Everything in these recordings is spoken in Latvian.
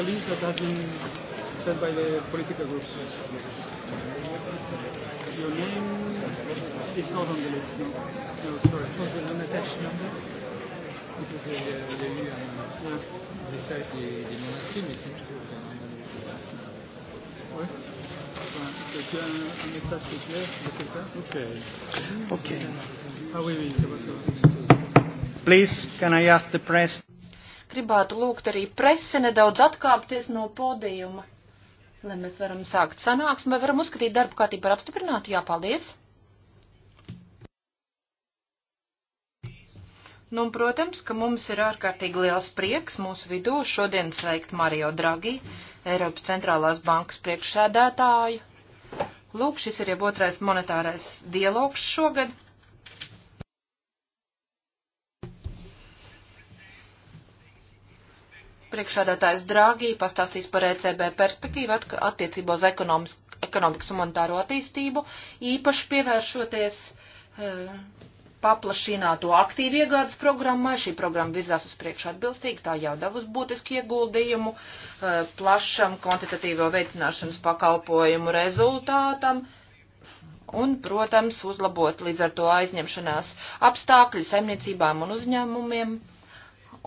a list that has been sent by the political groups. Your name is not on the list, no. No, sorry. Was the non-attached number Il y a eu un, un message des, des non-inscrits, mais c'est toujours... Euh, ouais. Okay. Okay. Ah oui, oui, ça va, ça va. Please, can I ask the press? gribētu lūgt arī presi nedaudz atkāpties no podījuma, lai mēs varam sākt sanāksmi, vai varam uzskatīt darbu kārtību par apstiprinātu. Jā, paldies! Nu, un, protams, ka mums ir ārkārtīgi liels prieks mūsu vidū šodien sveikt Mario Draghi, Eiropas centrālās bankas priekšsēdētāju. Lūk, šis ir jau otrais monetārais dialogs šogad. Priekšādātājs Drāgī pastāstīs par ECB perspektīvu attiecībā uz ekonomikas un monetāro attīstību, īpaši pievēršoties e, paplašināto aktīvu iegādes programmai. Šī programma virzās uz priekšu atbilstīgi, tā jau devus būtisku ieguldījumu e, plašam kvantitatīvo veicināšanas pakalpojumu rezultātam un, protams, uzlabot līdz ar to aizņemšanās apstākļi saimniecībām un uzņēmumiem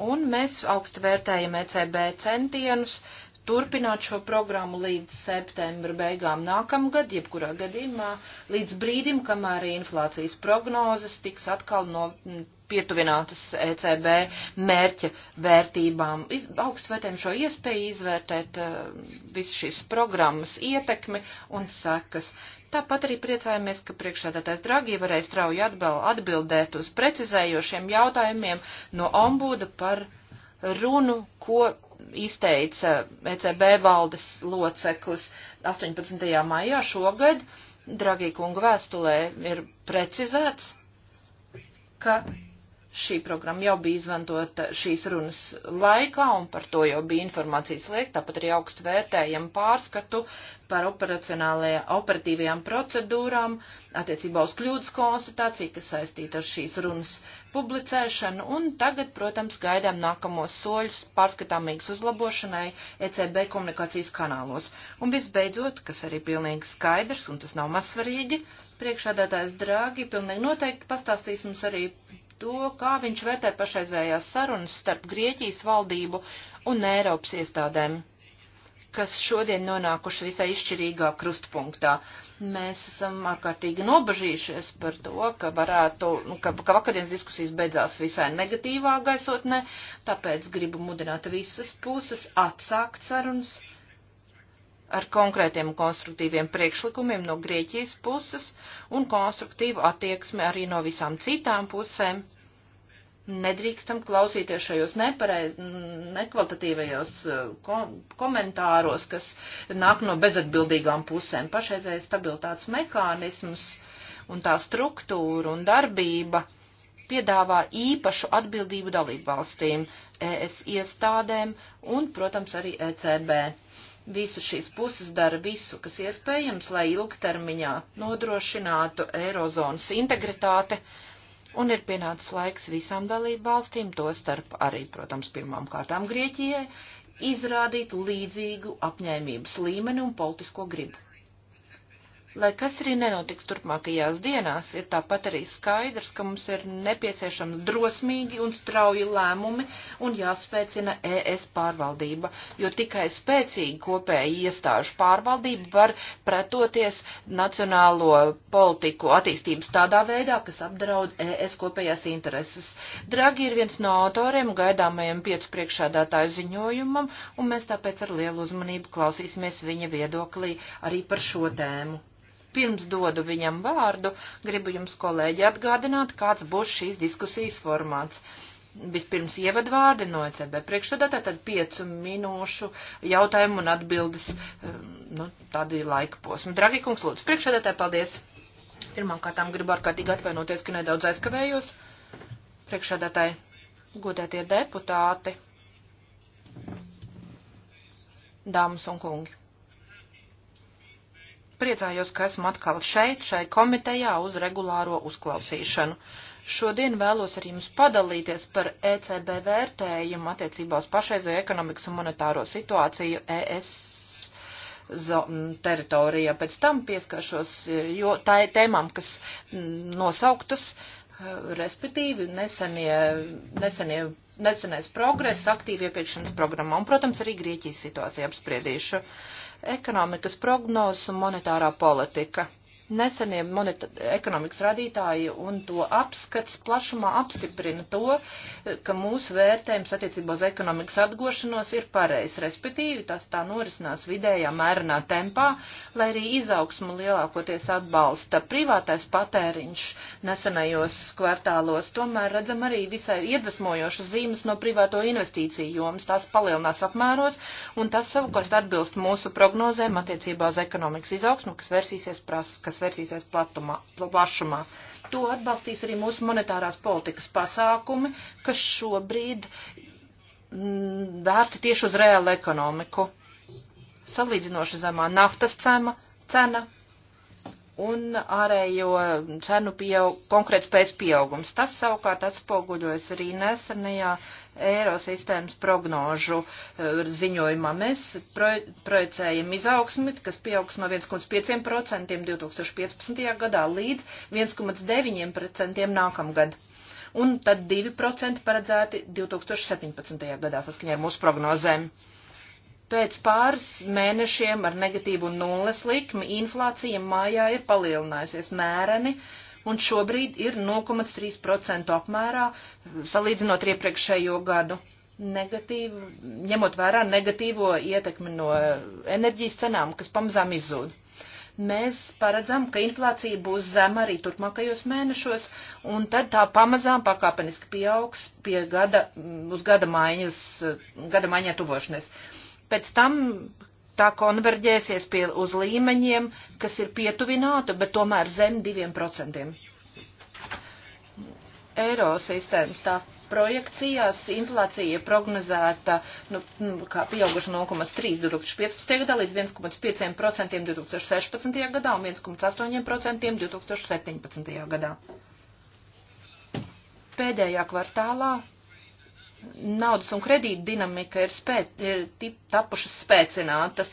un mēs augstu vērtējam ECB centienus turpināt šo programmu līdz septembra beigām nākamgad, jebkurā gadījumā, līdz brīdim, kamēr inflācijas prognozes tiks atkal no, pietuvinātas ECB mērķa vērtībām. Augstu vērtējumu šo iespēju izvērtēt eh, visu šīs programmas ietekmi un sekas. Tāpat arī priecājamies, ka priekšsēdētājs Dragī varēja strauji atbildēt uz precizējošiem jautājumiem no ombuda par runu, ko izteica ECB valdes loceklis 18. maijā šogad. Dragī kunga vēstulē ir precizēts, ka Šī programma jau bija izmantota šīs runas laikā, un par to jau bija informācijas liek, tāpat arī augstu vērtējam pārskatu par operatīvajām procedūrām, attiecībā uz kļūdas konstatāciju, kas saistīta ar šīs runas publicēšanu, un tagad, protams, gaidām nākamos soļus pārskatāmīgas uzlabošanai ECB komunikācijas kanālos. Un visbeidzot, kas arī pilnīgi skaidrs, un tas nav mazsvarīgi, priekšādātājs Drāgi pilnīgi noteikti pastāstīs mums arī to, kā viņš vērtē pašreizējās sarunas starp Grieķijas valdību un Eiropas iestādēm, kas šodien nonākuši visai izšķirīgā krustpunktā. Mēs esam ārkārtīgi nobažījušies par to, ka varētu, nu, ka, ka vakardienas diskusijas beidzās visai negatīvā gaisotnē, tāpēc gribu mudināt visas puses atsākt sarunas ar konkrētiem un konstruktīviem priekšlikumiem no Grieķijas puses un konstruktīvu attieksmi arī no visām citām pusēm, nedrīkstam klausīties šajos nepareiz, nekvalitatīvajos eh, ko, komentāros, kas nāk no bezatbildīgām pusēm. Pašreizējais stabilitātes mehānisms un tā struktūra un darbība piedāvā īpašu atbildību dalību valstīm, ES iestādēm un, protams, arī ECB. Visas šīs puses dara visu, kas iespējams, lai ilgtermiņā nodrošinātu Eirozonas integritāti un ir pienācis laiks visām dalību valstīm, to starp arī, protams, pirmām kārtām Grieķijai, izrādīt līdzīgu apņēmības līmeni un politisko gribu lai kas arī nenotiks turpmākajās dienās, ir tāpat arī skaidrs, ka mums ir nepieciešams drosmīgi un strauji lēmumi un jāspēcina ES pārvaldība, jo tikai spēcīgi kopēji iestāžu pārvaldība var pretoties nacionālo politiku attīstības tādā veidā, kas apdraud ES kopējās intereses. Dragi ir viens no autoriem gaidāmajam piecu priekšādātāju ziņojumam, un mēs tāpēc ar lielu uzmanību klausīsimies viņa viedoklī arī par šo tēmu pirms dodu viņam vārdu, gribu jums, kolēģi, atgādināt, kāds būs šīs diskusijas formāts vispirms ievadvārdi no ECB priekšsēdētā, tad piecu minūšu jautājumu un atbildes, um, nu, tādi laika posmi. Dragi kungs, lūdzu, priekšsēdētā, paldies. Pirmām kārtām gribu ārkārtīgi atvainoties, ka nedaudz aizkavējos. Priekšsēdētāji, godētie deputāti, dāmas un kungi priecājos, ka esmu atkal šeit, šai komitejā uz regulāro uzklausīšanu. Šodien vēlos ar jums padalīties par ECB vērtējumu attiecībā uz pašreizēju ekonomikas un monetāro situāciju ES teritorijā. Pēc tam pieskaršos jo, tā ir tēmām, kas nosauktas, e, respektīvi nesenie, nesenie nesenais progress aktīvi iepirkšanas programmā un, protams, arī Grieķijas situāciju apspriedīšu. Uh, ekonomikas prognozes un monetārā politika. Nesenie ekonomikas radītāji un to apskats plašumā apstiprina to, ka mūsu vērtējums attiecībā uz ekonomikas atgošanos ir pareizs, respektīvi tas tā norisinās vidējā mērenā tempā, lai arī izaugsmu lielākoties atbalsta privātais patēriņš nesenajos kvartālos. Tomēr redzam arī visai iedvesmojošas zīmes no privāto investīciju jomas, tās palielinās apmēros un tas savukārt atbilst mūsu prognozēm attiecībā uz ekonomikas izaugsmu, kas versīsies prasa, kas versīsies platumā, plašumā. To atbalstīs arī mūsu monetārās politikas pasākumi, kas šobrīd mm, vērsti tieši uz reālu ekonomiku. Salīdzinoši zemā naftas cena, cena un ārējo cenu pieaug, konkrēt spējas pieaugums. Tas savukārt atspoguļojas arī nesenajā Eirosistēmas prognožu eh, ziņojumā. Mēs projicējam izaugsmi, kas pieaugs no 1,5% 2015. gadā līdz 1,9% nākamgad. Un tad 2% paredzēti 2017. gadā saskaņā ar mūsu prognozēm. Uh, pēc pāris mēnešiem ar negatīvu nulles likmi inflācija mājā ir palielinājusies mēreni un šobrīd ir 0,3% apmērā salīdzinot iepriekšējo gadu. Negatīvu, ņemot vērā negatīvo ietekmi no enerģijas cenām, kas pamazām izzūd mēs paredzam, ka inflācija būs zema arī turpmākajos mēnešos, un tad tā pamazām pakāpeniski pieaugs pie gada, uz gada maiņas, gada maiņā tuvošanas pēc tam tā konverģēsies pie, uz līmeņiem, kas ir pietuvināti, bet tomēr zem diviem procentiem. Eiro sistēmas tā projekcijās inflācija ir prognozēta nu, nu, kā pieauguša 0,3 2015. gadā līdz 1,5% 2016. gadā un 1,8% 2017. gadā. Pēdējā kvartālā naudas un kredīta dinamika ir, spēc, ir tip, tapušas spēcinātas.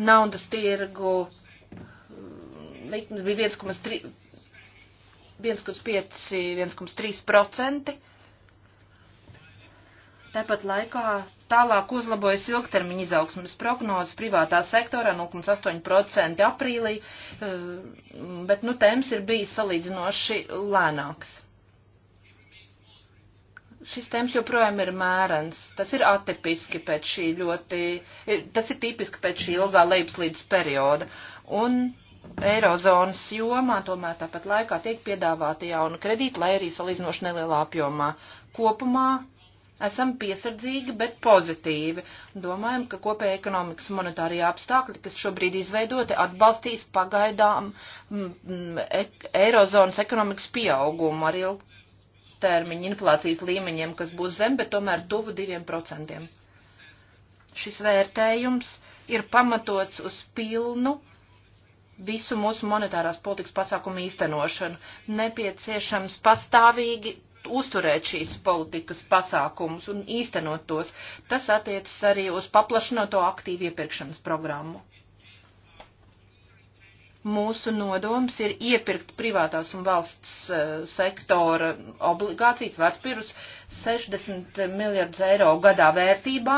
Naudas tirgu mm, likmes bija 1,5-1,3%. Tāpat laikā tālāk uzlabojas ilgtermiņa izaugsmas prognozes privātā sektorā 0,8% aprīlī, mm, bet nu temps ir bijis salīdzinoši lēnāks šis temps joprojām ir mērens. Tas ir atipiski pēc šī ļoti, tas ir tipiski pēc šī ilgā lejupslīdes perioda. Un Eirozonas jomā tomēr tāpat laikā tiek piedāvāti jauni kredīti, lai arī salīdzinoši nelielā apjomā. Kopumā esam piesardzīgi, bet pozitīvi. Domājam, ka kopēja ekonomikas monetārie apstākļi, kas šobrīd izveidoti, atbalstīs pagaidām mm, mm e Eirozonas ekonomikas pieaugumu ar ilg termiņa inflācijas līmeņiem, kas būs zem, bet tomēr tuvu diviem procentiem. Šis vērtējums ir pamatots uz pilnu visu mūsu monetārās politikas pasākumu īstenošanu. Nepieciešams pastāvīgi uzturēt šīs politikas pasākumus un īstenot tos. Tas attiecas arī uz paplašināto aktīvu iepirkšanas programmu. Mūsu nodoms ir iepirkt privātās un valsts uh, sektora obligācijas vērtspirus 60 miljardus eiro gadā vērtībā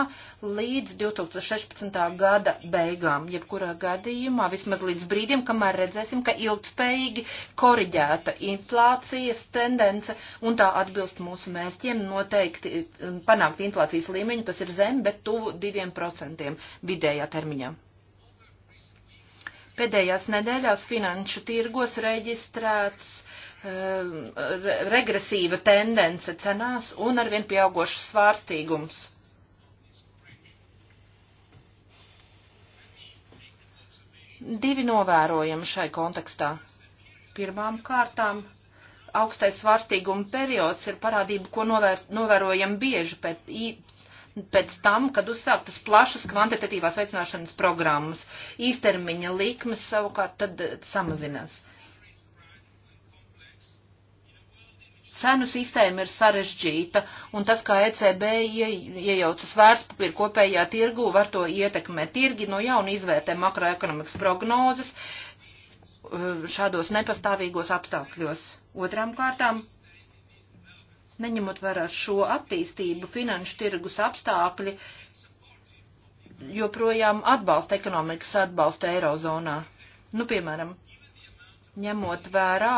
līdz 2016. gada beigām. Jebkurā gadījumā, vismaz līdz brīdim, kamēr redzēsim, ka ilgtspējīgi koriģēta inflācijas tendence un tā atbilst mūsu mērķiem noteikti eh, panākt inflācijas līmeņu, kas ir zem, bet tuvu 2% vidējā termiņā. Pēdējās nedēļās finanšu tirgos reģistrēts eh, re regresīva tendence cenās un arvien pieaugošs svārstīgums. Divi novērojami šai kontekstā. Pirmām kārtām augstais svārstīguma periods ir parādība, ko novēr, novērojam bieži pēc pēc tam, kad uzsāktas plašas kvantitatīvās veicināšanas programmas. Īstermiņa likmes savukārt tad eh, samazinās. Cenu sistēma ir sarežģīta, un tas, kā ECB iejaucas vērtspapīra kopējā tirgu, var to ietekmēt. Tirgi no jauna izvērtē makroekonomikas prognozes eh, šādos nepastāvīgos apstākļos. Otrām kārtām Neņemot vērā šo attīstību, finanšu tirgus apstākļi joprojām atbalsta ekonomikas atbalsta Eirozonā. Nu, piemēram, ņemot vērā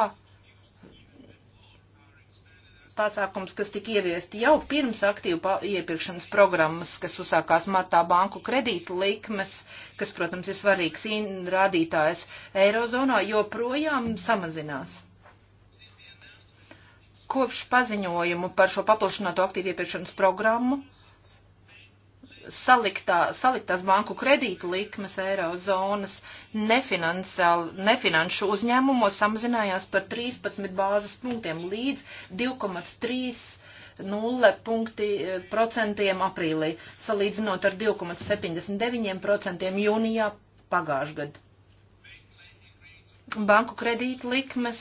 pasākums, kas tika ieviesti jau pirms aktīvu iepirkšanas programmas, kas uzsākās martā banku kredīta likmes, kas, protams, ir svarīgs rādītājs Eirozonā, joprojām samazinās kopš paziņojumu par šo paplašināto aktīvu iepirkšanas programmu saliktā, saliktās banku kredīta likmes eirozonas nefinanšu uzņēmumu samazinājās par 13 bāzes punktiem līdz 2,3 0% eh, aprīlī, salīdzinot ar 2,79% jūnijā pagājušajā gadā banku kredīta likmes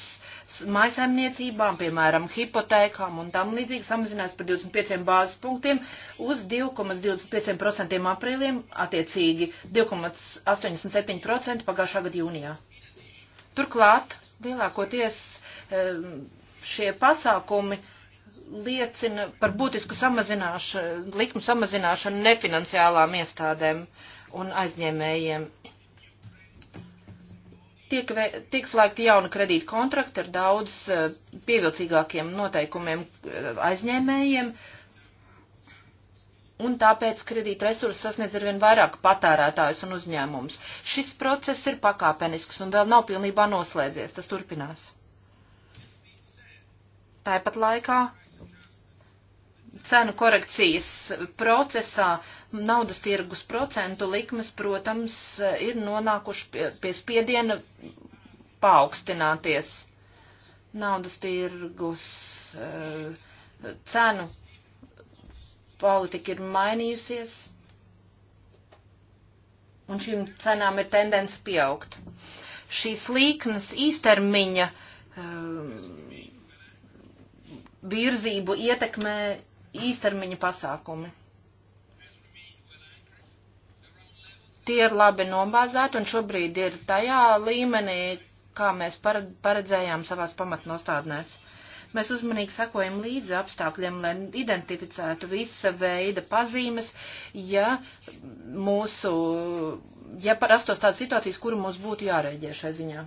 maisaimniecībām, piemēram, hipotēkām un tam līdzīgi samazinās par 25 bāzes punktiem uz 2,25% aprīliem, attiecīgi 2,87% pagājušā gada jūnijā. Turklāt lielākoties šie pasākumi liecina par būtisku samazināšanu, likmu samazināšanu nefinanciālām iestādēm un aizņēmējiem tiek, tiek slēgti jauni kredīta kontrakti ar daudz eh, pievilcīgākiem noteikumiem eh, aizņēmējiem, un tāpēc kredīta resursi sasniedz arvien vairāk patērētājus un uzņēmumus. Šis process ir pakāpenisks un vēl nav pilnībā noslēdzies, tas turpinās. Tāpat laikā cenu korekcijas procesā naudas tirgus procentu likmes, protams, ir nonākuši pie, pie spiediena paaugstināties. Naudas tirgus eh, cenu politika ir mainījusies, un šīm cenām ir tendence pieaugt. Šīs līknes īstermiņa eh, virzību ietekmē īstermiņa pasākumi. Tie ir labi nobāzēti un šobrīd ir tajā līmenī, kā mēs paredzējām savās pamatnostādnēs. Mēs uzmanīgi sekojam līdzi apstākļiem, lai identificētu visa veida pazīmes, ja mūsu, ja parastos tādas situācijas, kuru mums būtu jārēģē šai ziņā.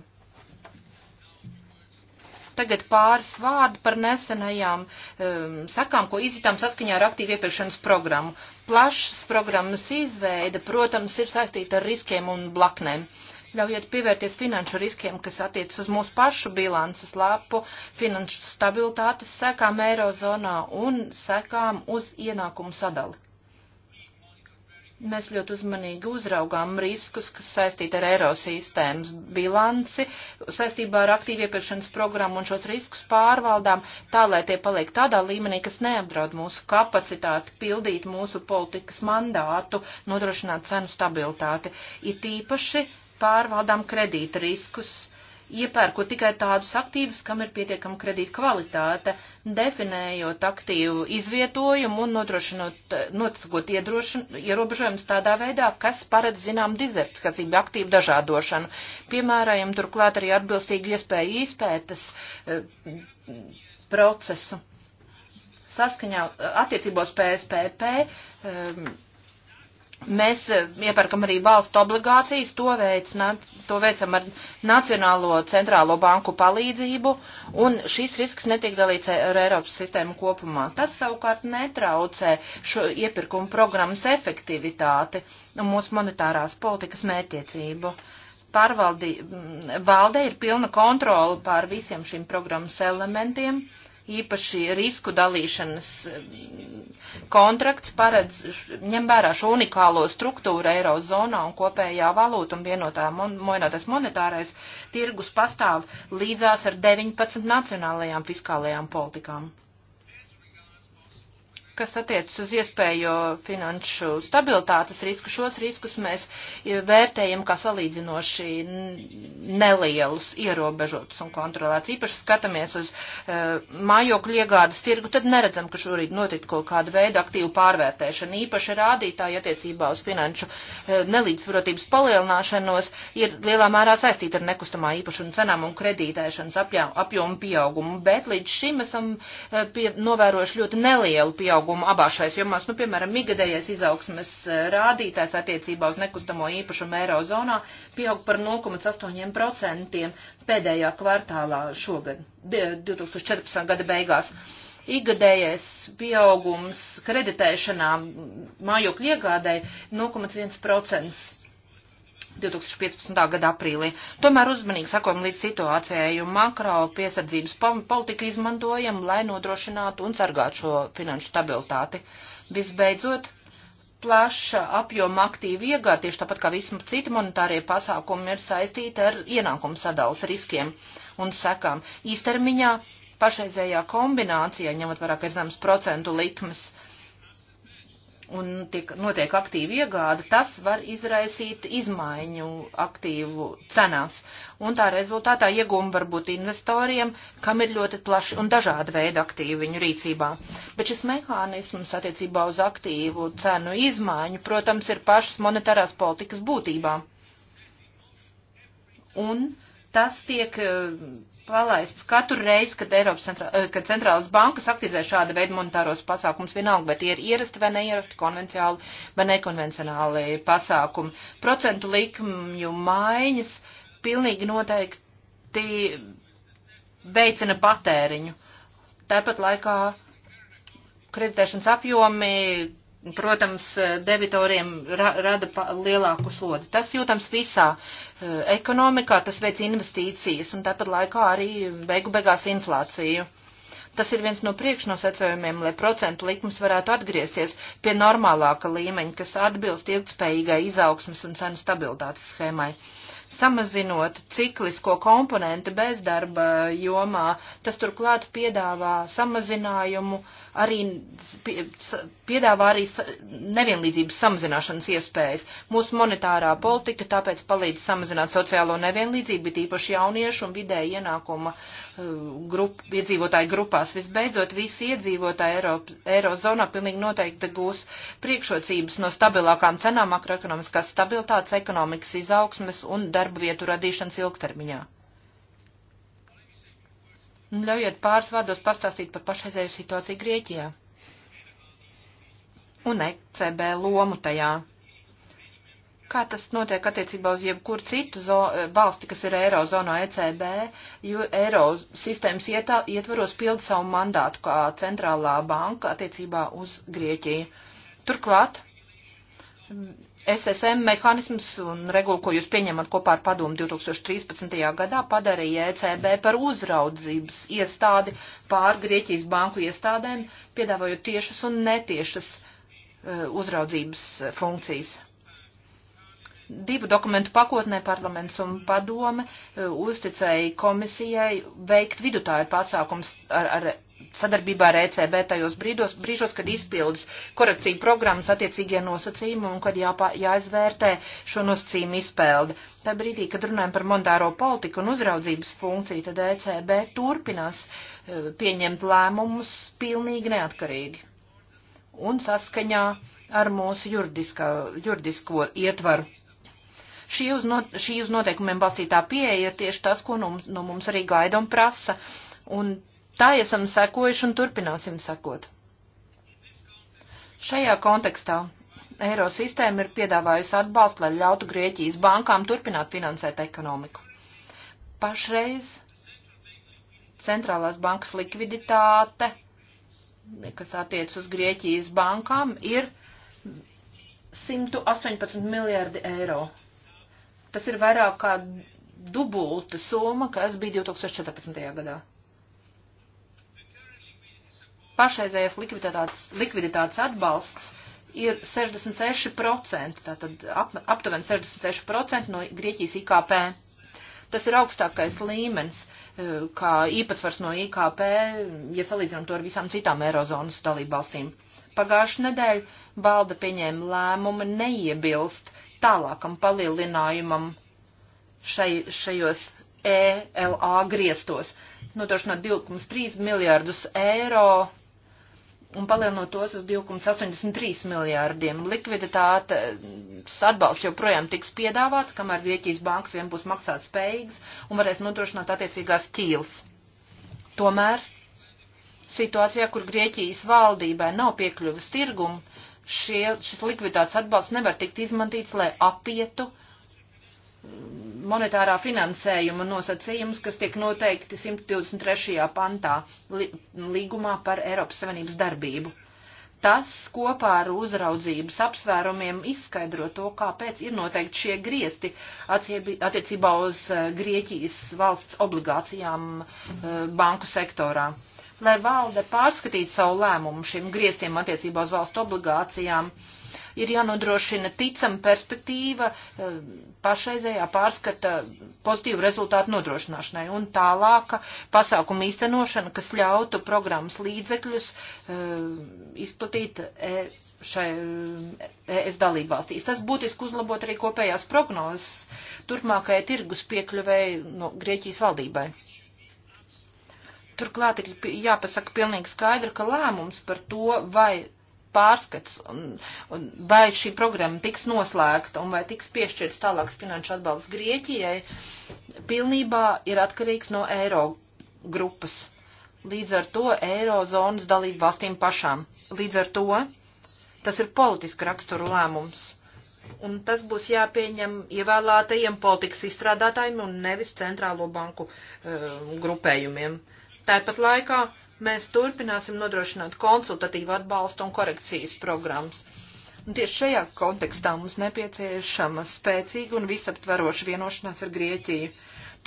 Tagad pāris vārdu par nesenajām um, sakām, ko izjutām saskaņā ar aktīvu iepirkšanas programmu. Plašas programmas izveida, protams, ir saistīta ar riskiem un blaknēm. Ļaujiet pievērties finanšu riskiem, kas attiec uz mūsu pašu bilances lapu, finanšu stabilitātes sekām Eirozonā un sekām uz ienākumu sadali. Mēs ļoti uzmanīgi uzraugām riskus, kas saistīti ar eirosistēmas bilanci, saistībā ar aktīvu iepirkšanas programmu un šos riskus pārvaldām, tā lai tie paliek tādā līmenī, kas neapdraud mūsu kapacitāti, pildīt mūsu politikas mandātu, nodrošināt cenu stabilitāti. It īpaši pārvaldām kredīta riskus iepērku tikai tādus aktīvus, kam ir pietiekama kredīta kvalitāte, definējot aktīvu izvietojumu un nodrošinot, eh, notsakot ierobežojumus tādā veidā, kas paredz zinām dizertskasību aktīvu dažādošanu. Piemēram, turklāt arī atbilstīgi iespēju izpētes eh, procesu. Saskaņā eh, attiecībos PSPP Mēs eh, iepērkam arī valstu obligācijas, to, veic, to veicam ar Nacionālo centrālo banku palīdzību, un šis risks netiek dalīts ar Eiropas sistēmu kopumā. Tas savukārt netraucē šo iepirkumu programmas efektivitāti un mūsu monetārās politikas mētiecību. Pārvaldi, valde ir pilna kontrola pār visiem šiem programmas elementiem. Uh, īpaši risku dalīšanas eh, kontrakts paredz, ņem vērā šo unikālo struktūru Eirozonā un kopējā valūta un vienotā monētas monetārais tirgus pastāv līdzās ar 19 nacionālajām fiskālajām politikām kas attiecas uz iespējo finanšu stabilitātes risku, šos riskus mēs vērtējam kā salīdzinoši nelielus, ierobežotus un kontrolētus. Īpaši skatāmies uz uh, mājokļu iegādes tirgu, tad neredzam, ka šorīt notika kaut kāda veida aktīvu pārvērtēšana. Īpaši rādītāji attiecībā uz finanšu uh, nelīdzsvarotības palielināšanos ir lielā mērā saistīta ar nekustamā īpašuma cenām un kredītēšanas apjomu pieaugumu, bet līdz šim esam uh, pie, novērojuši ļoti nelielu pieaugumu pieaugumu abās šais jomās, nu, piemēram, migadējais izaugsmes eh, rādītājs attiecībā uz nekustamo īpašumu Eirozonā pieaug par 0,8% pēdējā kvartālā šogad, 2014. gada beigās igadējais pieaugums kreditēšanām mājokļu iegādai 0,1%. 2015. gada aprīlī. Tomēr uzmanīgi sakojam līdz situācijai, jo makro piesardzības politiku izmantojam, lai nodrošinātu un sargātu šo finanšu stabilitāti. Visbeidzot, plaša apjoma aktīvu iegādi, tieši tāpat kā visi citi monetārie pasākumi, ir saistīti ar ienākumu sadalas riskiem un sekām. Īstermiņā pašreizējā kombinācija, ņemot vairāk ir zemes procentu likmes, uh, un tiek, notiek aktīva iegāda, tas var izraisīt izmaiņu aktīvu cenās. Un tā rezultātā iegūmi var būt investoriem, kam ir ļoti plaši un dažādi veidi aktīvi viņu rīcībā. Bet šis mehānisms attiecībā uz aktīvu cenu izmaiņu, protams, ir pašas monetārās politikas būtībā. Un uh, tas tiek eh, palaists katru reizi, kad, Eiropas centrā, eh, kad centrālas bankas aktivizē šāda veida monetāros pasākums, vienalga, vai tie ir ierasti vai neierasti, konvencionāli vai nekonvencionāli pasākumi. Procentu likmju maiņas pilnīgi noteikti veicina patēriņu. Tāpat laikā kreditēšanas apjomi protams, eh, debitoriem ra rada lielāku slodzi. Tas jūtams visā eh, ekonomikā, tas veic investīcijas un tāpat laikā arī beigu beigās inflāciju. Tas ir viens no priekšnosacījumiem, lai procentu likums varētu atgriezties pie normālāka līmeņa, kas atbilst ilgspējīgai izaugsmas un cenu stabilitātes schēmai. Samazinot ciklisko komponentu bezdarba jomā, tas turklāt piedāvā samazinājumu uh, arī piedāvā arī nevienlīdzības samazināšanas iespējas. Mūsu monetārā politika tāpēc palīdz samazināt sociālo nevienlīdzību, bet īpaši jauniešu un vidēji ienākuma uh, grup, iedzīvotāju grupās. Visbeidzot, visi iedzīvotāji Eiropa, Eirozonā pilnīgi noteikti gūs priekšrocības no stabilākām cenām, makroekonomiskās stabilitātes, ekonomikas izaugsmes un darba vietu radīšanas ilgtermiņā. Un ļaujiet pāris vārdos pastāstīt par pašreizēju situāciju Grieķijā un ECB lomu tajā. Kā tas notiek attiecībā uz jebkuru citu eh, valsti, kas ir Eirozonā ECB, jo Eiro sistēmas ietā, ietvaros pild savu mandātu kā centrālā banka attiecībā uz Grieķiju. Turklāt SSM mehānisms un regula, ko jūs pieņemat kopā ar padomu 2013. gadā, padarīja ECB par uzraudzības iestādi pār Grieķijas banku iestādēm, piedāvājot tiešas un netiešas eh, uzraudzības funkcijas. Divu dokumentu pakotnē parlaments un padome e, uzticēja komisijai veikt vidutāju pasākums ar, ar sadarbībā ar ECB tajos brīdos, brīžos, kad izpildas korekciju programmas attiecīgie nosacījumi un kad jāpā, jāizvērtē šo nosacījumu izpildi. Tā brīdī, kad runājam par monetāro politiku un uzraudzības funkciju, tad ECB turpinās e, pieņemt lēmumus pilnīgi neatkarīgi un saskaņā ar mūsu juridisko ietvaru. Šī uz, no, šī uz noteikumiem balstītā pieeja ir tieši tas, ko no, nu, no nu mums arī gaida un prasa. Un tā esam sekojuši un turpināsim sekot. Šajā kontekstā eiro sistēma ir piedāvājusi atbalstu, lai ļautu Grieķijas bankām turpināt finansēt ekonomiku. Pašreiz centrālās bankas likviditāte, kas attiec uz Grieķijas bankām, ir 118 miljārdi eiro. Tas ir vairāk kā dubulta summa, kas bija 2014. gadā. Pašreizējais likviditātes, likviditātes atbalsts ir 66%, tātad ap, aptuveni 66% no Grieķijas IKP. Tas ir augstākais līmenis, e, kā īpatsvars no IKP, ja salīdzinām to ar visām citām Eirozonas dalībvalstīm. Pagājušajā nedēļā valda pieņēma lēmumu neiebilst tālākam palielinājumam šai, šajos ELA griestos, notošanāt 2,3 miljārdus eiro un palielinot tos uz 2,83 miljārdiem. Likviditātes atbalsts joprojām tiks piedāvāts, kamēr Grieķijas bankas vien būs maksāt spējīgas un varēs nodrošināt attiecīgās ķīles. Tomēr situācijā, kur Grieķijas valdībai nav piekļuvis tirgumu, šie, šis likviditātes atbalsts nevar tikt izmantīts, lai apietu monetārā finansējuma nosacījumus, kas tiek noteikti 123. pantā līgumā par Eiropas Savienības darbību. Tas kopā ar uzraudzības apsvērumiem izskaidro to, kāpēc ir noteikti šie griesti attiecībā uz eh, Grieķijas valsts obligācijām eh, banku sektorā lai valde pārskatītu savu lēmumu šiem griestiem attiecībā uz valstu obligācijām. Ir jānodrošina ticama perspektīva eh, pašreizējā pārskata pozitīvu rezultātu nodrošināšanai un tālāka pasākuma īstenošana, kas ļautu programmas līdzekļus eh, izplatīt eh, šai ES dalībvalstīs. Tas būtiski uzlabot arī kopējās prognozes turpmākajai tirgus piekļuvēji no Grieķijas valdībai. Turklāt ir jāpasaka pilnīgi skaidri, ka lēmums par to, vai pārskats, un, un vai šī programma tiks noslēgta un vai tiks piešķirts tālāks finanšu atbalsts Grieķijai, pilnībā ir atkarīgs no eiro grupas. Līdz ar to eirozonas dalību valstīm pašām. Līdz ar to tas ir politiska rakstura lēmums. Un tas būs jāpieņem ievēlētajiem politikas izstrādātājiem un nevis centrālo banku uh, grupējumiem. Uh, Tāpat laikā mēs turpināsim nodrošināt konsultatīvu atbalstu un korekcijas programmas. Un tieši šajā kontekstā mums nepieciešama spēcīga un visaptveroša vienošanās ar Grieķiju.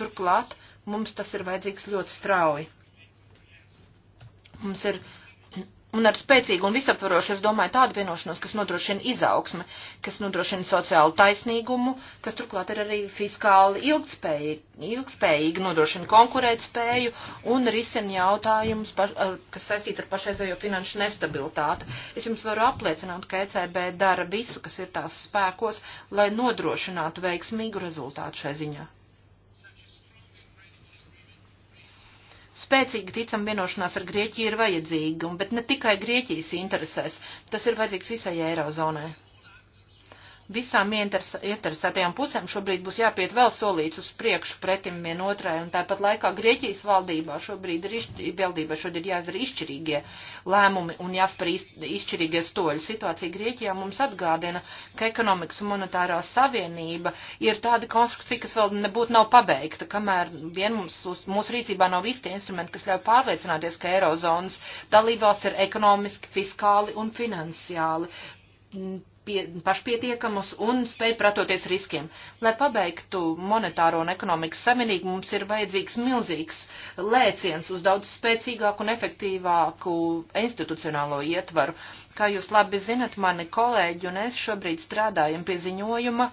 Turklāt mums tas ir vajadzīgs ļoti strauji. Mums ir Un ar spēcīgu un visaptvarošu, es domāju, tādu vienošanos, kas nodrošina izaugsmi, kas nodrošina sociālu taisnīgumu, kas turklāt ir arī fiskāli ilgspējīgi, ilgspējīgi nodrošina konkurētspēju un risina jautājumus, kas saistīti ar pašreizējo finanšu nestabilitāti. Es jums varu apliecināt, ka ECB dara visu, kas ir tās spēkos, lai nodrošinātu veiksmīgu rezultātu šai ziņā. Spēcīgi ticam vienošanās ar Grieķiju ir vajadzīga, bet ne tikai Grieķijas interesēs, tas ir vajadzīgs visai Eirozonai visām interesētajām pusēm šobrīd būs jāpiet vēl solīts uz priekšu pretim vienotrai, un tāpat laikā Grieķijas valdībā šobrīd ir, izšķir, valdībā šobrīd ir jāizdara izšķirīgie lēmumi un jāspēr izšķirīgie stoļi. Situācija Grieķijā mums atgādina, ka ekonomikas un monetārā savienība ir tāda konstrukcija, kas vēl nebūtu nav pabeigta, kamēr vien mums, uz, mūsu rīcībā nav visi tie instrumenti, kas ļauj pārliecināties, ka Eirozonas dalībvalsts ir ekonomiski, fiskāli un finansiāli pie, pašpietiekamus un spēj pratoties riskiem. Lai pabeigtu monetāro un ekonomikas savienību, mums ir vajadzīgs milzīgs lēciens uz daudz spēcīgāku un efektīvāku institucionālo ietvaru. Kā jūs labi zinat, mani kolēģi un es šobrīd strādājam pie ziņojuma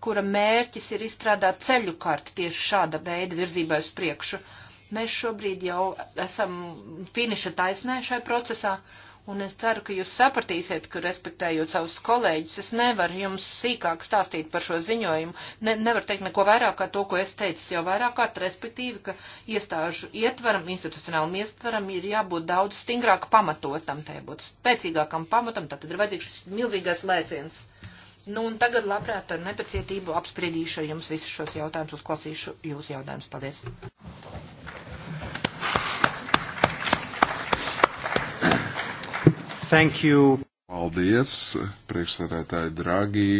kura mērķis ir izstrādāt ceļu karti tieši šāda veida virzībai uz priekšu. Mēs šobrīd jau esam finiša taisnē šai procesā, uh, Un es ceru, ka jūs sapratīsiet, ka respektējot savus kolēģus, es nevaru jums sīkāk stāstīt par šo ziņojumu. Ne, nevaru teikt neko vairāk kā to, ko es teicu jau vairāk kārt, respektīvi, ka iestāžu ietvaram, institucionālam ietvaram ir jābūt daudz stingrāk pamatotam, tai būtu spēcīgākam pamatam, tad ir vajadzīgs šis milzīgais lēciens. Nu, un tagad labprāt ar nepacietību apspriedīšu ar jums visus šos jautājumus, uzklausīšu jūsu jautājumus. Paldies! Thank you. Paldies, priekšsarētāji Dragī,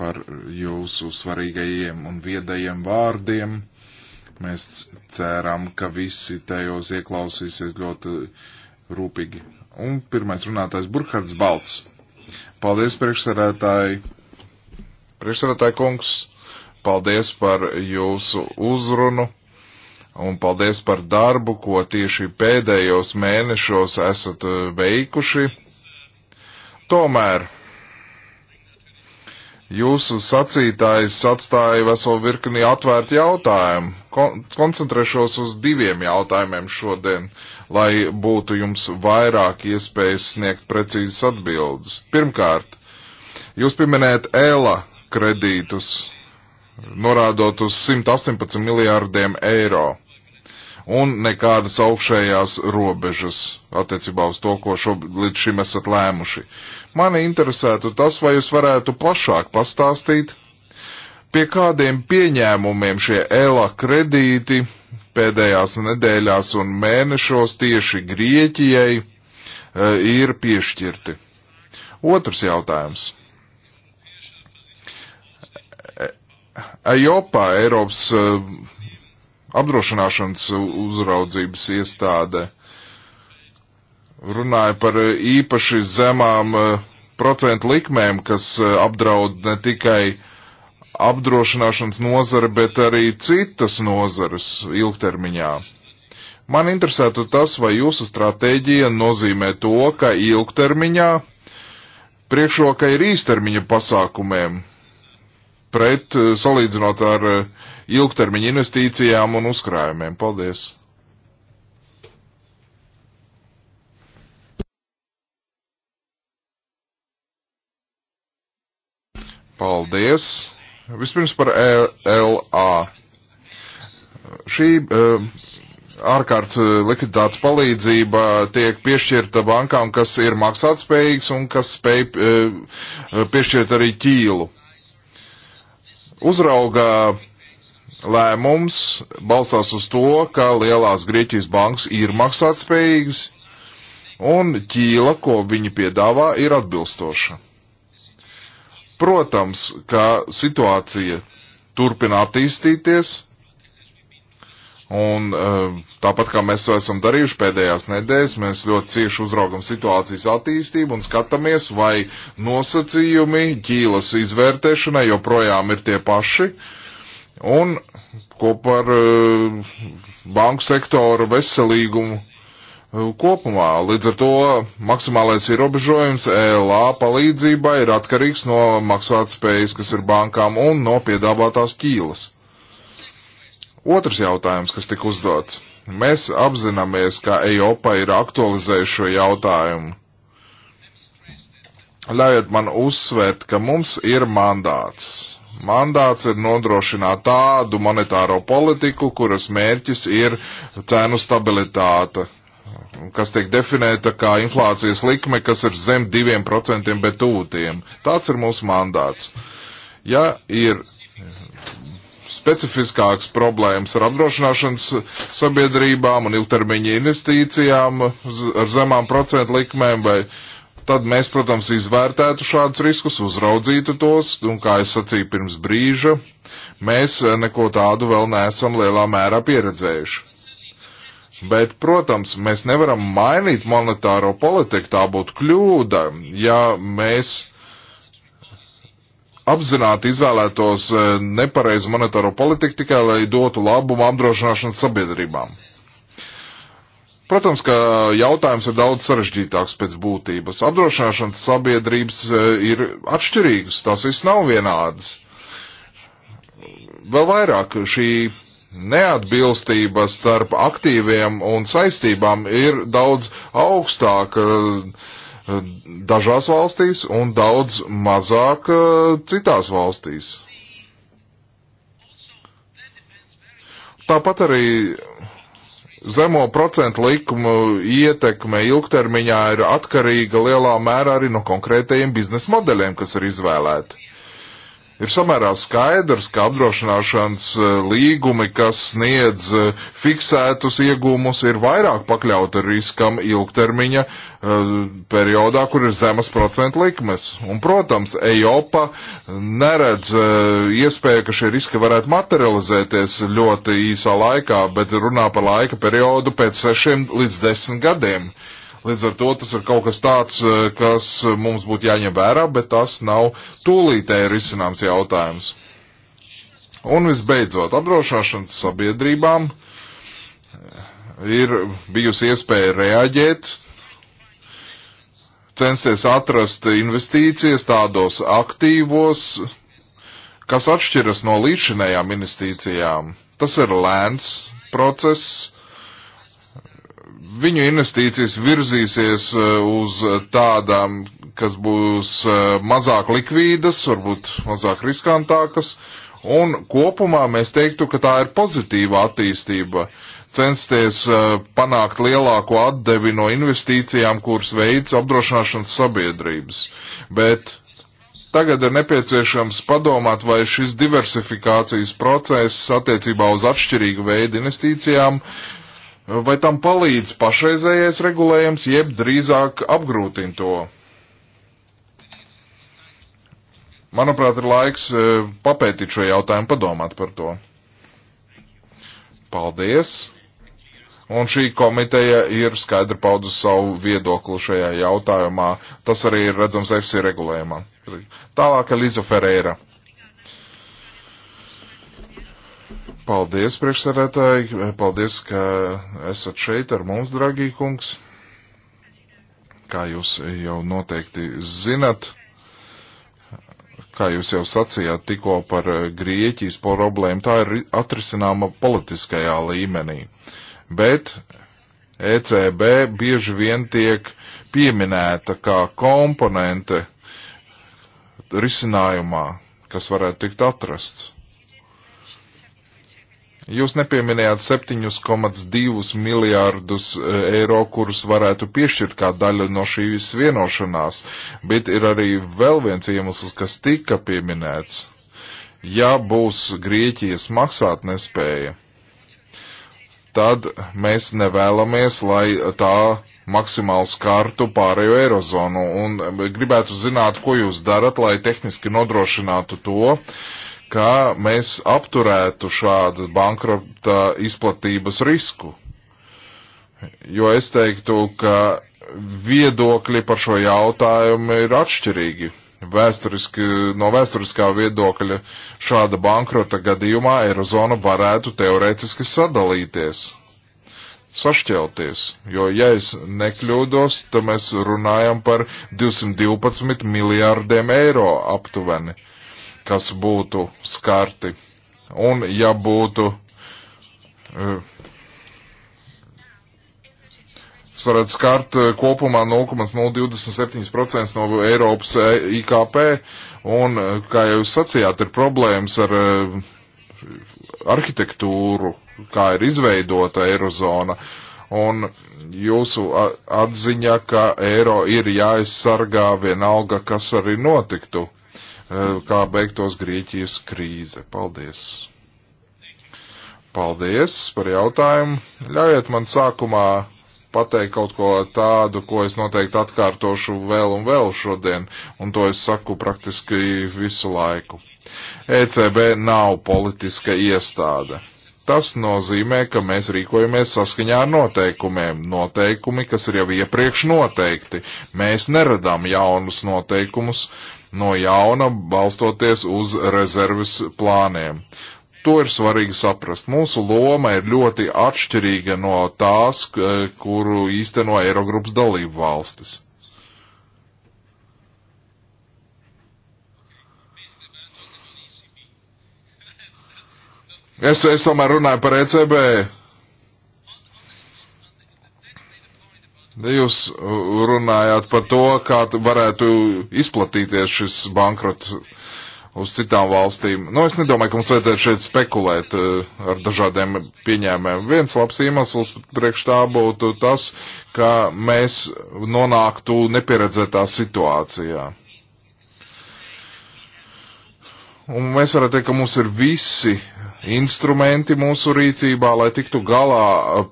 par jūsu svarīgajiem un viedajiem vārdiem. Mēs ceram, ka visi tajos ieklausīsies ļoti rūpīgi. Un pirmais runātājs Burkhards Balts. Paldies, priekšsarētāji. Priekšsarētāji kungs, paldies par jūsu uzrunu un paldies par darbu, ko tieši pēdējos mēnešos esat eh, veikuši. Tomēr jūsu sacītājs atstāja veselu virkni atvērtu jautājumu. Kon koncentrēšos uz diviem jautājumiem šodien, lai būtu jums vairāk iespējas sniegt precīzas atbildes. Pirmkārt, jūs pieminējat ELA kredītus norādot uz 118 miljārdiem eiro un nekādas augšējās robežas attiecībā uz to, ko šo, līdz šim esat lēmuši. Mani interesētu tas, vai jūs varētu plašāk pastāstīt, pie kādiem pieņēmumiem šie ELA kredīti pēdējās nedēļās un mēnešos tieši Grieķijai e, ir piešķirti. Otrs jautājums. EIOPA, Eiropas eh, apdrošināšanas uzraudzības iestāde, runāja par eh, īpaši zemām eh, procentu likmēm, kas apdraud ne tikai apdrošināšanas nozari, bet arī citas nozares ilgtermiņā. Man interesētu tas, vai jūsu stratēģija nozīmē to, ka ilgtermiņā priekšroka ir īstermiņa pasākumiem, pret eh, salīdzinot ar eh, ilgtermiņa investīcijām un uzkrājumiem. Paldies! Paldies! Vispirms par e LA. Šī uh, eh, ārkārtas likviditātes palīdzība tiek piešķirta bankām, kas ir maksātspējīgs un kas spēj uh, piešķirt arī ķīlu. Uzrauga lēmums balstās uz to, ka lielās Grieķijas bankas ir maksātspējīgas un ķīla, ko viņi piedāvā, ir atbilstoša. Protams, ka situācija turpina attīstīties Un eh, tāpat kā mēs esam darījuši pēdējās nedēļas, mēs ļoti cieši uzraugam situācijas attīstību un skatāmies, vai nosacījumi ķīlas izvērtēšanai joprojām ir tie paši. Un kopā ar eh, banku sektoru veselīgumu eh, kopumā. Līdz ar to maksimālais ierobežojums ELA palīdzībai ir atkarīgs no maksātspējas, kas ir bankām un no piedāvātās ķīlas. Otrs jautājums, kas tika uzdots. Mēs apzināmies, ka Eiropa ir aktualizējuši šo jautājumu. Ļaujiet man uzsvērt, ka mums ir mandāts. Mandāts ir nodrošināt tādu monetāro politiku, kuras mērķis ir cēnu stabilitāte, kas tiek definēta kā inflācijas likme, kas ir zem 2%, bet tūtiem. Tāds ir mūsu mandāts. Ja ir specifiskāks problēmas ar apdrošināšanas sabiedrībām un ilgtermiņa investīcijām ar zemām procentu likmēm, vai tad mēs, protams, izvērtētu šādus riskus, uzraudzītu tos, un kā es sacīju pirms brīža, mēs neko tādu vēl neesam lielā mērā pieredzējuši. Bet, protams, mēs nevaram mainīt monetāro politiku, tā būtu kļūda, ja mēs apzināti izvēlētos eh, nepareizu monetāro politiku tikai, lai dotu labumu apdrošināšanas sabiedrībām. Protams, ka jautājums ir daudz sarežģītāks pēc būtības. Apdrošināšanas sabiedrības eh, ir atšķirīgas, tās viss nav vienādas. Vēl vairāk šī neatbilstība starp aktīviem un saistībām ir daudz augstāka. Uh, dažās valstīs un daudz mazāk eh, citās valstīs. Tāpat arī zemo procentu likumu ietekme ilgtermiņā ir atkarīga lielā mērā arī no konkrētajiem biznesa modeļiem, kas ir izvēlēti. Ir samērā skaidrs, ka apdrošināšanas e, līgumi, kas sniedz e, fiksētus iegūmus, ir vairāk pakļauti riskam ilgtermiņa e, periodā, kur ir zemas procentu likmes. Un, protams, Eiropa neredz iespēju, ka šie riski varētu materializēties ļoti īsā laikā, bet runā par laika periodu pēc sešiem līdz desmit gadiem. Uh, Līdz ar to tas ir kaut kas tāds, eh, kas eh, mums būtu jāņem vērā, bet tas nav tūlītēji risināms jautājums. Un visbeidzot, apdrošināšanas sabiedrībām eh, ir bijusi iespēja reaģēt, censties atrast investīcijas tādos aktīvos, kas atšķiras no līdzinējām investīcijām. Tas ir lēns process, viņu investīcijas virzīsies eh, uz tādām, kas būs eh, mazāk likvīdas, varbūt mazāk riskantākas, un kopumā mēs teiktu, ka tā ir pozitīva attīstība. Censties eh, panākt lielāko atdevi no investīcijām, kuras veids apdrošināšanas sabiedrības. Bet Tagad ir nepieciešams padomāt, vai šis diversifikācijas process attiecībā uz atšķirīgu veidu investīcijām uh, Vai tam palīdz pašreizējais regulējums, jeb drīzāk apgrūtina to? Manuprāt, ir laiks e, papētīt šo jautājumu, padomāt par to. Paldies! Un šī komiteja ir skaidri paudusi savu viedokli šajā jautājumā. Tas arī ir redzams FC regulējumā. Tālāk Eliza Ferreira. Paldies, priekšsarētāji, paldies, ka esat šeit ar mums, dragī kungs. Kā jūs jau noteikti zinat, kā jūs jau sacījāt tikko par Grieķijas problēmu, tā ir atrisināma politiskajā līmenī. Bet ECB bieži vien tiek pieminēta kā komponente risinājumā, kas varētu tikt atrasts. Jūs nepieminējāt 7,2 miljārdus e, eiro, kurus varētu piešķirt kā daļa no šīs vienošanās, bet ir arī vēl viens iemesls, kas tika pieminēts. Ja būs Grieķijas maksāt nespēja, tad mēs nevēlamies, lai tā maksimāli skartu pārējo eirozonu. Un gribētu zināt, ko jūs darat, lai tehniski nodrošinātu to, uh, ka mēs apturētu šādu bankrota izplatības risku. Jo es teiktu, ka viedokļi par šo jautājumu ir atšķirīgi. Vēsturiski, no vēsturiskā viedokļa šāda bankrota gadījumā Eirozona varētu teoretiski sadalīties, sašķelties, jo, ja es nekļūdos, tad mēs runājam par 212 miljārdiem eiro aptuveni. Uh, kas būtu skarti. Un ja būtu, es varētu skart e, kopumā 0,027% no Eiropas e, IKP, un, e, kā jūs sacījāt, ir problēmas ar arhitektūru, kā ir izveidota Eirozona. Un jūsu atziņa, ka eiro ir jāaizsargā vienalga, kas arī notiktu. Eh, kā beigtos Grieķijas krīze. Paldies! Paldies par jautājumu. Ļaujiet man sākumā pateikt kaut ko tādu, ko es noteikti atkārtošu vēl un vēl šodien, un to es saku praktiski visu laiku. ECB nav politiska iestāde. Tas nozīmē, ka mēs rīkojamies saskaņā ar noteikumiem. Noteikumi, kas ir jau iepriekš noteikti. Mēs neradām jaunus noteikumus, uh, no jauna, balstoties uz rezerves plāniem. To ir svarīgi saprast. Mūsu loma ir ļoti atšķirīga no tās, kuru īsteno Eirogrupas dalību valstis. Es, es tomēr runāju par ECB. Jūs uh, runājāt par to, kā varētu izplatīties šis bankrots uz citām valstīm. Nu, es nedomāju, ka mums vajadzētu šeit spekulēt uh, ar dažādiem pieņēmēm. Viens labs iemesls priekš tā būtu tas, ka mēs nonāktu nepieredzētā situācijā. Un mēs varētu teikt, ka mums ir visi instrumenti mūsu rīcībā, lai tiktu galā uh,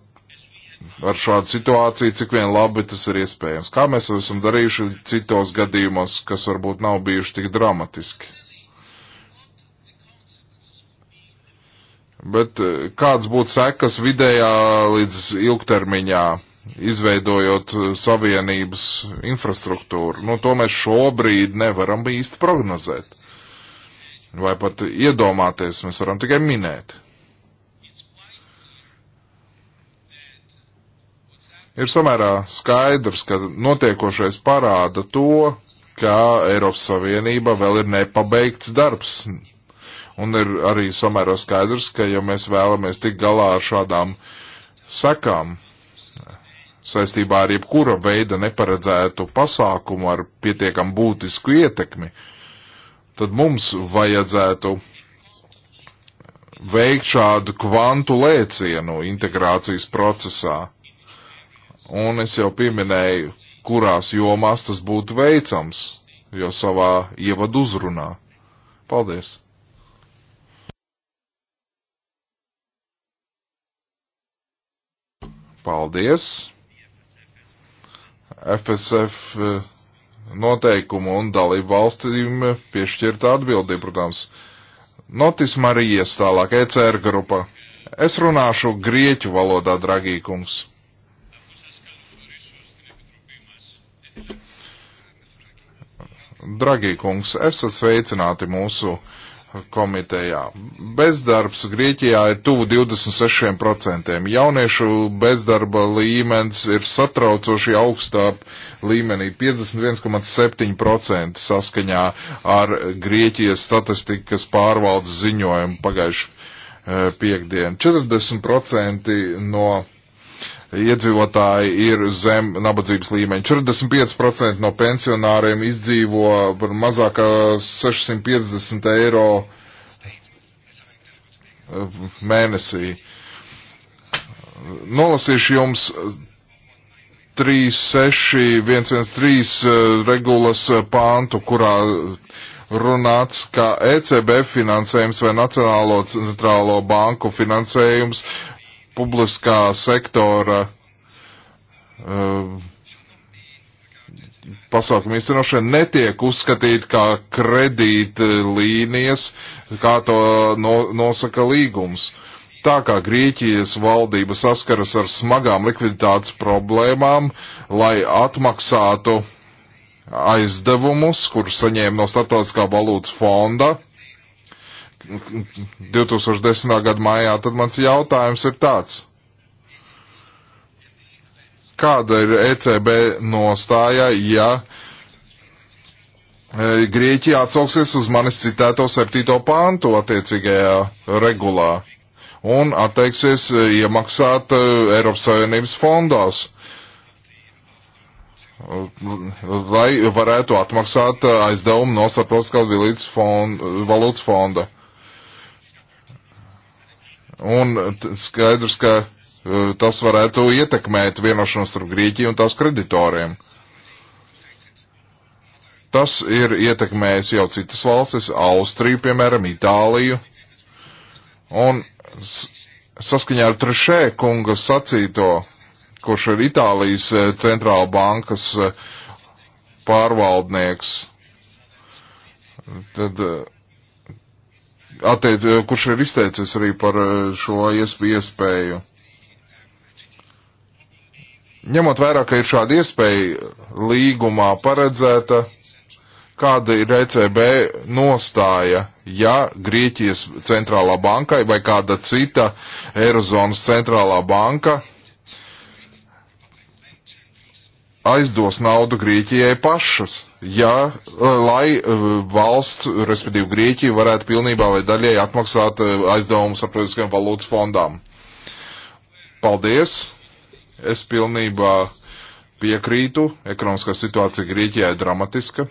ar šādu situāciju, cik vien labi tas ir iespējams. Kā mēs esam darījuši citos gadījumos, kas varbūt nav bijuši tik dramatiski. Bet e, kāds būtu sekas vidējā līdz ilgtermiņā, izveidojot e, savienības infrastruktūru? Nu, to mēs šobrīd nevaram īsti prognozēt. Vai pat iedomāties, mēs varam tikai minēt. Ir samērā skaidrs, ka notiekošais parāda to, ka Eiropas Savienība vēl ir nepabeigts darbs. Un ir arī samērā skaidrs, ka ja mēs vēlamies tik galā ar šādām sekām saistībā ar jebkura veida neparedzētu pasākumu ar pietiekam būtisku ietekmi, tad mums vajadzētu veikt šādu kvantu lēcienu integrācijas procesā Un es jau pieminēju, kurās jomās tas būtu veicams, jo savā ievadu uzrunā. Paldies! Paldies! FSF eh, noteikumu un dalību valstīm piešķirta atbildība, protams. Notis Marijas tālāk, ECR grupa. Es runāšu grieķu valodā, dragīkums. Dragie kungs, esat sveicināti mūsu komitejā. Bezdarbs Grieķijā ir tuvu 26%. Jauniešu bezdarba līmenis ir satraucoši augstā līmenī 51,7% saskaņā ar Grieķijas statistikas pārvaldes ziņojumu pagājuši eh, piekdien. 40% no iedzīvotāji ir zem nabadzības līmeņa. 45% no pensionāriem izdzīvo par mazāk kā 650 eiro eh, mēnesī. Nolasīšu jums 36113 eh, regulas eh, pāntu, kurā runāts, ka ECB finansējums vai Nacionālo centrālo banku finansējums publiskā sektora uh, pasākumu īstenošana netiek uzskatīta kā kredīta līnijas, kā to no, nosaka līgums. Tā kā Grieķijas valdība saskaras ar smagām likviditātes problēmām, lai atmaksātu aizdevumus, kurus saņēma no Startautiskā valūtas fonda, 2010. gada maijā, tad mans jautājums ir tāds. Kāda ir ECB nostāja, ja e, Grieķija atsauksies uz manis citēto septīto pāntu attiecīgajā regulā un atteiksies e, iemaksāt e, Eiropas Savienības fondos? lai varētu atmaksāt aizdevumu no starptautiskās valūtas fonda. Un skaidrs, ka e, tas varētu ietekmēt vienošanos starp Grieķiju un tās kreditoriem. Tas ir ietekmējis jau citas valstis, Austriju, piemēram, Itāliju. Un saskaņā ar trešē kunga sacīto, kurš ir Itālijas e, centrāla bankas e, pārvaldnieks, tad uh, atteic, eh, kurš ir izteicies arī par eh, šo iespēju. Ņemot vērā, ka ir šāda iespēja līgumā paredzēta, kāda ir ECB nostāja, ja Grieķijas centrālā bankai vai kāda cita Eirozonas centrālā banka aizdos naudu Grieķijai pašas? ja, eh, lai eh, valsts, respektīvi Grieķija, varētu pilnībā vai daļai atmaksāt eh, aizdevumus starptautiskajām valūtas fondām. Paldies! Es pilnībā piekrītu, ekonomiskā situācija Grieķijā ir dramatiska.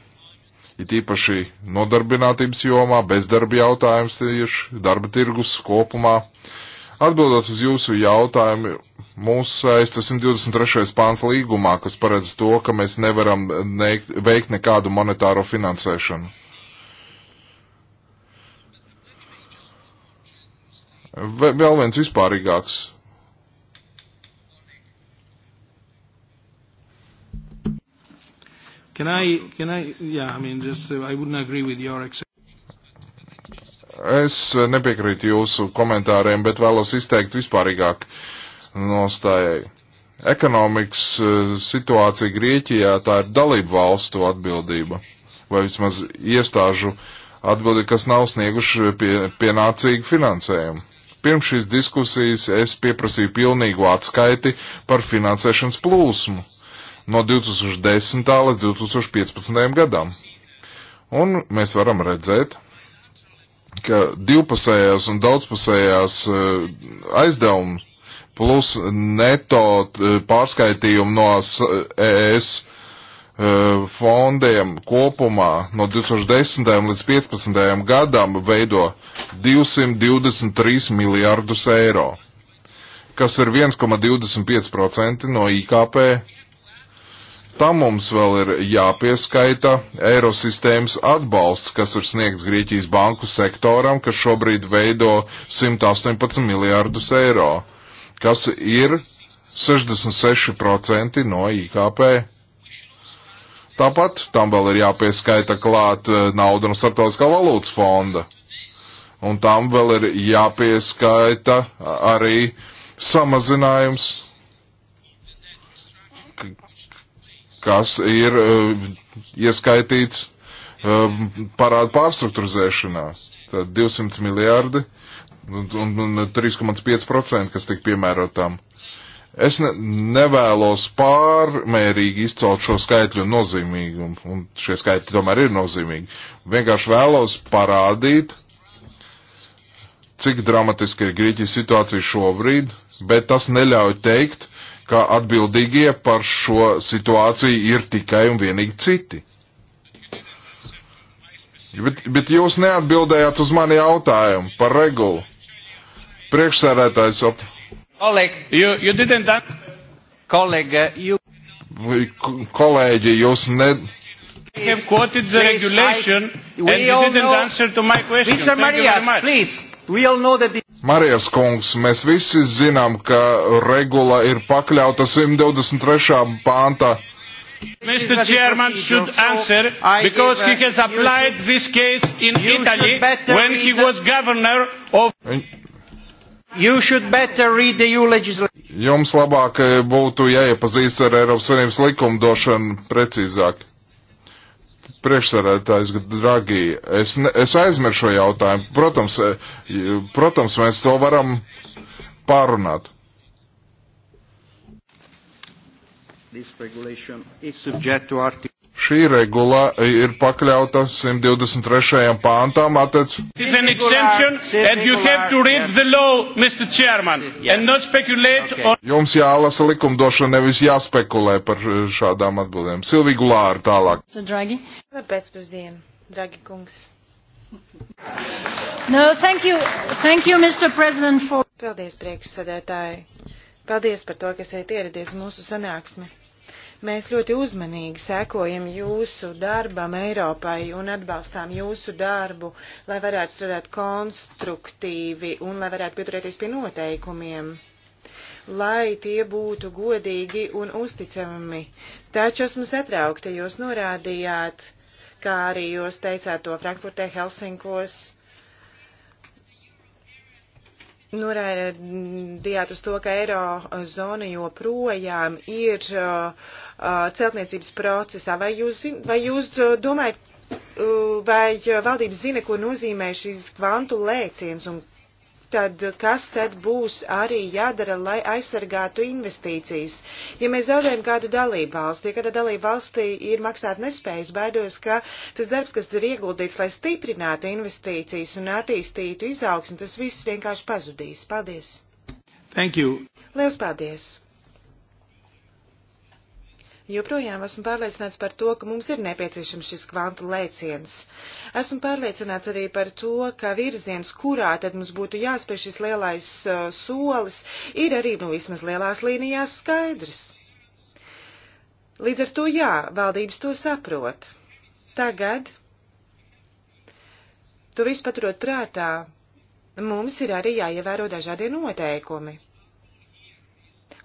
It īpaši nodarbinātības jomā, bezdarba jautājums tieši, darba tirgus kopumā. Atbildot uz jūsu jautājumu, Mūs saista 123. pāns līgumā, kas paredz to, ka mēs nevaram neikt, veikt nekādu monetāro finansēšanu. Vēl viens vispārīgāks Can I, can I, yeah, I mean, just, uh, I wouldn't agree with your Es nepiekrītu jūsu komentāriem, bet vēlos izteikt vispārīgāk nostājai. Ekonomikas eh, situācija Grieķijā tā ir dalību valstu atbildība, vai vismaz iestāžu atbildība, kas nav snieguši pie, pienācīgu finansējumu. Pirms šīs diskusijas es pieprasīju pilnīgu atskaiti par finansēšanas plūsmu no 2010. līdz 2015. gadam. Un mēs varam redzēt, ka divpusējās un daudzpusējās eh, aizdevuma plus neto eh, pārskaitījumu no ES eh, e eh, fondiem kopumā no 2010. līdz 2015. gadam veido 223 miljārdus eiro, kas ir 1,25% no IKP. Tam mums vēl ir jāpieskaita Eirosistēmas atbalsts, kas ir sniegts Grieķijas banku sektoram, kas šobrīd veido 118 miljārdus eiro kas ir 66% no IKP. Tāpat tam vēl ir jāpieskaita klāt eh, nauda no starptautiskā valūtas fonda. Un tam vēl ir jāpieskaita arī samazinājums, kas ir eh, ieskaitīts eh, parādu pārstruktūrizēšanā. Tad 200 miljārdi un, un 3,5%, kas tika piemērotām. Es ne, nevēlos pārmērīgi izcelt šo skaitļu nozīmīgumu, un šie skaitļi tomēr ir nozīmīgi. Vienkārši vēlos parādīt, cik dramatiski ir Grieķijas situācija šobrīd, bet tas neļauj teikt, ka atbildīgie par šo situāciju ir tikai un vienīgi citi. Bet, bet jūs neatbildējāt uz mani jautājumu par regulu. Priekšsēdētājs. Op... Kolēģi, you, you didn't... Kolēģi, you... Kolēģi, jūs ne... I have quoted the please, regulation I, and you didn't know, answer to my question. Mr. Marias, please. We all know that the... Marijas kungs, mēs visi zinām, ka regula ir pakļauta 123. pānta. Mr. Chairman should answer because he uh, has applied this case in Italy when he was governor of. Jums labāk eh, būtu jāiepazīst ar Eiropas Savienības likumdošanu precīzāk. Priekšsarētājs Dragi, es, ne, es aizmiršu šo jautājumu. Protams, eh, protams, mēs to varam pārunāt. This regulation is subject to article Šī regula ir pakļauta 123. pāntām attiec. It's an exemption and you have to read the law, Mr. Chairman, and not speculate okay. on... Jums jālasa likumdošana, nevis jāspekulē par eh, šādām atbildēm. Silvija Gulāra tālāk. Dragi. Labēc pēcpusdien, dragi kungs. No, thank you, thank you, Mr. President, for... Paldies, priekšsēdētāji. Paldies par to, ka esat ieradies mūsu sanāksmi. Mēs ļoti uzmanīgi sekojam jūsu darbam Eiropai un atbalstām jūsu darbu, lai varētu strādāt konstruktīvi un lai varētu pieturēties pie noteikumiem lai tie būtu godīgi un uzticami. Taču esmu satraukta, jūs norādījāt, kā arī jūs teicāt to Frankfurtē, Helsinkos, norādījāt uz to, ka eirozona joprojām ir uh, celtniecības procesā. Vai jūs, zin, vai jūs domājat, vai valdības zina, ko nozīmē šīs kvantu lēciens un tad kas tad būs arī jādara, lai aizsargātu investīcijas? Ja mēs zaudējam kādu dalību valstī, kāda dalība valstī ir maksāt nespējas, baidos, ka tas darbs, kas ir ieguldīts, lai stiprinātu investīcijas un attīstītu izaugsmu, tas viss vienkārši pazudīs. Paldies! Thank you! Liels paldies! Joprojām esmu pārliecināts par to, ka mums ir nepieciešams šis kvantu lēciens. Esmu pārliecināts arī par to, ka virziens, kurā tad mums būtu jāspēj šis lielais uh, solis, ir arī nu vismaz lielās līnijās skaidrs. Līdz ar to jā, valdības to saprot. Tagad To visu paturot prātā, mums ir arī jāievēro dažādie noteikumi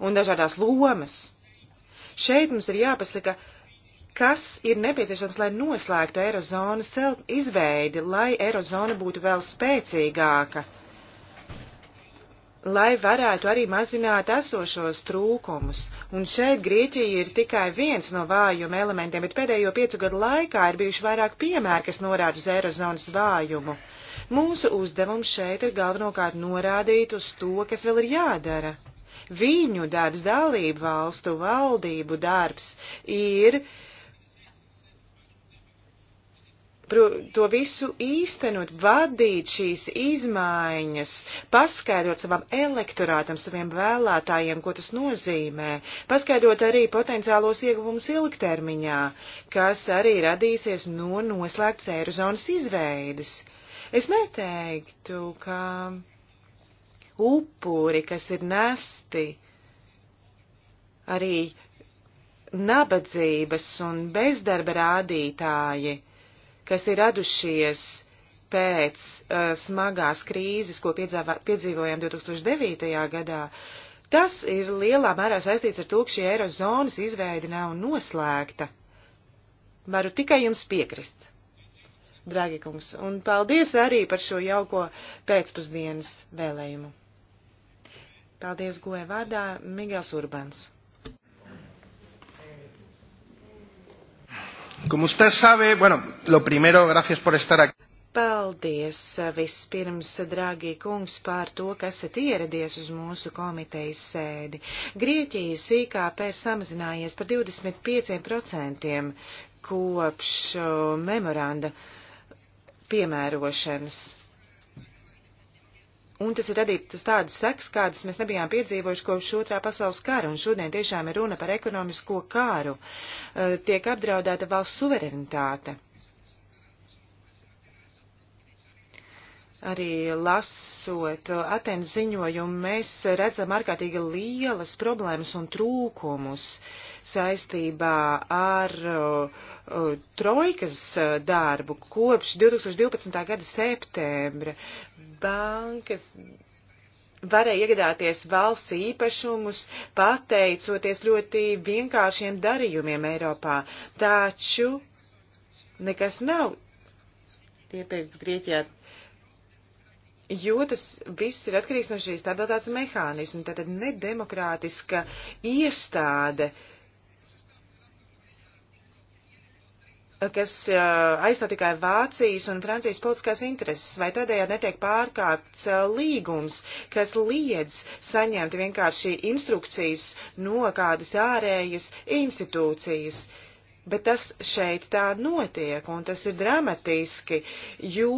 un dažādās lomas. Šeit mums ir jāpasaka, kas ir nepieciešams, lai noslēgtu Eirozonas izveidi, lai Eirozona būtu vēl spēcīgāka, lai varētu arī mazināt esošos trūkumus. Un šeit Grieķija ir tikai viens no vājuma elementiem, bet pēdējo piecu gadu laikā ir bijuši vairāk piemēri, kas norāda uz Eirozonas vājumu. Mūsu uzdevums šeit ir galvenokārt norādīt uz to, kas vēl ir jādara Viņu darbs, dalību valstu valdību darbs ir to visu īstenot, vadīt šīs izmaiņas, paskaidrot savam elektorātam, saviem vēlētājiem, ko tas nozīmē, paskaidrot arī potenciālos ieguvumus ilgtermiņā, kas arī radīsies no noslēgts eirozonas izveides. Es neteiktu, ka upuri, kas ir nesti, arī nabadzības un bezdarba rādītāji, kas ir radušies pēc uh, smagās krīzes, ko piedzāvā, piedzīvojām 2009. gadā, tas ir lielā mērā saistīts ar to, ka šī eirozonas izveida nav noslēgta. Varu tikai jums piekrist, dragi kungs, un paldies arī par šo jauko pēcpusdienas vēlējumu. Paldies, Goe vārdā, Migels Urbans. Como usted sabe, bueno, lo primero, gracias por estar aquí. Paldies eh, vispirms, drāgī kungs, pār to, ka esat ieradies uz mūsu komitejas sēdi. Grieķijas IKP ir samazinājies par 25% kopš eh, memoranda piemērošanas un tas ir radītas tādas seks, kādas mēs nebijām piedzīvojuši kopš otrā pasaules kara, un šodien tiešām ir runa par ekonomisko kāru, eh, tiek apdraudēta valsts suverenitāte. Arī lasot Atenas ziņojumu, mēs redzam ārkārtīgi lielas problēmas un trūkumus saistībā ar uh, Uh, trojkas uh, darbu kopš 2012. gada septembra. Bankas varēja iegādāties valsts īpašumus, pateicoties ļoti vienkāršiem darījumiem Eiropā. Taču nekas nav iepirkts Grieķijā, jo tas viss ir atkarīgs no šīs stabilitātes mehānismu. Tātad nedemokrātiska iestāde uh, kas aizstāv tikai Vācijas un Francijas politiskās intereses, vai tādējādi netiek pārkāpts līgums, kas liedz saņemt vienkārši instrukcijas no kādas ārējas institūcijas. Bet tas šeit tā notiek, un tas ir dramatiski, jo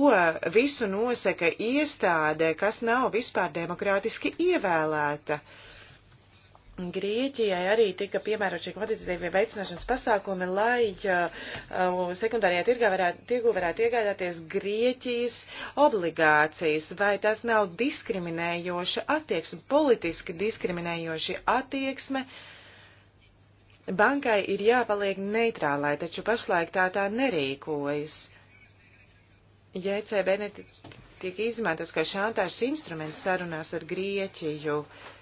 visu nosaka iestāde, kas nav vispār demokrātiski ievēlēta. Uh, Grieķijai arī tika piemērot šie kvantitatīvie veicināšanas pasākumi, lai uh, uh, sekundārajā tirgā varētu, tirgu varētu iegādāties Grieķijas obligācijas. Vai tas nav diskriminējoša attieksme, politiski diskriminējoša attieksme? Bankai ir jāpaliek neitrālai, taču pašlaik tā tā nerīkojas. Ja ECB netiek izmantots kā šantāžas instruments sarunās ar Grieķiju, uh,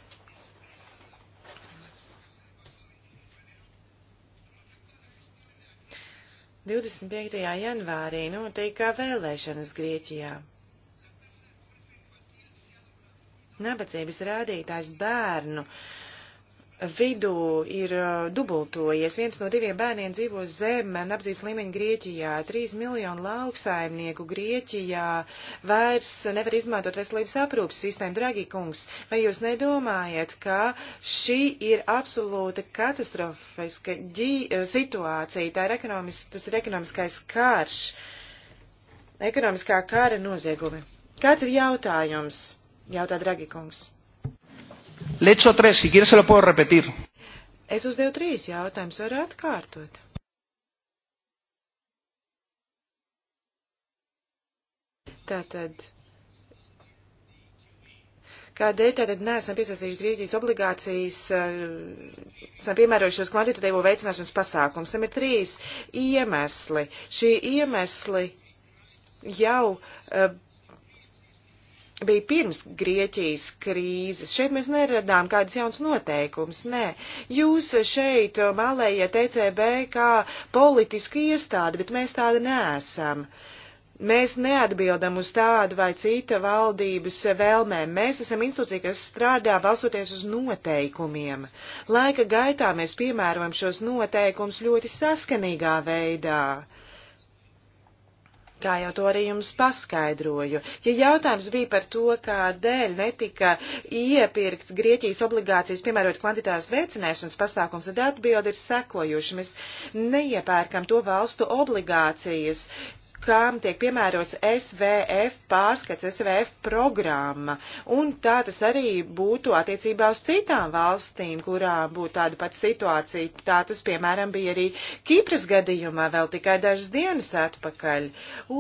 25. janvārī notika vēlēšanas Grieķijā. Nabadzības rādītājs bērnu vidū ir dubultojies. Viens no diviem bērniem dzīvo zem apdzīves līmeņa Grieķijā. Trīs miljonu lauksaimnieku Grieķijā vairs nevar izmantot veselības aprūpas sistēmu. Dragi kungs, vai jūs nedomājat, ka šī ir absolūta katastrofiska situācija? Tā ir ekonomis, tas ir ekonomiskais karš, ekonomiskā kara noziegumi. Kāds ir jautājums? Jautā Dragi kungs. Lecho 3, si quieres se lo puedo repetir. Es uzdevu trīs jautājumus, varu atkārtot. Tātad, kādēļ tātad neesam piesaistījuši Grieķijas obligācijas, eh, esam piemērojuši šos kvantitatīvo veicināšanas pasākums. Tam ir trīs iemesli. Šī iemesli jau uh, bija pirms Grieķijas krīzes. Šeit mēs neradām kādus jaunus noteikumus, nē. Jūs šeit malējat ECB kā politisku iestādi, bet mēs tāda neesam. Mēs neatbildam uz tādu vai cita valdības vēlmēm. Mēs esam institūcija, kas strādā balstoties uz noteikumiem. Laika gaitā mēs piemērojam šos noteikumus ļoti saskanīgā veidā. Uh, Kā jau to arī jums paskaidroju. Ja jautājums bija par to, kādēļ netika iepirkts Grieķijas obligācijas, piemērot kvantitātes veicināšanas pasākums, tad atbildi ir sekojuši. Mēs neiepērkam to valstu obligācijas, kam tiek piemērots SVF pārskats, SVF programma. Un tā tas arī būtu attiecībā uz citām valstīm, kurām būtu tāda pati situācija. Tā tas, piemēram, bija arī Kipras gadījumā vēl tikai dažas dienas atpakaļ.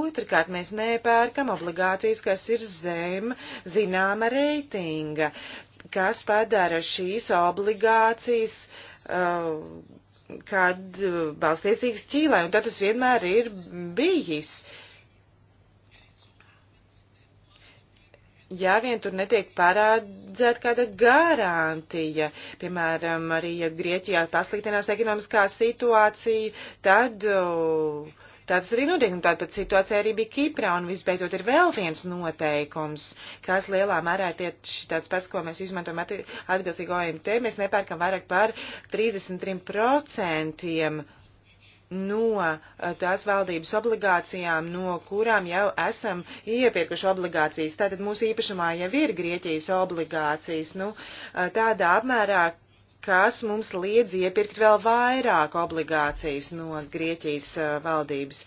Otrakārt, mēs nepērkam obligācijas, kas ir zem zināma reitinga, kas padara šīs obligācijas. Uh, kad e, balstiesīgs Ķīlē, un tad tas vienmēr ir bijis. Ja vien tur netiek parādzēta kāda garantija, piemēram, arī ja Grieķijā pasliktinās ekonomiskā situācija, tad uh, Tāds arī notiek, un tāda pat situācija arī bija Kiprā, un visbeidzot ir vēl viens noteikums, kas lielā mērā ir tieši tāds pats, ko mēs izmantojam atbilstīgi OMT. Mēs nepērkam vairāk par 33% no uh, tās valdības obligācijām, no kurām jau esam iepirkuši obligācijas. Tātad mūsu īpašumā jau ir Grieķijas obligācijas, nu, uh, tādā apmērā, kas mums liedz iepirkt vēl vairāk obligācijas no Grieķijas valdības.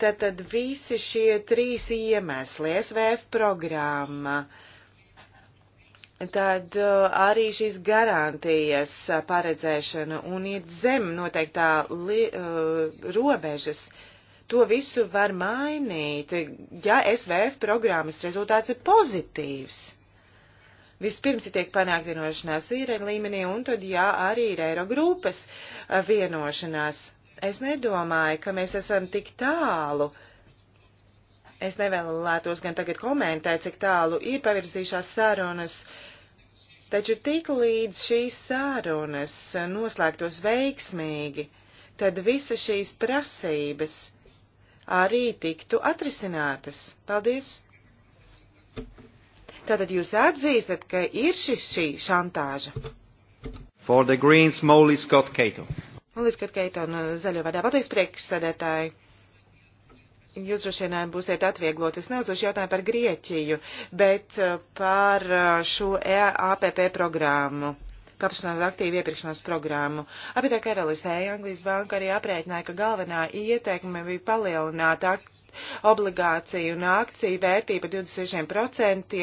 Tātad visi šie trīs iemesli, SVF programma, tad arī šīs garantijas paredzēšana un iet zem noteiktā li, uh, robežas, to visu var mainīt, ja SVF programmas rezultāts ir pozitīvs. Vispirms ir tiek panākt vienošanās īrēn līmenī, un tad jā, arī ir eiro grupas vienošanās. Es nedomāju, ka mēs esam tik tālu. Es nevēlētos gan tagad komentēt, cik tālu ir pavirzījušās sarunas, taču tik līdz šīs sarunas noslēgtos veiksmīgi, tad visa šīs prasības arī tiktu atrisinātas. Paldies! Tātad jūs atzīstat, ka ir šis šī šantāža. For the Greens, Molly Scott Cato. Molly Scott Cato, no zaļo vadā. Pateiks priekšsēdētāji. Jūs droši vien eh, būsiet atvieglot. Es neuzdošu jautājumu par Grieķiju, bet eh, par eh, šo EAPP programmu paplašināt aktīvu iepirkšanās programmu. Apvienotā karalistē Anglijas banka arī aprēķināja, ka galvenā ieteikuma bija palielināt aktīvu obligāciju un akciju vērtība 26%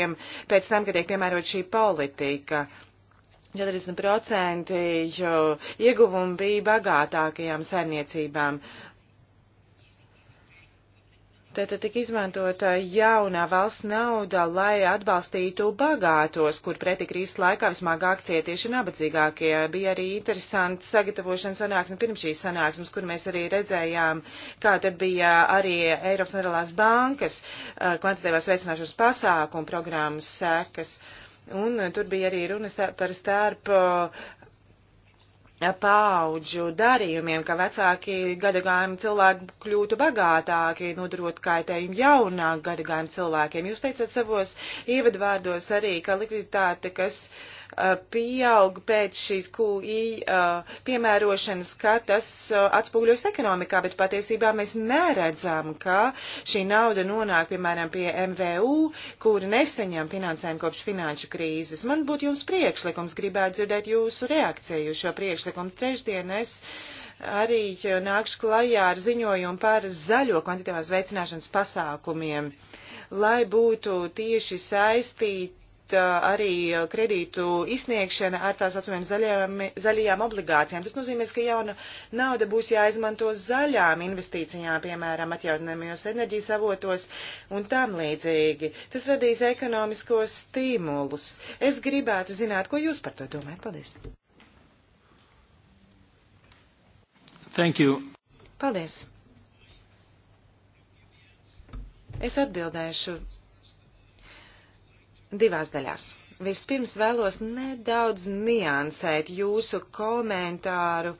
pēc tam, kad tiek piemērot šī politika. 40% ieguvumu bija bagātākajām saimniecībām. Uh, Tātad tika izmantota jaunā valsts nauda, lai atbalstītu bagātos, kur pretī krīzes laikā vismagāk cietieši nabadzīgākie. Bija arī interesanti sagatavošanas sanāksme pirms šīs sanāksmes, kur mēs arī redzējām, kā tad bija arī Eiropas Centrālās bankas eh, kvantitatīvās veicināšanas pasākumu programmas sekas. Un eh, tur bija arī runa par starp eh, paauģu darījumiem, ka vecāki gadagājumi cilvēki kļūtu bagātāki, nodarot kaitējumu jaunāk gadagājumu cilvēkiem. Jūs teicat savos ievadvārdos arī, ka likviditāte, kas uh, Uh, pieaug pēc šīs QI uh, piemērošanas, ka tas uh, atspūgļos ekonomikā, bet patiesībā mēs neredzam, ka šī nauda nonāk, piemēram, pie MVU, kuri neseņem finansējumu kopš finanšu krīzes. Man būtu jums priekšlikums, gribētu dzirdēt jūsu reakciju šo priekšlikumu. Trešdien es arī nākšu klajā ar ziņojumu par zaļo kvantitīvās veicināšanas pasākumiem, lai būtu tieši saistīti arī kredītu izsniegšana ar tās atsumiem zaļajām, zaļajām obligācijām. Tas nozīmē, ka jauna nauda būs jāizmanto zaļām investīcijām, piemēram, atjautinājumos enerģijas avotos un tam līdzīgi. Tas radīs ekonomiskos stimulus. Es gribētu zināt, ko jūs par to domājat. Paldies! Thank you. Paldies! Es atbildēšu divās daļās. Vispirms vēlos nedaudz niansēt jūsu komentāru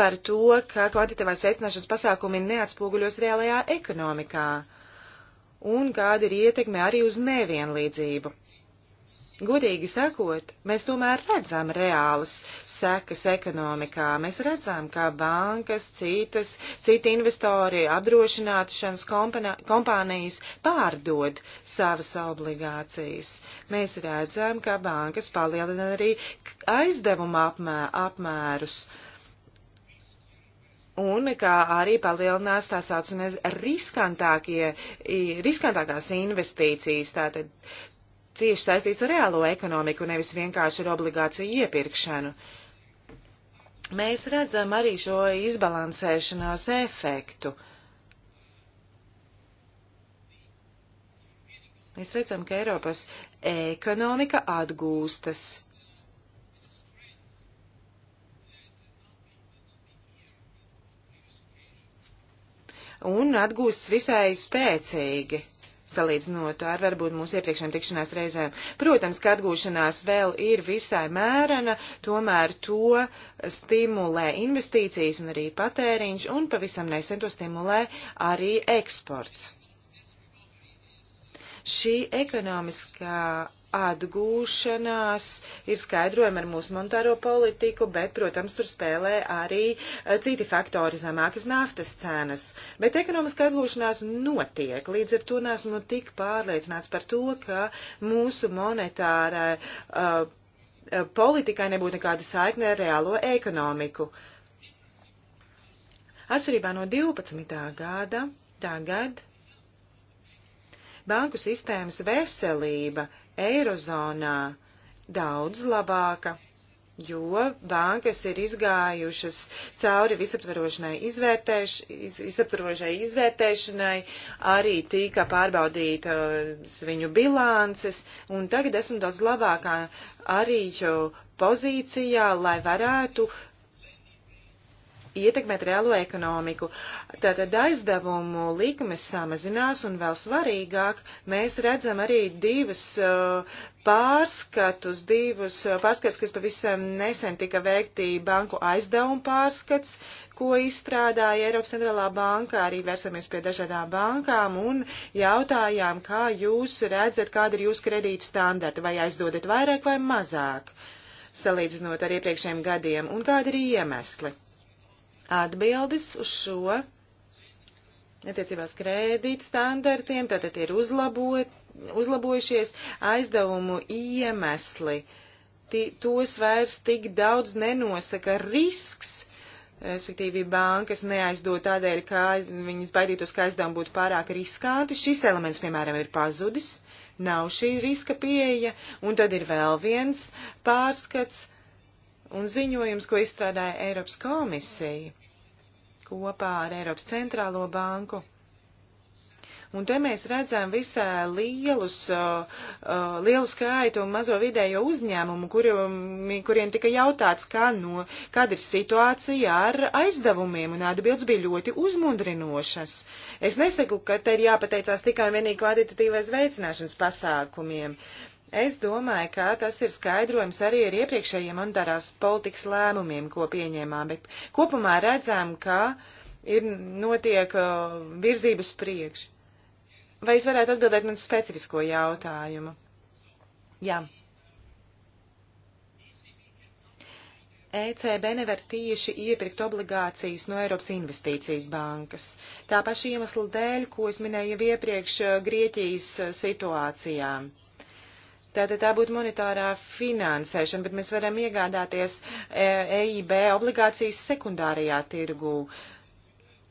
par to, ka kvantitīvās veicināšanas pasākumi neatspoguļos reālajā ekonomikā un kāda ir ietekme arī uz nevienlīdzību. Godīgi sakot, mēs tomēr redzam reālas sekas ekonomikā. Mēs redzam, ka bankas, citas, citi investori, apdrošināšanas kompānijas pārdod savas obligācijas. Mēs redzam, ka bankas palielina arī aizdevuma apmē, apmērus. Un kā arī palielinās tā saucamies riskantākie, riskantākās investīcijas, tātad cieši saistīts ar reālo ekonomiku, nevis vienkārši ar obligāciju iepirkšanu. Mēs redzam arī šo izbalansēšanās efektu. Mēs redzam, ka Eiropas ekonomika atgūstas. Un atgūstas visai spēcīgi salīdzinot ar varbūt mūsu iepriekšējām tikšanās reizēm. Protams, ka atgūšanās vēl ir visai mērena, tomēr to stimulē investīcijas un arī patēriņš, un pavisam nesen to stimulē arī eksports. Šī ekonomiskā atgūšanās ir skaidrojama ar mūsu monetāro politiku, bet, protams, tur spēlē arī eh, citi faktori - zemākas naftas cenas. Bet ekonomiska atgūšanās notiek, līdz ar to nesmu tik pārliecināts par to, ka mūsu monetārā uh, politikai nebūtu nekāda saikne ar reālo ekonomiku. Atšķirībā no 12. gada, tagad banku sistēmas veselība uh, Eirozonā daudz labāka, jo bankas ir izgājušas cauri visaptvarošanai izvērtēš, iz, visaptvarošai izvērtēšanai, arī tika pārbaudītas uh, viņu bilances, un tagad esmu daudz labākā arī uh, pozīcijā, lai varētu uh, ietekmēt reālo ekonomiku. Tātad aizdevumu likmes samazinās un vēl svarīgāk mēs redzam arī divas uh, pārskatus, divus uh, pārskatus, kas pavisam nesen tika veikti banku aizdevumu pārskats, ko izstrādāja Eiropas centrālā banka, arī vērsamies pie dažādām bankām un jautājām, kā jūs redzat, kāda ir jūsu kredīta standarta, vai aizdodat vairāk vai mazāk, salīdzinot ar iepriekšējiem gadiem, un kādi ir iemesli atbildes uz šo attiecībās kredīt standartiem, tātad ir uzlabo, uzlabojušies aizdevumu iemesli. T tos vairs tik daudz nenosaka risks, respektīvi bankas neaizdod tādēļ, ka viņas baidītos, ka aizdevumi būtu pārāk riskanti. Šis elements, piemēram, ir pazudis, nav šī riska pieeja, un tad ir vēl viens pārskats Un ziņojums, ko izstrādāja Eiropas komisija kopā ar Eiropas centrālo banku. Un te mēs redzam visā lielus, uh, uh, lielu skaitu un mazo vidējo uzņēmumu, kuriem, kuriem tika jautāts, kā no, kāda ir situācija ar aizdevumiem, un atbildes bija ļoti uzmundrinošas. Es nesaku, ka te ir jāpateicās tikai un vienīgi kvalitatīvais veicināšanas pasākumiem. Uh, Es domāju, ka tas ir skaidrojums arī ar iepriekšējiem monetārās politikas lēmumiem, ko pieņēmām, bet kopumā redzam, ka ir notiek uh, virzības priekš. Vai jūs varētu atbildēt man specifisko jautājumu? Jā. ECB nevar tieši iepirkt obligācijas no Eiropas investīcijas bankas. Tā paša iemesla dēļ, ko es minēju iepriekš uh, Grieķijas uh, situācijām Tātad tā būtu monetārā finansēšana, bet mēs varam iegādāties EIB e obligācijas sekundārajā tirgū.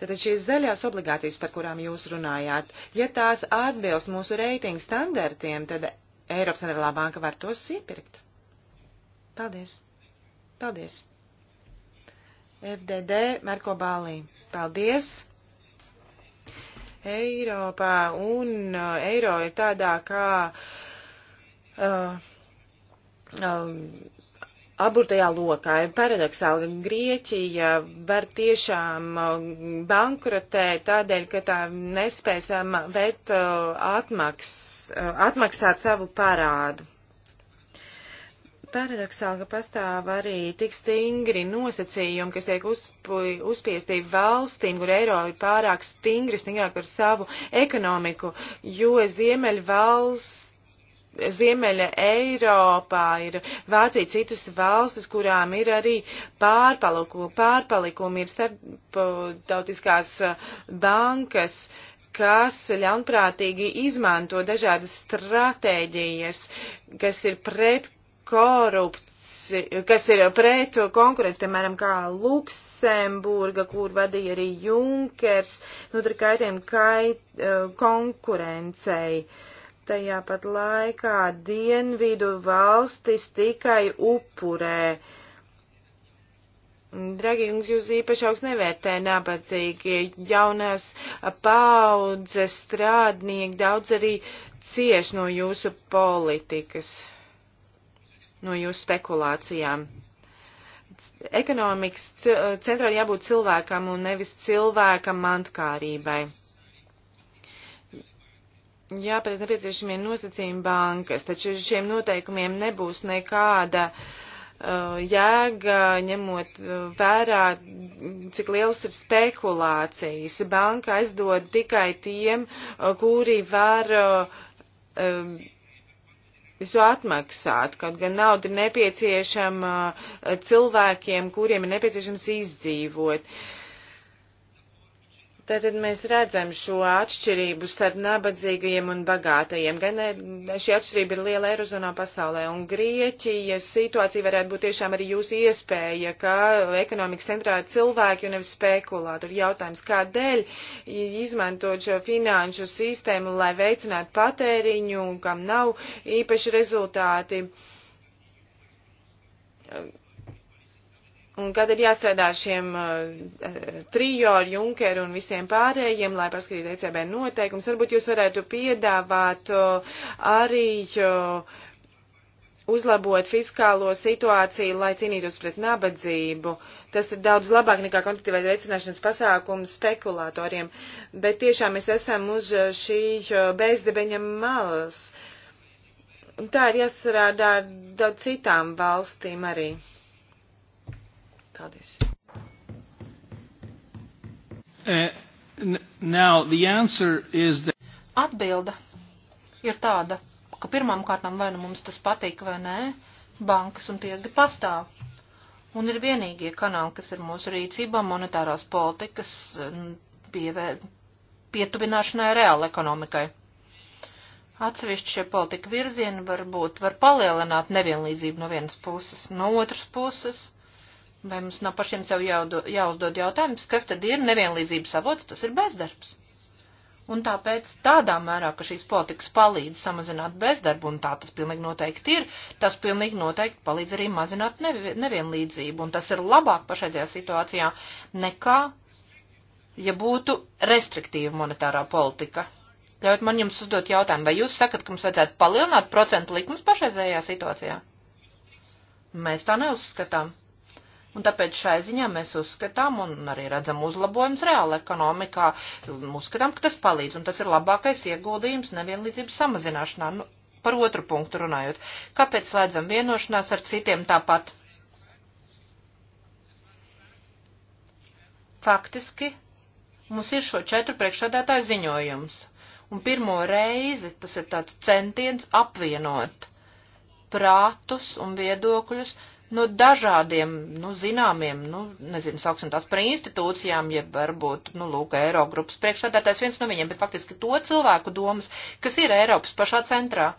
Tātad šīs zaļās obligācijas, par kurām jūs runājāt, ja tās atbilst mūsu reitingu standartiem, tad Eiropas centrālā banka var tos iepirkt. Paldies. Paldies. FDD Merko Bālī. Paldies. Eiropā un e, eiro ir tādā kā. Ka uh, um, aburtajā lokā. Paradoxāli, Grieķija var tiešām um, bankrotēt tādēļ, ka tā nespēs veikt uh, atmaks, uh, atmaksāt savu parādu. Paradoxāli, ka pastāv arī tik stingri nosacījumi, kas tiek uzpui, uzpiesti valstīm, kur eiro ir pārāk stingri, stingrāk par savu ekonomiku, jo ziemeļvalsts Ziemeļa Eiropā ir Vācija citas valstis, kurām ir arī pārpalikumi, pārpalikumi ir starptautiskās uh, bankas, kas ļaunprātīgi izmanto dažādas stratēģijas, kas ir pret korupciju kas ir pret konkurence, piemēram, kā Luksemburga, kur vadīja arī Junkers, nu, tur kaitiem kait, uh, konkurencei. Uh, Tajā pat laikā dienvidu valstis tikai upurē. Dragi, jums jūs īpaši augsts nevērtē nabadzīgi. Jaunās paudzes strādnieki daudz arī cieš no jūsu politikas, no jūsu spekulācijām ekonomikas centrā jābūt cilvēkam un nevis cilvēkam mantkārībai jāpareiz nepieciešamie nosacījumi bankas, taču šiem noteikumiem nebūs nekāda uh, jēga, ņemot uh, vērā, cik liels ir spekulācijas. Banka aizdod tikai tiem, uh, kuri var uh, um, visu atmaksāt, kaut gan nauda ir nepieciešama uh, cilvēkiem, kuriem ir nepieciešams izdzīvot. Uh, Tātad mēs redzam šo atšķirību starp nabadzīgajiem un bagātajiem. Gan eh, šī atšķirība ir liela Eirozonā pasaulē, un Grieķijas situācija varētu būt tiešām arī jūsu iespēja, ka ekonomikas centrā ir cilvēki un nevis spekulātori. Jautājums, kādēļ izmantot šo finanšu sistēmu, lai veicinātu patēriņu, kam nav īpaši rezultāti? Un kad ir jāstrādā ar šiem uh, trijo, ar Junkeru un visiem pārējiem, lai paskatītu ECB noteikums, varbūt jūs varētu piedāvāt uh, arī uh, uzlabot fiskālo situāciju, lai cīnītos pret nabadzību. Tas ir daudz labāk nekā kvantitīvais veicināšanas pasākums spekulātoriem, bet tiešām mēs esam uz šī bezdebeņa malas. Un tā ir jāstrādā ar daudz citām valstīm arī. Paldies. Uh, now the answer is that... Atbilda ir tāda, ka pirmām kārtām vai nu mums tas patīk vai nē, bankas un tirgi pastāv. Un ir vienīgie kanāli, kas ir mūsu rīcībā monetārās politikas pievē, pietuvināšanai reāla ekonomikai. Atsevišķi šie politika virzieni varbūt var palielināt nevienlīdzību no vienas puses, no otras puses Vai mums nav pašiem sev jāuzdod, jāuzdod jautājums, kas tad ir nevienlīdzības avots, tas ir bezdarbs. Un tāpēc tādā mērā, ka šīs politikas palīdz samazināt bezdarbu, un tā tas pilnīgi noteikti ir, tas pilnīgi noteikti palīdz arī mazināt nevienlīdzību, un tas ir labāk pašreizajā situācijā nekā, ja būtu restriktīva monetārā politika. Ļaut man jums uzdot jautājumu, vai jūs sakat, ka mums vajadzētu palielināt procentu likums pašreizējā situācijā? Mēs tā neuzskatām. Un tāpēc šai ziņā mēs uzskatām un arī redzam uzlabojumus reāla ekonomikā. Uzskatām, ka tas palīdz un tas ir labākais ieguldījums nevienlīdzības samazināšanā. Nu, par otru punktu runājot. Kāpēc slēdzam vienošanās ar citiem tāpat? Faktiski mums ir šo četru priekšsādātāju ziņojums. Un pirmo reizi tas ir tāds centiens apvienot prātus un viedokļus no dažādiem, nu, zināmiem, nu, nezinu, sauksim tās par institūcijām, ja varbūt, nu, lūk, Eirogrupas priekšsēdētājs viens no viņiem, bet faktiski to cilvēku domas, kas ir Eiropas pašā centrā.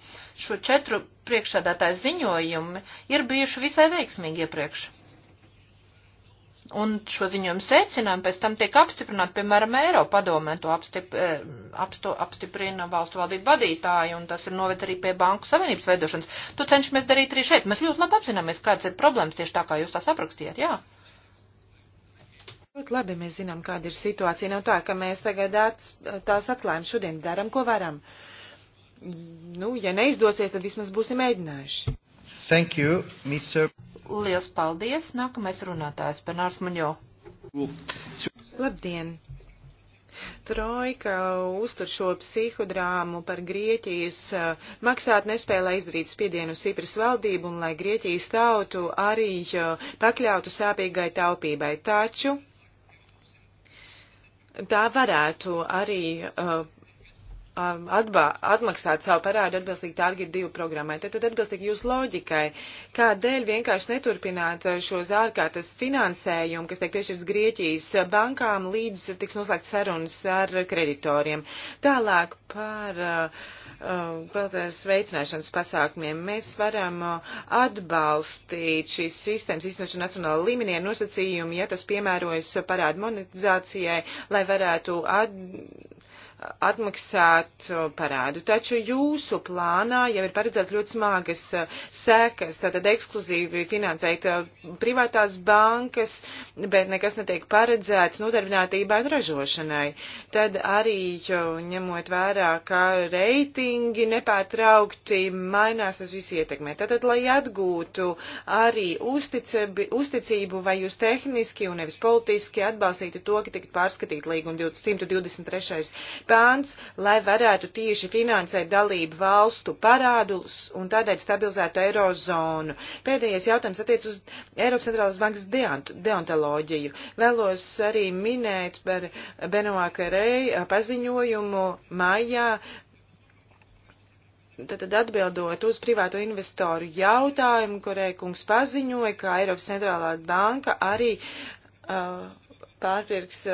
Šo četru priekšsēdētāju ziņojumi ir bijuši visai veiksmīgi iepriekš un šo ziņojumu secinājumu pēc tam tiek apstiprināti, piemēram, Eiropadomē to apstip, eh, apsto, apstiprina valstu valdību vadītāji, un tas ir noved arī pie Banku Savienības veidošanas. To cenšamies darīt arī šeit. Mēs ļoti labi apzināmies, kādas ir problēmas tieši tā, kā jūs tās aprakstījāt, jā. Ļoti labi mēs zinām, kāda ir situācija. Nav tā, ka mēs tagad tās atklājam šodien, daram, ko varam. Nu, ja neizdosies, tad vismaz būsim mēģinājuši. Thank you, Mr. Liels paldies! Nākamais runātājs Penārs Muņo. Labdien! Trojka uztur šo psihodrāmu par Grieķijas eh, maksāt nespēju, lai izdarītu spiedienu Sipras valdību un lai Grieķijas tautu arī eh, pakļautu sāpīgai taupībai. Taču tā varētu arī uh, Um, atbā, atmaksāt savu parādu atbilstīgi target divu programmai. Tad, tad atbilstīgi jūsu loģikai, kādēļ vienkārši neturpināt šos ārkārtas finansējumu, kas tiek piešķirts Grieķijas bankām, līdz tiks noslēgts sarunas ar kreditoriem. Tālāk par uh, um, peltēs veicināšanas pasākumiem. Mēs varam uh, atbalstīt šīs sistēmas iznošanu nacionāla līmenī ar nosacījumu, ja tas piemērojas parādu monetizācijai, lai varētu at atmaksāt parādu. Taču jūsu plānā jau ir paredzēts ļoti smagas eh, sekas, tātad ekskluzīvi finansēt eh, privātās bankas, bet nekas netiek paredzēts nodarbinātībai un ražošanai. Tad arī ņemot vērā, ka reitingi nepārtraukti mainās, tas viss ietekmē. Tātad, lai atgūtu arī uzticību, uzticību vai jūs tehniski un nevis politiski atbalstītu to, ka tika pārskatīt līguma 123 orgāns, lai varētu tieši finansēt dalību valstu parādus un tādēļ stabilizētu eirozonu. Pēdējais jautājums attiec uz Eiropas centrālās bankas deontoloģiju. Vēlos arī minēt par Benoā Karei paziņojumu maijā Tātad atbildot uz privāto investoru jautājumu, kurai kungs paziņoja, ka Eiropas centrālā banka arī uh, pārpirks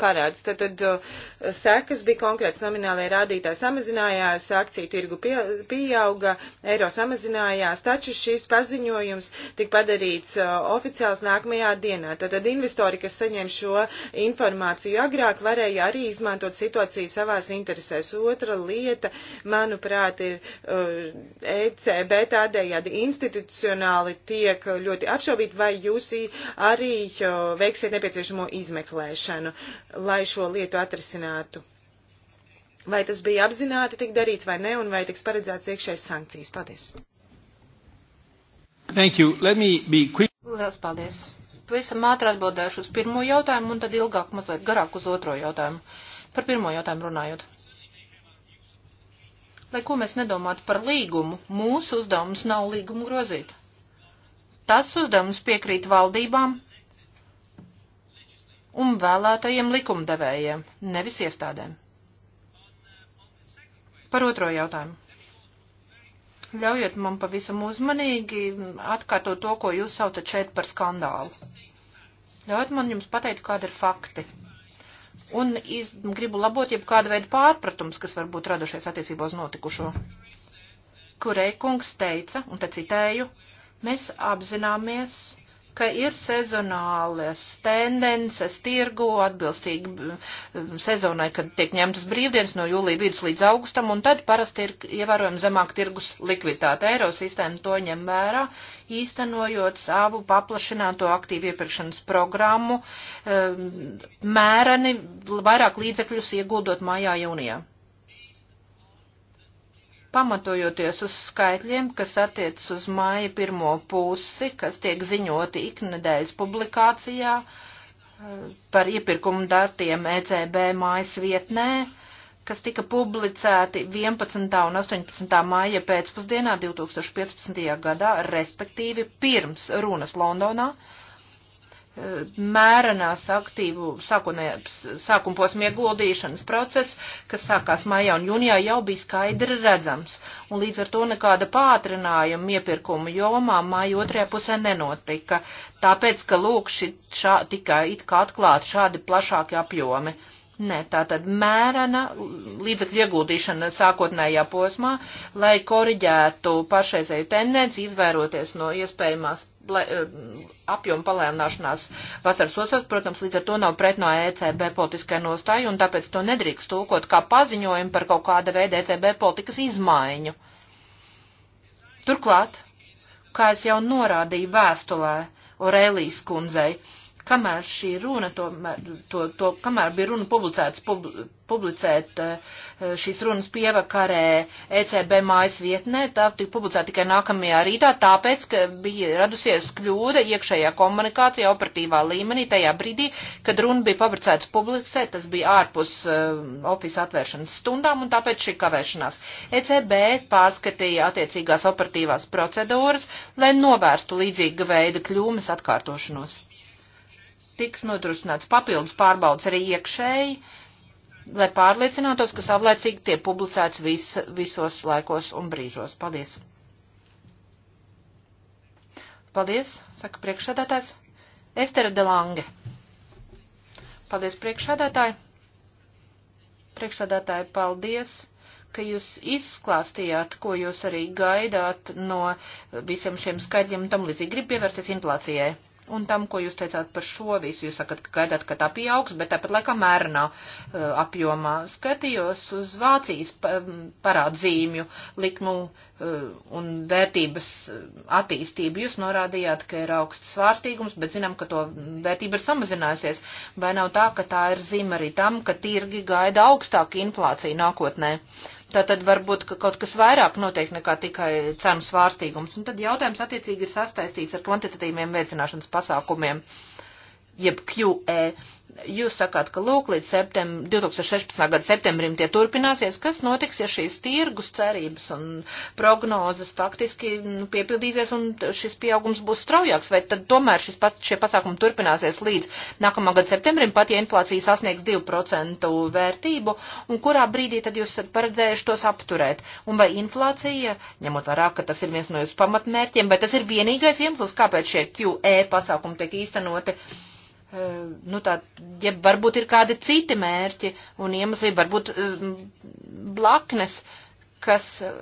parāds. Tad, tad sekas bija konkrēts nominālajie rādītāji samazinājās, akciju tirgu pie, pieauga, eiro samazinājās, taču šis paziņojums tika padarīts oficiāls nākamajā dienā. Tad, tad investori, kas saņem šo informāciju agrāk, varēja arī izmantot situāciju savās interesēs. Otra lieta, manuprāt, ir ECB tādējādi institucionāli tiek ļoti apšaubīti, vai jūs arī veiksiet nepieciešamo izmēģinājumu izmeklēšanu, lai šo lietu atrisinātu. Vai tas bija apzināti tik darīts vai ne, un vai tiks paredzēts iekšējas sankcijas? Paldies! Thank you. Let me be quick. Lielas paldies. Pavisam ātri atbildēšu uz pirmo jautājumu, un tad ilgāk, mazliet garāk uz otro jautājumu. Par pirmo jautājumu runājot lai ko mēs nedomātu par līgumu, mūsu uzdevums nav līgumu grozīt. Tas uzdevums piekrīt valdībām, un vēlētajiem likumdevējiem, nevis iestādēm. Par otro jautājumu. Ļaujiet man pavisam uzmanīgi atkārtot to, ko jūs saucat šeit par skandālu. Ļaujiet man jums pateikt, kāda ir fakti. Un iz, gribu labot jeb kādu veidu pārpratums, kas varbūt radušies attiecībā uz notikušo. Kurei kungs teica, un te citēju, mēs apzināmies, ka ir sezonālas tendences tirgu atbilstīgi sezonai, kad tiek ņemtas brīvdienas no jūlija vidus līdz augustam, un tad parasti ir ievērojami zemāk tirgus likviditāte. Eirosistēma to ņem vērā, īstenojot savu paplašināto aktīvu iepirkšanas programmu, mērani vairāk līdzekļus ieguldot mājā jūnijā pamatojoties uz skaitļiem, kas attiecas uz māja pirmo pusi, kas tiek ziņoti iknedēļas publikācijā eh, par iepirkumu datiem ECB mājas vietnē, kas tika publicēti 11. un 18. māja pēcpusdienā 2015. gadā, respektīvi pirms runas Londonā mērenās aktīvu sākuma posmu ieguldīšanas process, kas sākās maijā un jūnijā, jau bija skaidri redzams, un līdz ar to nekāda pātrinājuma iepirkuma jomā māja otrajā pusē nenotika, tāpēc, ka lūk, šī, šā, tika it kā atklāti šādi plašāki apjomi. Uh, Nē, tā tad mērena līdzekļu ieguldīšana sākotnējā posmā, lai koriģētu pašreizēju tendenci, izvēroties no iespējamās eh, apjoma palēnāšanās vasaras osot. Protams, līdz ar to nav pret no ECB politiskai nostāju, un tāpēc to nedrīkst tulkot kā paziņojumu par kaut kāda veida ECB politikas izmaiņu. Turklāt, kā es jau norādīju vēstulē Orēlijas kundzei, kamēr šī runa, to, to, to kamēr bija runa publicēts, pub, publicēt eh, šīs runas pievakarē ECB mājas vietnē, tā tika publicēta tikai nākamajā rītā, tāpēc, ka bija radusies kļūda iekšējā komunikācijā operatīvā līmenī tajā brīdī, kad runa bija publicēta publicēt, tas bija ārpus uh, ofisa atvēršanas stundām un tāpēc šī kavēšanās. ECB pārskatīja attiecīgās operatīvās procedūras, lai novērstu līdzīga veida kļūmes atkārtošanos tiks nodrošināts papildus pārbaudas arī iekšēji, lai pārliecinātos, ka savlaicīgi tiek publicēts vis, visos laikos un brīžos. Paldies! Paldies, saka priekšsēdētājs. Estera Delange. Paldies, priekšsēdētāji. Priekšsēdētāji, paldies ka jūs izklāstījāt, ko jūs arī gaidāt no visiem šiem skaitļiem un tam līdzīgi. Gribu pievērsties inflācijai un tam, ko jūs teicāt par šo visu. Jūs sakat, ka gaidāt, ka tā pieaugs, bet tāpat laikā mērenā uh, apjomā skatījos uz Vācijas parādzīmju likmu uh, e, un vērtības e, attīstību. Jūs norādījāt, ka ir augsts svārstīgums, bet zinām, ka to vērtība ir samazinājusies. Vai nav tā, ka tā ir zīme arī tam, ka tirgi gaida augstāku inflāciju nākotnē? Tātad varbūt ka kaut kas vairāk notiek nekā tikai cenu svārstīgums. Un tad jautājums attiecīgi ir sastaistīts ar kvantitatīviem veicināšanas pasākumiem. Uh, jeb QE. Jūs sakāt, ka lūk, līdz septem, 2016. gada septembrim tie turpināsies. Kas notiks, ja šīs tirgus cerības un prognozes faktiski nu, piepildīsies un šis pieaugums būs straujāks? Vai tad tomēr šis, pas, šie pasākumi turpināsies līdz nākamā gada septembrim, pat ja inflācija sasniegs 2% vērtību? Un kurā brīdī tad jūs esat paredzējuši tos apturēt? Un vai inflācija, ņemot vērā, ka tas ir viens no jūsu pamatmērķiem, vai tas ir vienīgais iemesls, kāpēc šie QE pasākumi tiek īstenoti? Eh, nu tā, ja varbūt ir kādi citi mērķi un iemesli, varbūt eh, blaknes, kas eh,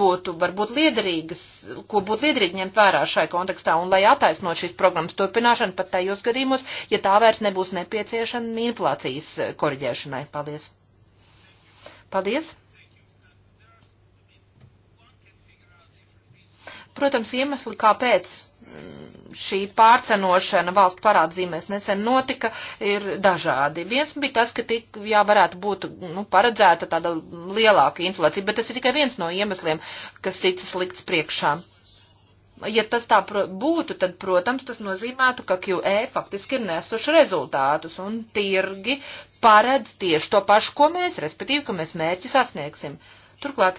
būtu varbūt liederīgas, ko būtu liederīgi ņemt vērā šai kontekstā un lai attaisnot šīs programmas turpināšanu pat tajos gadījumos, ja tā vairs nebūs nepieciešama inflācijas koriģēšanai. Paldies. Paldies. Protams, iemesli, kāpēc šī pārcenošana valsts parādzīmēs nesen notika, ir dažādi. Viens bija tas, ka tik, jā, varētu būt nu, paredzēta tāda lielāka inflācija, bet tas ir tikai viens no iemesliem, kas cits likts priekšā. Ja tas tā būtu, tad, protams, tas nozīmētu, ka QE faktiski ir nesuši rezultātus un tirgi paredz tieši to pašu, ko mēs, respektīvi, ka mēs mērķi sasniegsim. Turklāt,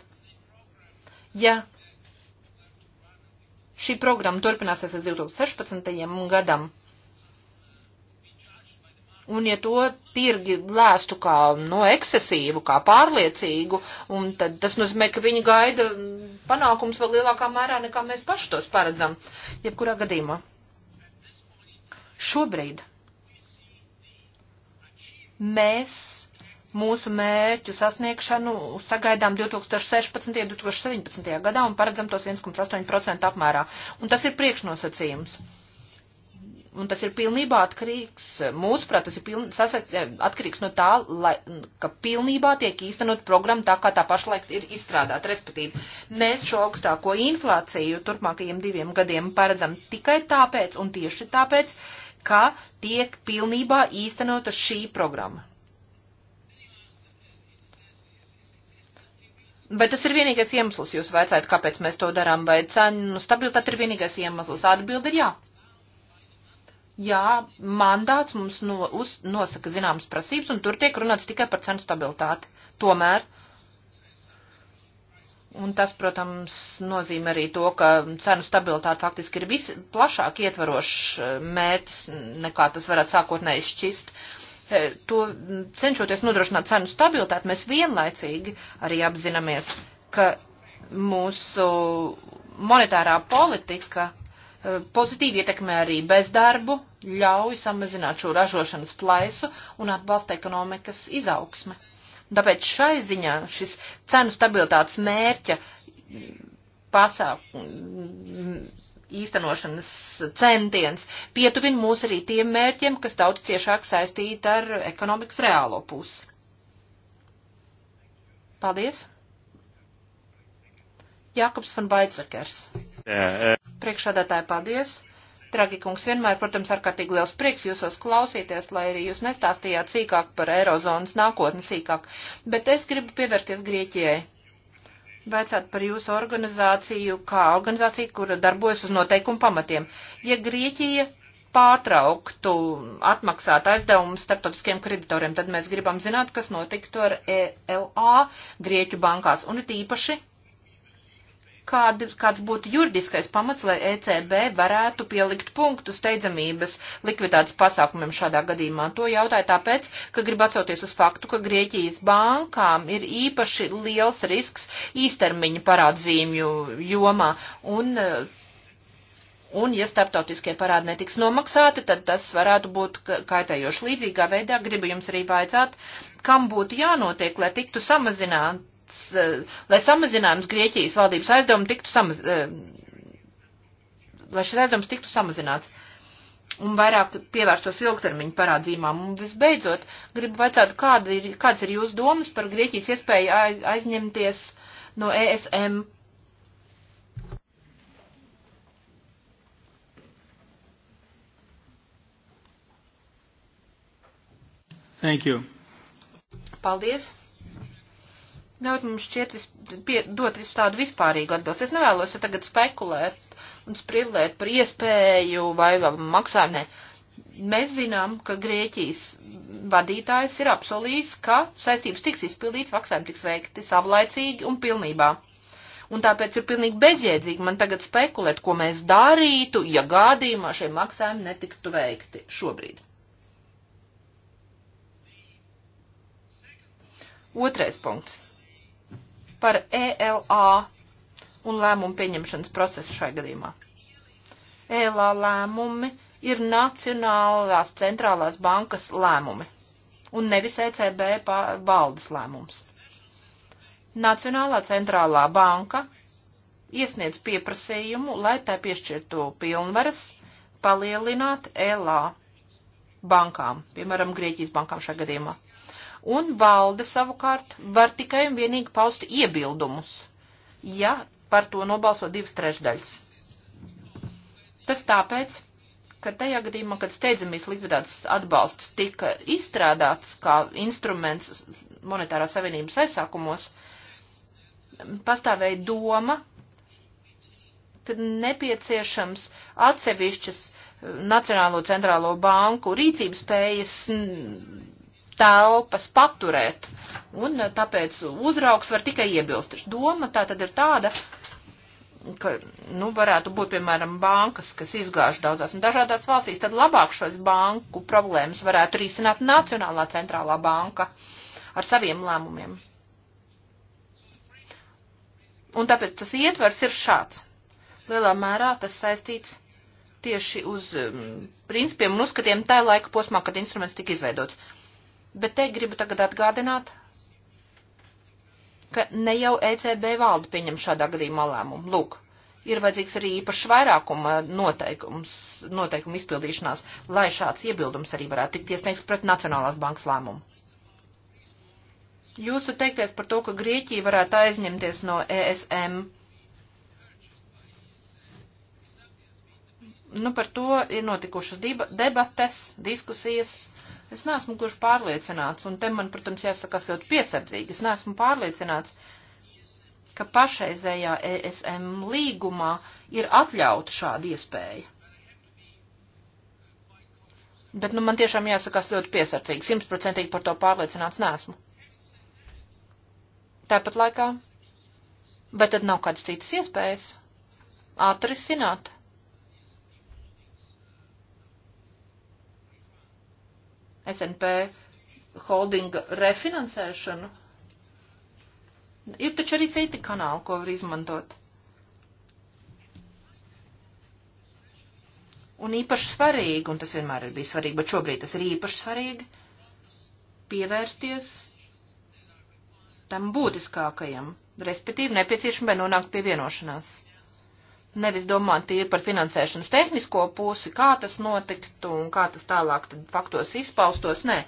ja Šī programma turpināsies līdz 2016. gadam. Un ja to tirgi lēstu kā no nu, ekscesīvu, kā pārliecīgu, un tad tas nozīmē, ka viņi gaida panākums vēl lielākā mērā, nekā mēs paši tos paredzam. Jebkurā gadījumā. Šobrīd mēs mūsu mērķu sasniegšanu sagaidām 2016. un 2017. gadā un paredzam tos 1,8% apmērā. Un tas ir priekšnosacījums. Un tas ir pilnībā atkarīgs, mūsuprāt, tas ir piln, sasaist, eh, atkarīgs no tā, lai, ka pilnībā tiek īstenot programma tā, kā tā pašlaik ir izstrādāta. Respektīvi, mēs šo augstāko inflāciju turpmākajiem diviem gadiem paredzam tikai tāpēc un tieši tāpēc, ka tiek pilnībā īstenota šī programma. Vai tas ir vienīgais iemesls, jūs vaicājat, kāpēc mēs to darām, vai cenu stabilitāte ir vienīgais iemesls? Atbildi ir jā. Jā, mandāts mums no, uz, nosaka zināmas prasības, un tur tiek runāts tikai par cenu stabilitāti. Tomēr, un tas, protams, nozīmē arī to, ka cenu stabilitāte faktiski ir visplašāk ietvarošs eh, mērķis, nekā tas varētu sākotnēji šķist. Uh, E, to cenšoties nodrošināt cenu stabilitāti, mēs vienlaicīgi arī apzināmies, ka mūsu monetārā politika e, pozitīvi ietekmē arī bezdarbu, ļauj samazināt šo ražošanas plaisu un atbalsta ekonomikas izaugsme. Tāpēc šai ziņā šis cenu stabilitātes mērķa pasāk, īstenošanas centiens pietuvina mūs arī tiem mērķiem, kas tautu ciešāk saistīti ar ekonomikas reālo pusi. Paldies! Jākubs van Baidzakers. Priekšādātāji, paldies! Dragi kungs, vienmēr, protams, ārkārtīgi liels prieks jūsos klausīties, lai arī jūs nestāstījāt sīkāk par Eirozonas nākotni sīkāk, bet es gribu pievērties Grieķijai Vajadzētu par jūsu organizāciju, kā organizāciju, kura darbojas uz noteikumu pamatiem. Ja Grieķija pārtrauktu atmaksāt aizdevumus starptautiskiem kreditoriem, tad mēs gribam zināt, kas notiktu ar ELA Grieķu bankās un it īpaši kād, kāds būtu juridiskais pamats, lai ECB varētu pielikt punktu steidzamības likviditātes pasākumiem šādā gadījumā. To jautāju tāpēc, ka grib atsaukties uz faktu, ka Grieķijas bankām ir īpaši liels risks īstermiņa parādzīmju jomā. Un, Un, ja starptautiskie parādi netiks nomaksāti, tad tas varētu būt kaitējoši. Līdzīgā veidā gribu jums arī vajadzāt, kam būtu jānotiek, lai tiktu samazināt pats, eh, lai samazinājums Grieķijas valdības aizdevumu tiktu samaz, eh, lai šis aizdevums tiktu samazināts. Un vairāk pievērstos ilgtermiņu parādzībām. Un visbeidzot, gribu vaicāt, kāda ir, kāds ir jūsu domas par Grieķijas iespēju aiz, aizņemties no ESM Thank you. Paldies ļaut mums šķiet vis, pie, dot visu tādu vispārīgu atbilstu. Es nevēlos ja tagad spekulēt un sprillēt par iespēju vai, vai maksājumiem. Mēs zinām, ka Grieķijas vadītājs ir apsolījis, ka saistības tiks izpildīts, maksājumi tiks veikti savlaicīgi un pilnībā. Un tāpēc ir pilnīgi bezjēdzīgi man tagad spekulēt, ko mēs darītu, ja gādījumā šie maksājumi netiktu veikti šobrīd. Otrais punkts par ELA un lēmumu pieņemšanas procesu šai gadījumā. ELA lēmumi ir Nacionālās centrālās bankas lēmumi un nevis ECB valdes lēmums. Nacionālā centrālā banka iesniedz pieprasījumu, lai tā piešķirtu pilnvaras palielināt ELA bankām, piemēram, Grieķijas bankām šajā gadījumā un valde savukārt var tikai un vienīgi paust iebildumus, ja par to nobalso divas trešdaļas. Tas tāpēc, ka tajā gadījumā, kad steidzamies likvidētas atbalsts tika izstrādāts kā instruments monetārā savienības aizsākumos, pastāvēja doma, ka nepieciešams atsevišķas eh, Nacionālo centrālo banku rīcības spējas telpas paturēt. Un eh, tāpēc uzraugs var tikai iebilst. Doma tā tad ir tāda, ka, nu, varētu būt, piemēram, bankas, kas izgāž daudzās un dažādās valstīs, tad labāk šos banku problēmas varētu risināt Nacionālā centrālā banka ar saviem lēmumiem. Un tāpēc tas ietvers ir šāds. Lielā mērā tas saistīts tieši uz um, principiem un uzskatiem tajā laika posmā, kad instruments tika izveidots. Bet te gribu tagad atgādināt, ka ne jau ECB valde pieņem šādā gadījumā lēmumu. Lūk, ir vajadzīgs arī īpašs vairākuma noteikums, noteikuma izpildīšanās, lai šāds iebildums arī varētu tikt iesniegts pret Nacionālās bankas lēmumu. Jūsu teiktais par to, ka Grieķija varētu aizņemties no ESM. Nu, par to ir notikušas debates, diskusijas Es neesmu kurš pārliecināts, un te man, protams, jāsakās ļoti piesardzīgi. Es neesmu pārliecināts, ka pašreizējā ESM līgumā ir atļauta šāda iespēja. Bet, nu, man tiešām jāsakās ļoti piesardzīgi. Simtprocentīgi par to pārliecināts neesmu. Tāpat laikā, vai tad nav kādas citas iespējas? Ātri sināt SNP holdinga refinansēšanu. Ir taču arī citi kanāli, ko var izmantot. Un īpaši svarīgi, un tas vienmēr ir bijis svarīgi, bet šobrīd tas ir īpaši svarīgi, pievērsties tam būtiskākajam, respektīvi nepieciešamai nonākt pie vienošanās nevis domāt tīri par finansēšanas tehnisko pusi, kā tas notiktu un kā tas tālāk tad faktos izpaustos, nē.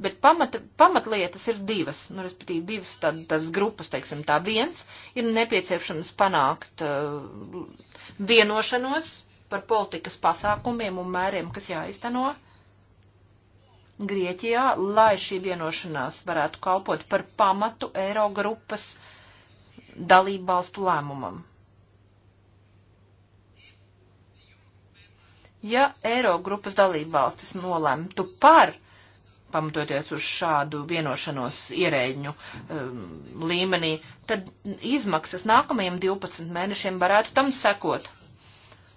Bet pamat, pamatlietas ir divas, nu, respektīvi divas tādas grupas, teiksim tā. Viens ir nepieciešams panākt uh, vienošanos par politikas pasākumiem un mēriem, kas jāizteno Grieķijā, lai šī vienošanās varētu kalpot par pamatu Eirogrupas dalību valstu lēmumam. Ja Eirogrupas dalībvalstis nolemtu par pamatoties uz šādu vienošanos ierēģņu um, līmenī, tad izmaksas nākamajiem 12 mēnešiem varētu tam sekot.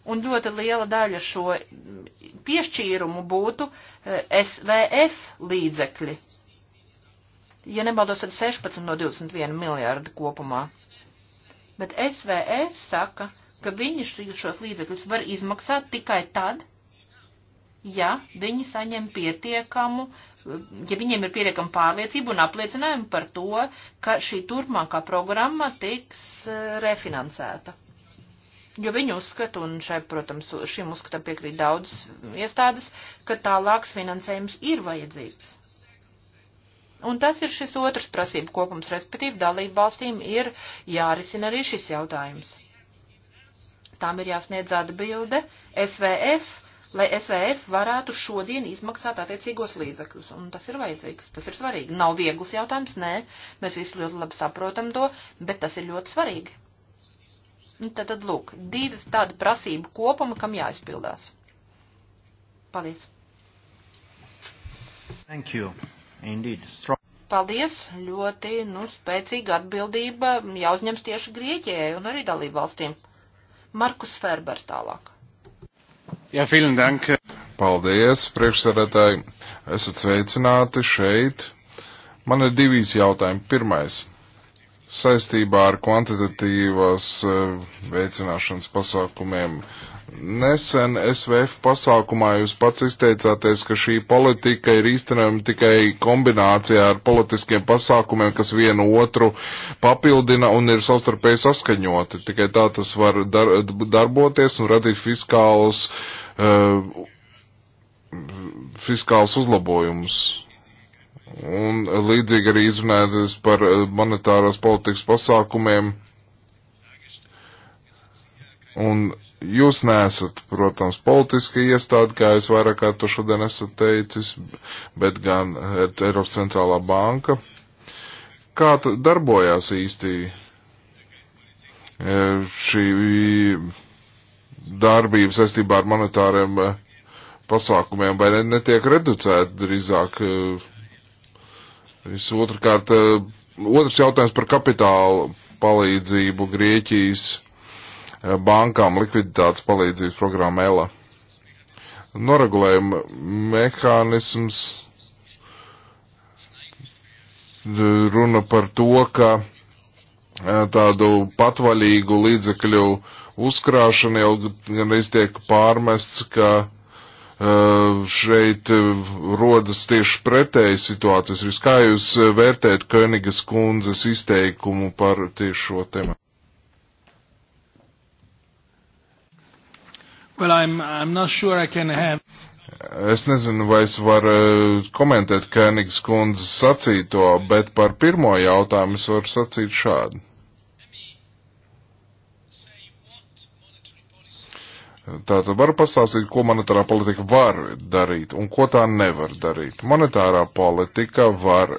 Un ļoti liela daļa šo piešķīrumu būtu eh, SVF līdzekļi. Ja nebaldos, tad 16 no 21 miljārda kopumā. Bet SVF saka, ka viņi šos līdzekļus var izmaksāt tikai tad, ja viņi saņem pietiekamu, ja viņiem ir pietiekama pārliecība un apliecinājumi par to, ka šī turpmākā programma tiks e, refinansēta. Jo viņi uzskata, un šai, protams, šim uzskatam piekrīt daudz iestādes, ka tālāks finansējums ir vajadzīgs. Un tas ir šis otrs prasību kopums, respektīvi dalību valstīm ir jārisina arī šis jautājums. Tām ir jāsniedz atbilde SVF, lai SVF varētu šodien izmaksāt attiecīgos līdzekļus. Un tas ir vajadzīgs, tas ir svarīgi. Nav viegls jautājums, nē, mēs visi ļoti labi saprotam to, bet tas ir ļoti svarīgi. Un nu, tad, tad lūk, divas tāda prasība kopuma, kam jāizpildās. Paldies. Thank you. Indeed, strong paldies, ļoti, nu, spēcīga atbildība jāuzņems tieši Grieķijai un arī dalību valstīm. Markus Ferbers tālāk. Jā, ja, vielen dank. Paldies, priekšsēdētāji. Esat sveicināti šeit. Man ir divīs jautājumi. Pirmais saistībā ar kvantitatīvās eh, veicināšanas pasākumiem Nesen SVF pasākumā jūs pats izteicāties, ka šī politika ir īstenojama tikai kombinācijā ar politiskiem pasākumiem, kas vienu otru papildina un ir savstarpēji saskaņoti. Tikai tā tas var dar darboties un radīt fiskālus, uh, eh, fiskālus uzlabojumus. Un līdzīgi arī izrunājoties par eh, monetāros politikas pasākumiem Un jūs nesat, protams, politiski iestādi, kā es vairāk kā to šodien esat teicis, bet gan eh, Eiropas centrālā banka. Kā darbojās īsti eh, šī darbība saistībā ar monetāriem eh, pasākumiem, vai netiek reducēta drīzāk? Visotrkārt, otrs jautājums par kapitālu palīdzību Grieķijas bankām likviditātes palīdzības programma ELA. Noregulējuma mehānisms runa par to, ka e, tādu patvaļīgu līdzekļu uzkrāšanu jau gan iztiek pārmests, ka e, šeit rodas tieši pretēji situācijas. Kā jūs vērtējat Königas kundzes izteikumu par tieši šo tēmu? Well, I'm, I'm not sure I can have. Es nezinu, vai es varu eh, komentēt Kēnigas kundzes sacīto, bet par pirmo jautājumu es varu sacīt šādu. Tātad var pastāstīt, ko monetārā politika var darīt un ko tā nevar darīt. Monetārā politika var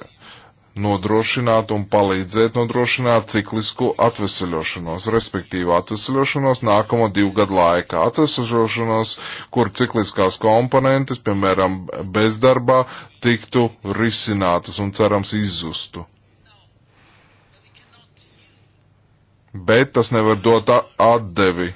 nodrošināt un palīdzēt nodrošināt ciklisku atveseļošanos, respektīvi atveseļošanos nākamo divu gadu laikā. Atveseļošanos, kur cikliskās komponentes, piemēram, bezdarbā, tiktu risinātas un cerams izzustu. Bet tas nevar dot atdevi.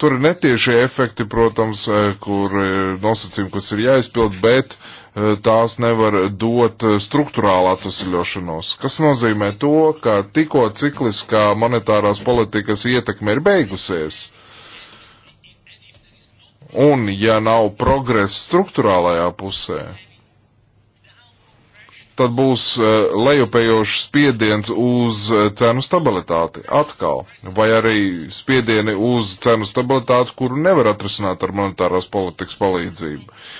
Tur ir netiešie efekti, protams, eh, kur eh, nosacījumi, kas ir jāizpild, bet uh, Eh, tās nevar dot eh, struktūrālu atvesļošanos, kas nozīmē to, ka tikko cikliskā monetārās politikas ietekme ir beigusies, un ja nav progresa struktūrālajā pusē, tad būs eh, lejupējošs spiediens uz cenu stabilitāti atkal, vai arī spiedieni uz cenu stabilitāti, kuru nevar atrisināt ar monetārās politikas palīdzību. Uh,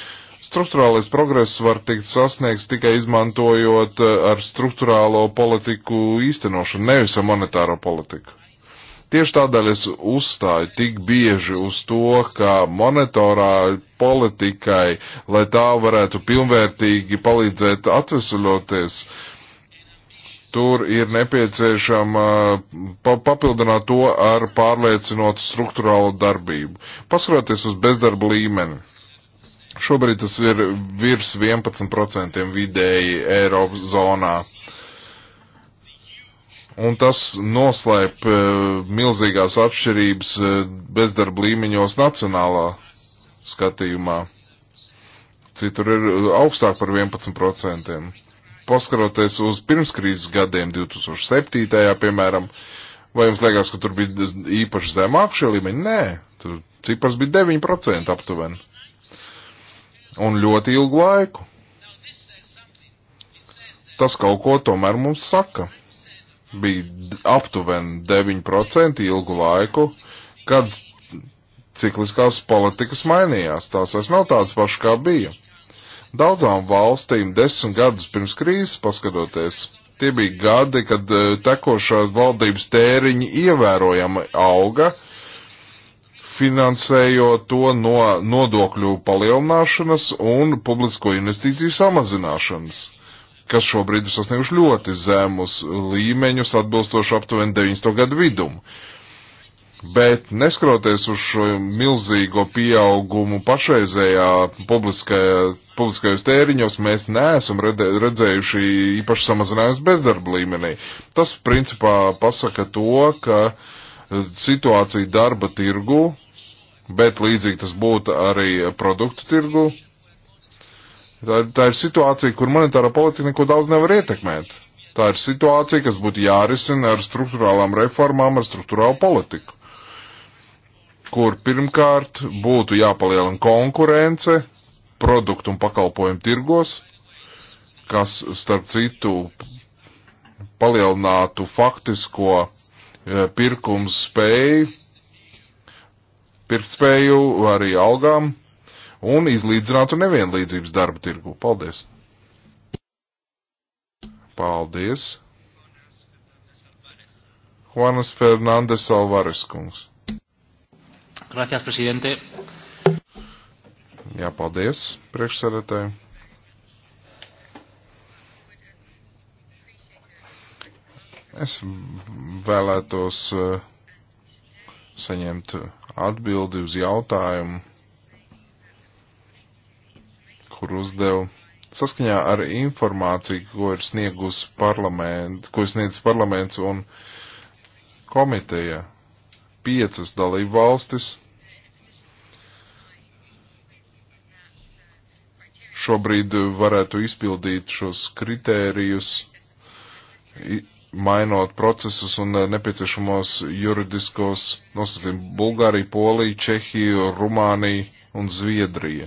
Struktūrālais progress var tikt sasniegts tikai izmantojot eh, ar struktūrālo politiku īstenošanu, nevis ar monetāro politiku. Tieši tādēļ es uzstāju tik bieži uz to, ka monetārā politikai, lai tā varētu pilnvērtīgi palīdzēt atvesaļoties, tur ir nepieciešama eh, pa papildināt to ar pārliecinotu struktūrālu darbību. Paskatoties uz bezdarba līmeni, Šobrīd tas ir virs 11% vidēji Eiropas zonā. Un tas noslēp eh, milzīgās atšķirības eh, bezdarba līmeņos nacionālā skatījumā. Citur ir eh, augstāk par 11%. Paskaroties uz pirmskrīzes gadiem 2007. piemēram, vai jums liekas, ka tur bija īpaši zemāk šie līmeņi? Nē, tur cipars bija 9% aptuveni. Un ļoti ilgu laiku. Tas kaut ko tomēr mums saka. Bija aptuveni 9% ilgu laiku, kad cikliskās politikas mainījās. Tās vairs nav tādas pašas, kā bija. Daudzām valstīm desmit gadus pirms krīzes paskatoties, tie bija gadi, kad eh, tekošā valdības tēriņi ievērojami auga, uh, finansējot to no nodokļu palielināšanas un publisko investīciju samazināšanas, kas šobrīd ir sasnieguši ļoti zemus līmeņus, atbilstoši aptuveni 90. gadu vidumu. Bet neskroties uz šo milzīgo pieaugumu pašreizējā publiskajos tēriņos, mēs neesam redzējuši īpaši samazinājumus bezdarba līmenī. Tas principā pasaka to, ka eh, situācija darba tirgu bet līdzīgi tas būtu arī produktu tirgu. Tā, tā ir situācija, kur monetārā politika neko daudz nevar ietekmēt. Tā ir situācija, kas būtu jārisina ar struktūrālām reformām, ar struktūrālu politiku, kur pirmkārt būtu jāpalielina konkurence produktu un pakalpojumu tirgos, kas, starp citu, palielinātu faktisko e, pirkums spēju pirktspēju, arī algām un izlīdzinātu nevienlīdzības darba tirgu. Paldies! Paldies! Juanas Fernandes Alvarez kungs. Gracias, presidente. Jā, paldies, priekšsēdētāji. Es vēlētos uh, saņemt atbildi uz jautājumu, kur uzdevu. Saskaņā ar informāciju, ko ir sniegus parlament, ko sniedz parlaments un komiteja, piecas dalību valstis šobrīd varētu izpildīt šos kritērijus mainot procesus un eh, nepieciešamos juridiskos nosacījumus Bulgārija, Polija, Čehija, Rumānija un Zviedrija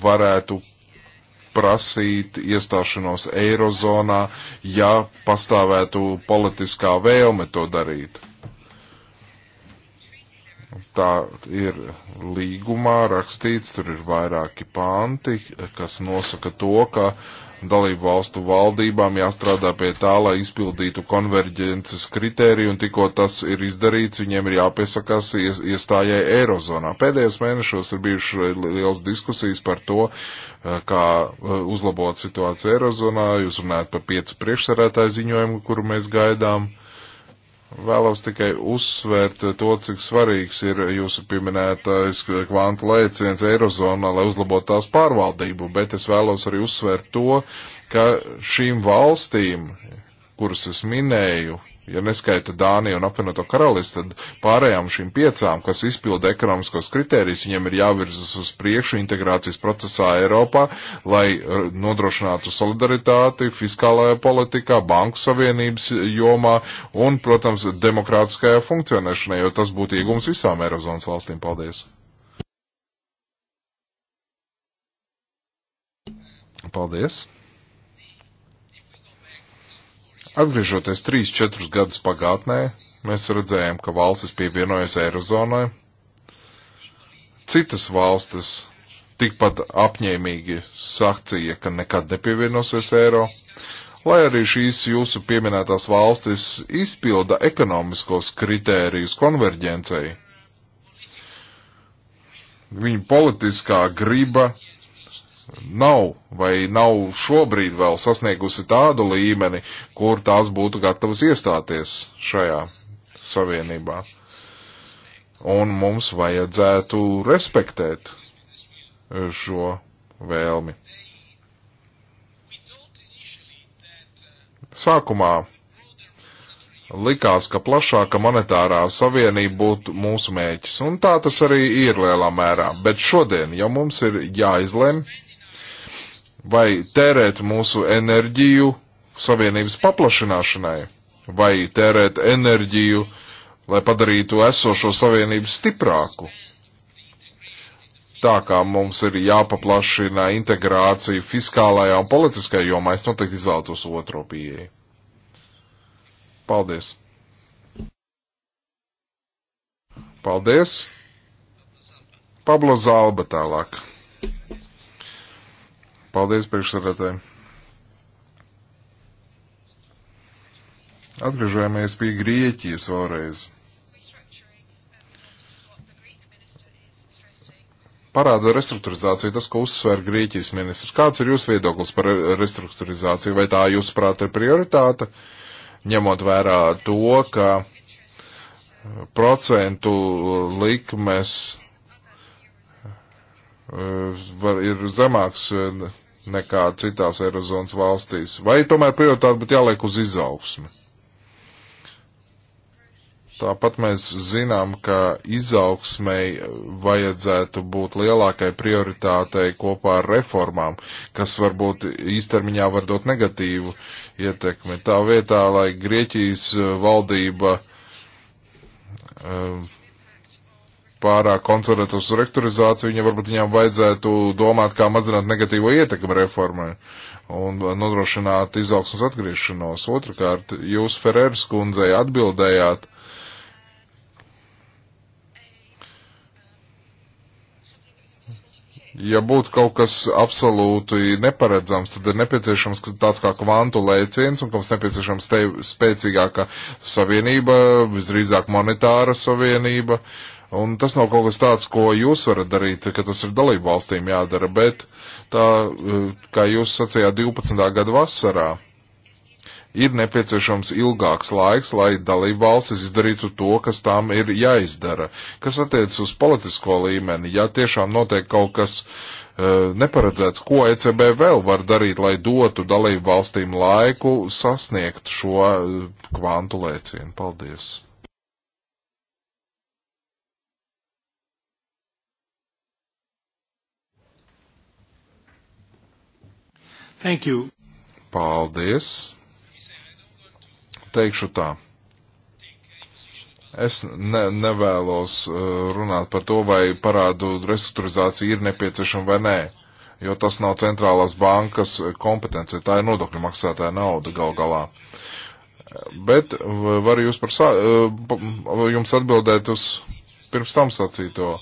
varētu prasīt iestāšanos Eirozonā, ja pastāvētu politiskā vēlme to darīt. Tā ir līgumā rakstīts, tur ir vairāki panti, kas nosaka to, ka uh, Dalību valstu valdībām jāstrādā pie tā, lai izpildītu konverģences kritēriju, un tikko tas ir izdarīts, viņiem ir jāpiesakās iestājai Eirozonā. Pēdējos mēnešos ir bijušas liels diskusijas par to, eh, kā eh, uzlabot situāciju Eirozonā. Jūs runājat par piecu priekšsarētāju ziņojumu, kuru mēs gaidām. Uh, Vēlos tikai uzsvērt to, cik svarīgs ir jūsu pieminētais kvantu lēciens Eirozonā, lai uzlabotu tās pārvaldību, bet es vēlos arī uzsvērt to, ka šīm valstīm kurus es minēju, ja neskaita Dāniju un apvienoto karalisti, tad pārējām šīm piecām, kas izpilda ekonomiskos kritērijus, viņiem ir jāvirzas uz priekšu integrācijas procesā Eiropā, lai uh, nodrošinātu solidaritāti fiskālajā politikā, banku savienības jomā un, protams, demokrātiskajā funkcionēšanā, jo tas būtu iegums visām Eirozonas valstīm. Paldies! Paldies! Atgriežoties 3-4 gadus pagātnē, mēs redzējām, ka valstis pievienojas Eirozonai. Citas valstis tikpat apņēmīgi sakcija, ka nekad nepievienosies eiro. Lai arī šīs jūsu pieminētās valstis izpilda ekonomiskos kritērijus konverģencei, viņa politiskā griba nav vai nav šobrīd vēl sasniegusi tādu līmeni, kur tās būtu gatavas iestāties šajā savienībā. Un mums vajadzētu respektēt šo vēlmi. Sākumā likās, ka plašāka monetārā savienība būtu mūsu mēķis, un tā tas arī ir lielā mērā, bet šodien, ja mums ir jāizlemj, vai tērēt mūsu enerģiju savienības paplašināšanai, vai tērēt enerģiju, lai padarītu esošo savienību stiprāku. Tā kā mums ir jāpaplašina integrācija fiskālajā un politiskajā jomā, es noteikti izvēlētos otro pieeju. Paldies! Paldies! Pablo Zalba tālāk. Paldies, priekšsēdētāji. Atgriežamies pie Grieķijas vēlreiz. parāda restruktūrizācija, tas, ko uzsver Grieķijas ministrs. Kāds ir jūsu viedoklis par restruktūrizāciju? Vai tā, jūsuprāt, ir prioritāte, ņemot vērā to, ka procentu likmes eh, var, ir zemāks eh, nekā citās Eirozonas valstīs? Vai tomēr prioritāte būtu jāliek uz izaugsmi? Tāpat mēs zinām, ka izaugsmei vajadzētu būt lielākai prioritātei kopā ar reformām, kas varbūt īstermiņā var dot negatīvu ietekmi. Tā vietā, lai Grieķijas valdība uh, pārāk konservatīvas rektorizāciju, viņam varbūt viņām vajadzētu domāt, kā mazināt negatīvo ietekmi reformai un nodrošināt izaugsmas atgriešanos. Otrakārt, jūs Ferēras kundzei atbildējāt, Ja būtu kaut kas absolūti neparedzams, tad ir nepieciešams tāds kā kvantu lēciens un kaut kas nepieciešams te spēcīgāka savienība, visdrīzāk monetāra savienība, uh, Un tas nav kaut kas tāds, ko jūs varat darīt, ka tas ir dalību valstīm jādara, bet tā, eh, kā jūs sacījāt 12. gada vasarā, ir nepieciešams ilgāks laiks, lai dalību valstis izdarītu to, kas tām ir jāizdara. Kas attiecas uz politisko līmeni, ja tiešām notiek kaut kas uh, neparedzēts, ko ECB vēl var darīt, lai dotu dalību valstīm laiku sasniegt šo eh, kvantu lēcienu. Paldies! Thank you. Paldies. Teikšu tā. Es ne, nevēlos uh, runāt par to, vai parādu restruktūrizācija ir nepieciešama vai nē, jo tas nav centrālās bankas kompetence, tā ir nodokļu maksātāja nauda gal galā. Bet varu jūs par, uh, jums atbildēt uz pirms tam sacīto.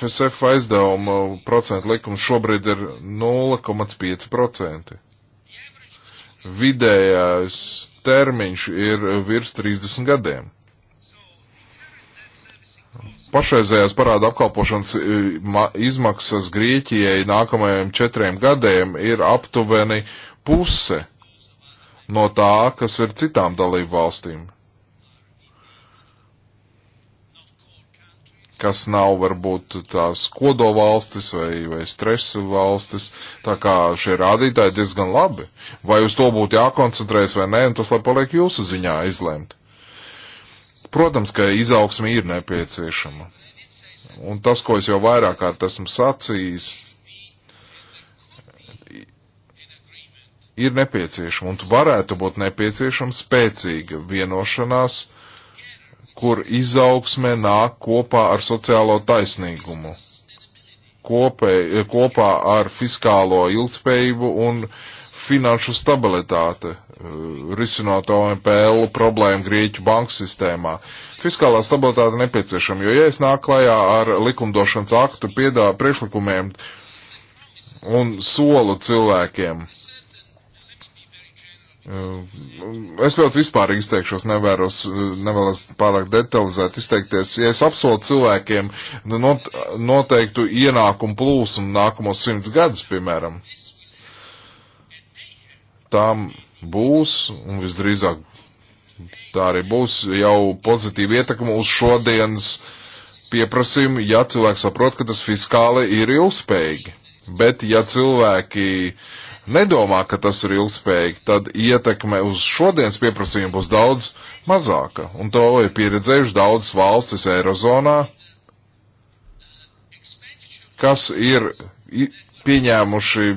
FSF aizdevuma procentu likums šobrīd ir 0,5%. Vidējais termiņš ir virs 30 gadiem. Pašreizējās parāda apkalpošanas izmaksas Grieķijai nākamajiem četriem gadiem ir aptuveni puse no tā, kas ir citām dalību valstīm. kas nav varbūt tās kodovalstis vai, vai stresa valstis. Tā kā šie rādītāji diezgan labi. Vai uz to būtu jākoncentrējas vai nē, un tas lai paliek jūsu ziņā izlemt. Protams, ka izaugsme ir nepieciešama. Un tas, ko es jau vairāk kārt esmu sacījis, ir nepieciešama un varētu būt nepieciešama spēcīga vienošanās uh, kur izaugsme nāk kopā ar sociālo taisnīgumu, kopē, kopā ar fiskālo ilgspējību un finanšu stabilitāte, eh, risinot OMPL problēmu Grieķu banku sistēmā. Fiskālā stabilitāte nepieciešama, jo ja es nāku klajā ar likumdošanas aktu piedā priekšlikumiem un solu cilvēkiem, Eh, es ļoti vispārīgi izteikšos, nevēros, eh, nevēlos pārāk detalizēt izteikties. Ja es apsolu cilvēkiem nu, not, noteiktu ienākumu plūsmu nākamos simts gadus, piemēram, tām būs un visdrīzāk tā arī būs jau pozitīva ietekma uz šodienas pieprasījumu, ja cilvēks saprot, ka tas fiskāli ir ilgspējīgi. Bet ja cilvēki uh, nedomā, ka tas ir ilgspējīgi, tad ietekme uz šodienas pieprasījumu būs daudz mazāka. Un to ir pieredzējuši daudzas valstis Eirozonā, kas ir pieņēmuši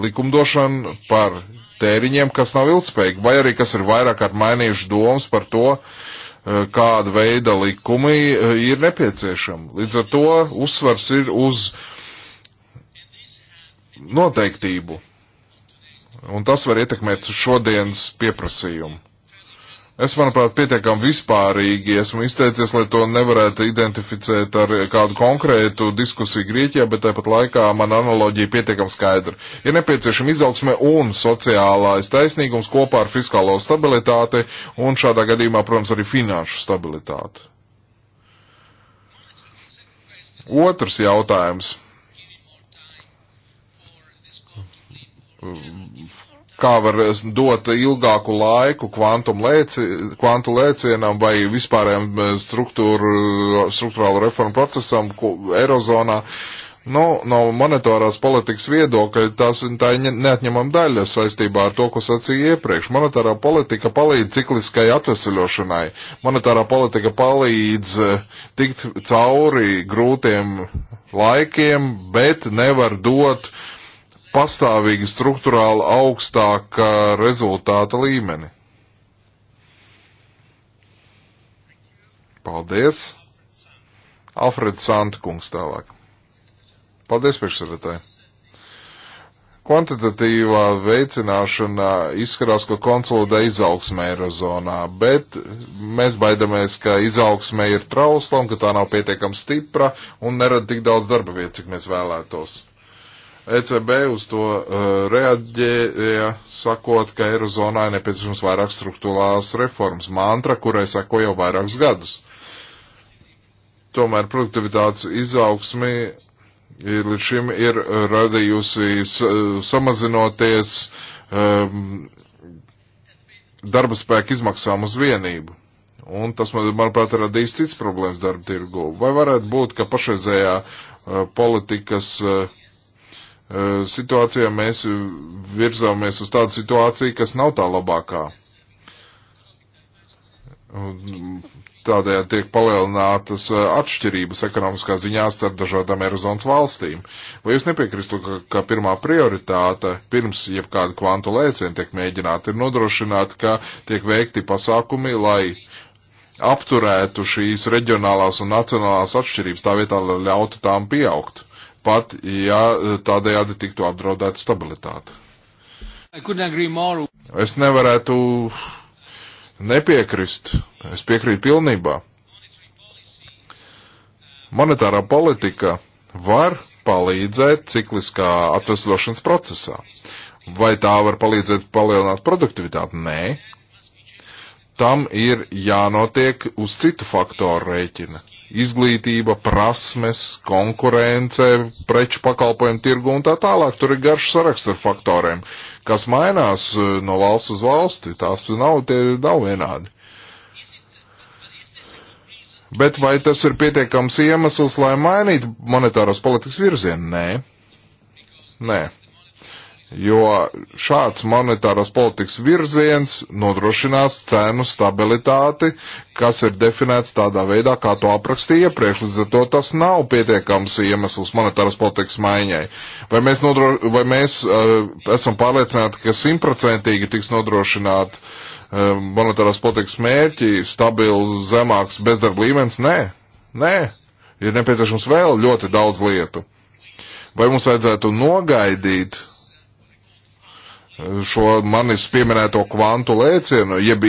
likumdošanu par tēriņiem, kas nav ilgspējīgi, vai arī kas ir vairāk kārt mainījuši domas par to, e, kāda veida likumi e, ir nepieciešami. Līdz ar to uzsvars ir uz noteiktību. Un tas var ietekmēt šodienas pieprasījumu. Es, manuprāt, pietiekam vispārīgi esmu izteicies, lai to nevarētu identificēt ar kādu konkrētu diskusiju Grieķijā, bet tāpat laikā man analoģija pietiekam skaidra. Ir nepieciešama izaugsme un sociālais taisnīgums kopā ar fiskālo stabilitāti un šādā gadījumā, protams, arī finanšu stabilitāti. Otrs jautājums kā var dot ilgāku laiku kvantum lēci, kvantu lēcienam vai vispārējām eh, struktūrālu reformu procesam Eirozonā. Nu, no monetārās politikas viedokļa tās tā ir neatņemama daļa saistībā ar to, ko sacīja iepriekš. Monetārā politika palīdz cikliskai atvesaļošanai. Monetārā politika palīdz eh, tikt cauri grūtiem laikiem, bet nevar dot uh, pastāvīgi struktūrāli augstāka rezultāta līmeni. Paldies! Alfreds Santkungs tālāk. Paldies, priekšsēdētāji! Kvantitatīvā veicināšana izskatās, ka konsolidē izaugsmē Eirozonā, bet mēs baidamies, ka izaugsmē ir trausla un ka tā nav pietiekami stipra un nerada tik daudz darba vietas, cik mēs vēlētos. ECB uz to uh, reaģēja, sakot, ka Eirozonā ir nepieciešams vairāk struktūrālās reformas. Mantra, kurai sako jau vairākus gadus. Tomēr produktivitātes izaugsmi ir, līdz šim ir radījusi uh, samazinoties um, darba spēka izmaksām uz vienību. Un tas, manuprāt, radīs cits problēmas darba tirgu. Vai varētu būt, ka pašreizējā uh, politikas uh, Eh, situācijā mēs virzāmies uz tādu situāciju, kas nav tā labākā. Mm, tādējādi tiek palielinātas eh, atšķirības ekonomiskā ziņā starp dažādām Eirozonas valstīm. Vai jūs nepiekristu, ka, ka pirmā prioritāte pirms jebkāda kvantu lēciena tiek mēģināta ir nodrošināt, ka tiek veikti pasākumi, lai apturētu šīs reģionālās un nacionālās atšķirības tā vietā, lai ļautu tām pieaugt? pat ja eh, tādējādi tiktu apdraudēta stabilitāte. Es nevarētu nepiekrist. Es piekrītu pilnībā. Monetārā politika var palīdzēt cikliskā atvesļošanas procesā. Vai tā var palīdzēt palielināt produktivitāti? Nē. Tam ir jānotiek uz citu faktoru rēķina izglītība, prasmes, konkurence, preču pakalpojumu tirgu un tā tālāk. Tur ir garš saraksts ar faktoriem, kas mainās e, no valsts uz valsti. Tās nav, tie nav vienādi. Bet vai tas ir pietiekams iemesls, lai mainītu monetāros politikas virzienu? Nē. Nē jo šāds monetāras politikas virziens nodrošinās cēnu stabilitāti, kas ir definēts tādā veidā, kā to aprakstīja iepriekš, līdz ar to tas nav pietiekams iemesls monetāras politikas maiņai. Vai mēs, nodro, vai mēs uh, esam pārliecināti, ka simtprocentīgi tiks nodrošināt uh, monetāras politikas mērķi, stabils, zemāks bezdarba līmenis? Nē, nē, ir nepieciešams vēl ļoti daudz lietu. Vai mums vajadzētu nogaidīt šo manis pieminēto kvantu lēcienu, jeb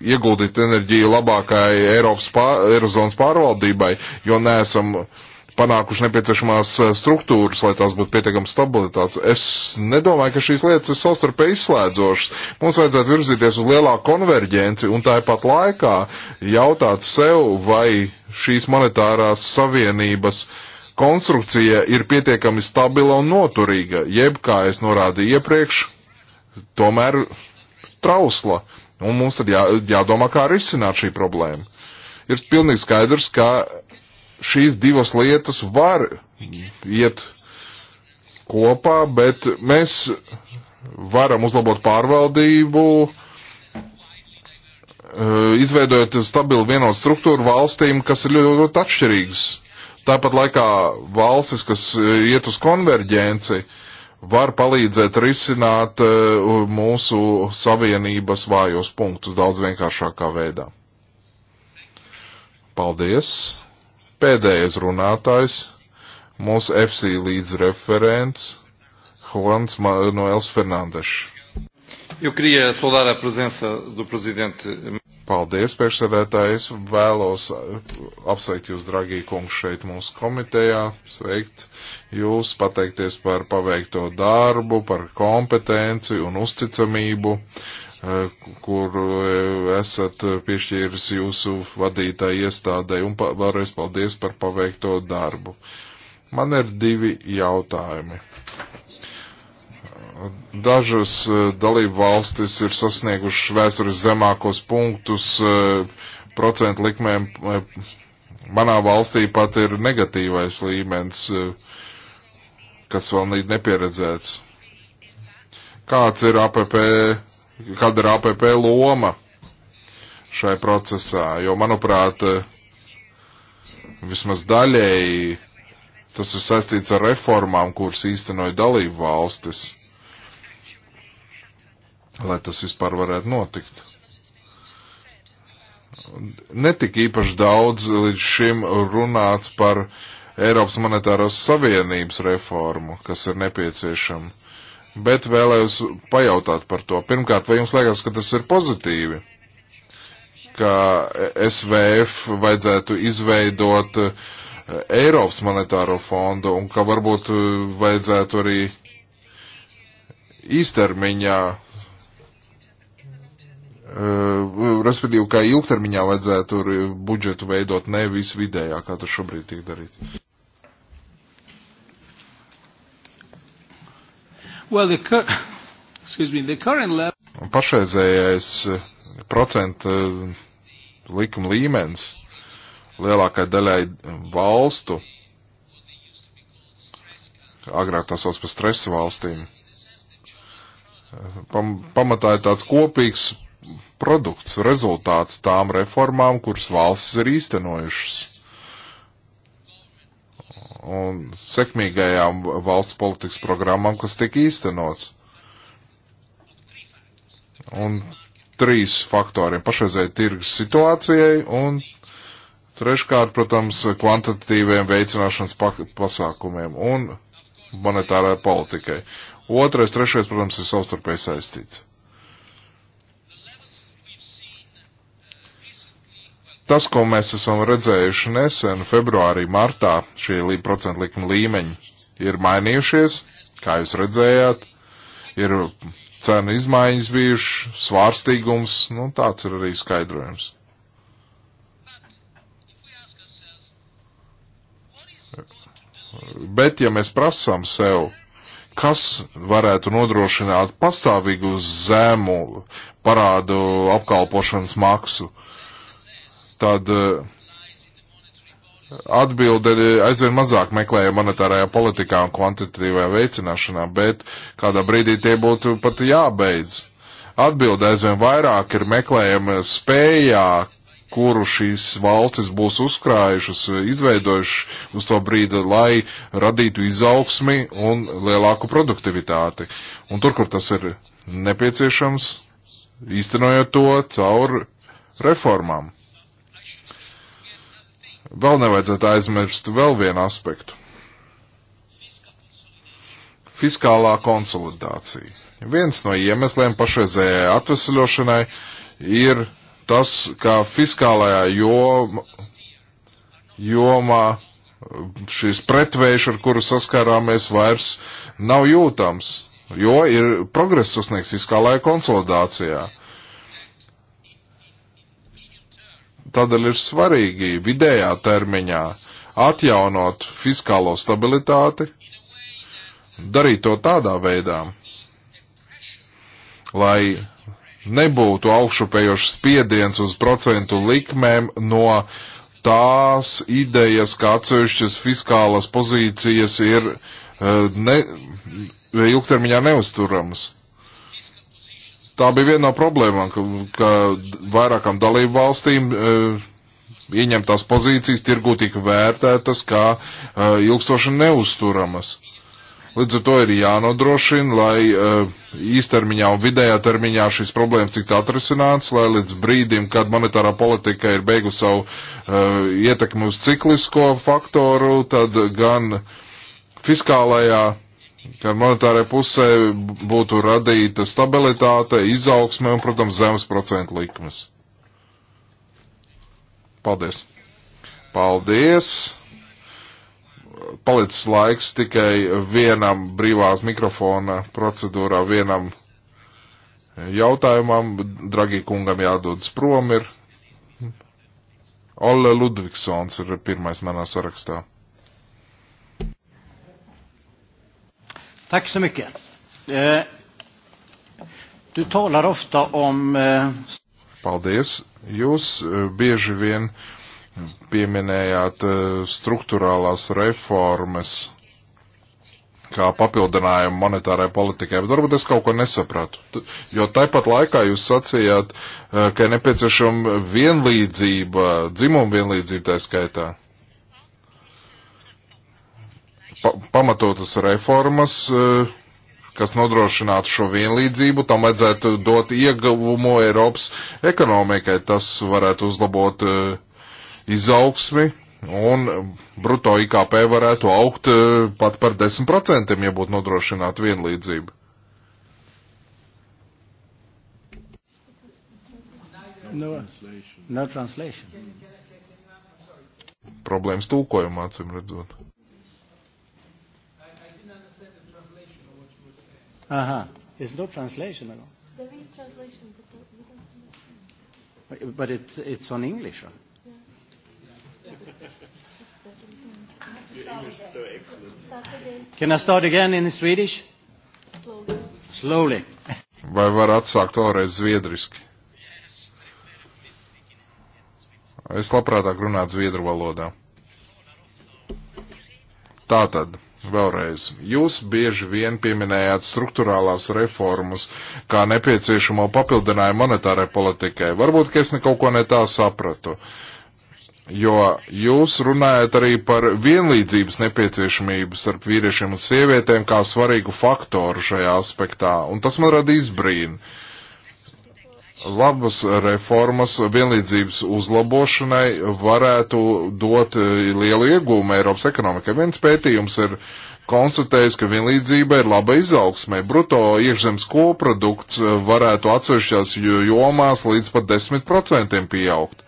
ieguldīt enerģiju labākai Eiropas pār, Eirozonas pārvaldībai, jo neesam panākuši nepieciešamās eh, struktūras, lai tās būtu pietiekami stabilitātes. Es nedomāju, ka šīs lietas ir savstarpēji izslēdzošas. Mums vajadzētu virzīties uz lielāku konverģenci un tāpat laikā jautāt sev, vai šīs monetārās savienības konstrukcija ir pietiekami stabila un noturīga, jeb, kā es norādīju iepriekš, tomēr trausla. Un mums ir jā, jādomā, kā risināt šī problēma. Ir pilnīgi skaidrs, ka šīs divas lietas var iet kopā, bet mēs varam uzlabot pārvaldību, eh, izveidojot stabilu vienotu struktūru valstīm, kas ir ļoti, ļoti atšķirīgas. Tāpat laikā valstis, kas eh, iet uz konverģenci, uh, var palīdzēt risināt e, mūsu savienības vājos punktus daudz vienkāršākā veidā. Paldies! Pēdējais runātājs, mūsu FC līdzreferents, Juans Manuels Fernandes. Eu queria saudar a presença do Presidente. Paldies, priekšsēdētāji. Es vēlos uh, apsveikt jūs, dragī kungs, šeit mūsu komitejā, sveikt jūs, pateikties par paveikto darbu, par kompetenci un uzticamību, uh, kur uh, esat piešķīris jūsu vadītāji iestādē, un vēlreiz paldies par paveikto darbu. Man ir divi jautājumi. Dažas e, dalību valstis ir sasniegušas vēstures zemākos punktus e, procentu likmēm. E, manā valstī pat ir negatīvais līmenis, kas vēl ir nepieredzēts. Kāds ir APP, kāda ir APP loma šai procesā? Jo, manuprāt, vismaz daļēji tas ir saistīts ar reformām, kuras īstenoja dalību valstis lai tas vispār varētu notikt. Netika īpaši daudz līdz šim runāts par Eiropas monetāros savienības reformu, kas ir nepieciešama, bet vēlējos pajautāt par to. Pirmkārt, vai jums liekas, ka tas ir pozitīvi, ka SVF vajadzētu izveidot eh, Eiropas monetāro fondu un ka varbūt eh, vajadzētu arī īstermiņā Uh, respektīvi, kā ilgtermiņā vajadzētu budžetu veidot, nevis vidējā, kā tas šobrīd tiek darīts. Well, the cur... Excuse me, the current level... Pašreizējais uh, procenta uh, likuma līmenis lielākai daļai valstu, agrāk tā sauc par stresa valstīm, pam, pamatā ir tāds kopīgs produkts, rezultāts tām reformām, kuras valstis ir īstenojušas. Un sekmīgajām valsts politikas programmām, kas tika īstenots. Un trīs faktoriem - pašreizēji tirgus situācijai un treškārt, protams, kvantitīviem veicināšanas pasākumiem un monetārai politikai. Otrais, trešais, protams, ir savstarpēji saistīts. Tas, ko mēs esam redzējuši nesen, februārī, martā, šie procentu likuma līmeņi ir mainījušies, kā jūs redzējāt, ir cenu izmaiņas bijušas, svārstīgums, nu tāds ir arī skaidrojums. Bet, ja mēs prasām sev, kas varētu nodrošināt pastāvīgu zemu parādu apkalpošanas maksu, uh, tad eh, atbilde aizvien mazāk meklēja monetārajā politikā un kvantitatīvajā veicināšanā, bet kādā brīdī tie būtu pat jābeidz. Atbilde aizvien vairāk ir meklējama spējā, kuru šīs valstis būs uzkrājušas, izveidojušas uz to brīdi, lai radītu izaugsmi un lielāku produktivitāti. Un tur, kur tas ir nepieciešams, īstenojot to caur reformām. Vēl nevajadzētu aizmirst vēl vienu aspektu. Fiskālā konsolidācija. Viens no iemesliem pašreizējai atvesļošanai ir tas, ka fiskālajā joma, jomā eh, šīs pretvējš, ar kuru saskārāmies, vairs nav jūtams, jo ir progress sasniegts fiskālajā konsolidācijā. Tādēļ ir svarīgi vidējā termiņā atjaunot fiskālo stabilitāti, darīt to tādā veidā, lai nebūtu augšupējošs spiediens uz procentu likmēm no tās idejas, ka atsevišķas fiskālas pozīcijas ir eh, ne, ilgtermiņā neusturamas tā bija viena no problēmām, ka, ka vairākām dalību valstīm e, ieņemtās pozīcijas tirgū tika vērtētas kā e, ilgstoši neusturamas. Līdz ar to ir jānodrošina, lai e, īstermiņā un vidējā termiņā šīs problēmas tiktu atrisināts, lai līdz brīdim, kad monetārā politika ir beigusi savu e, ietekmi uz ciklisko faktoru, tad gan fiskālajā ka monetārai pusē būtu radīta stabilitāte, izaugsme un, protams, zemes procentu likmes. Paldies! Paldies! Palicis laiks tikai vienam brīvās mikrofona procedūrā, vienam jautājumam. Dragi kungam jādodas prom ir. Olle Ludvigsons ir pirmais manā sarakstā. Tack så mycket. Eh, du talar ofta om... Eh... Paldies. Jūs eh, bieži vien pieminējāt eh, struktūrālās reformas kā papildinājumu monetārai politikai, bet varbūt es kaut ko nesapratu. Jo tāpat laikā jūs sacījāt, eh, ka ir nepieciešama vienlīdzība, dzimuma vienlīdzība tā skaitā pa pamatotas reformas, eh, kas nodrošinātu šo vienlīdzību, tam vajadzētu dot ieguvumu Eiropas ekonomikai. Tas varētu uzlabot eh, izaugsmi un bruto IKP varētu augt eh, pat par 10%, ja būtu nodrošināta vienlīdzība. No, no translation. Problēmas tūkojumā, acīm redzot. Uh-huh. There's no translation at all. There is translation, but uh, we don't understand. But, but it, it's on English, right? Yeah. yeah. Your English is so excellent. Can I start again in Swedish? Slowly. Slowly. Vai var atsākt vēlreiz zviedriski? Es labprātāk runātu zviedru valodā. Tātad. Vēlreiz, jūs bieži vien pieminējāt struktūrālās reformas kā nepieciešamo papildinājumu monetārai politikai. Varbūt, ka es ne kaut ko ne tā sapratu, jo jūs runājat arī par vienlīdzības nepieciešamību starp vīriešiem un sievietēm kā svarīgu faktoru šajā aspektā, un tas man radīja izbrīnu labas reformas vienlīdzības uzlabošanai varētu dot e, lielu iegūmu Eiropas ekonomikai. Viens pētījums ir konstatējis, ka vienlīdzība ir laba izaugsmē. Bruto iekšzemes koprodukts e, varētu atsevišķās jomās līdz pat 10% pieaugt.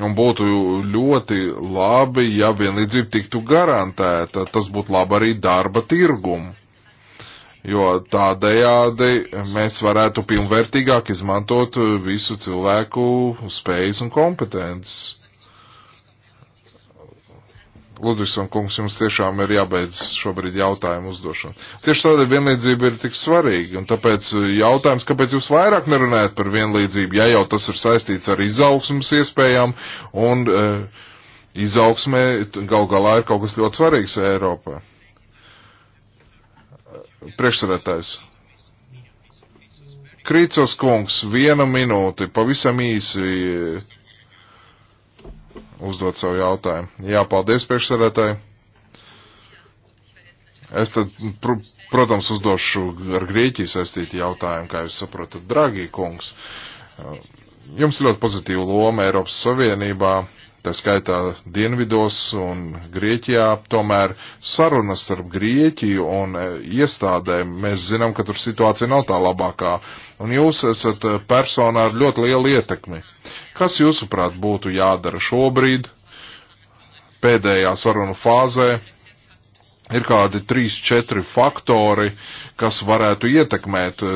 Un būtu ļoti labi, ja vienlīdzība tiktu garantēta. Tas būtu labi arī darba tirgumu jo tādējādi mēs varētu pilnvērtīgāk izmantot eh, visu cilvēku spējas un kompetences. Ludvigsam kungs, jums tiešām ir jābeidz šobrīd jautājumu uzdošana. Tieši tādēļ vienlīdzība ir tik svarīga, un tāpēc eh, jautājums, kāpēc jūs vairāk nerunājat par vienlīdzību, ja jau tas ir saistīts ar izaugsmas iespējām, un e, izaugsmē gal galā ir kaut kas ļoti svarīgs Eiropā. Priekšsarētājs. Krīcos kungs, viena minūte, pavisam īsi uzdot savu jautājumu. Jā, paldies priekšsarētāji. Es tad, pr protams, uzdošu ar Grieķiju saistīti jautājumu, kā jūs saprotat, dragī kungs. Jums ļoti pozitīva loma Eiropas Savienībā tā skaitā dienvidos un Grieķijā, tomēr sarunas starp Grieķiju un e, iestādēm, mēs zinām, ka tur situācija nav tā labākā, un jūs esat e, persona ar ļoti lielu ietekmi. Kas jūsuprāt būtu jādara šobrīd, pēdējā sarunu fāzē? Ir kādi 3-4 faktori, kas varētu ietekmēt e,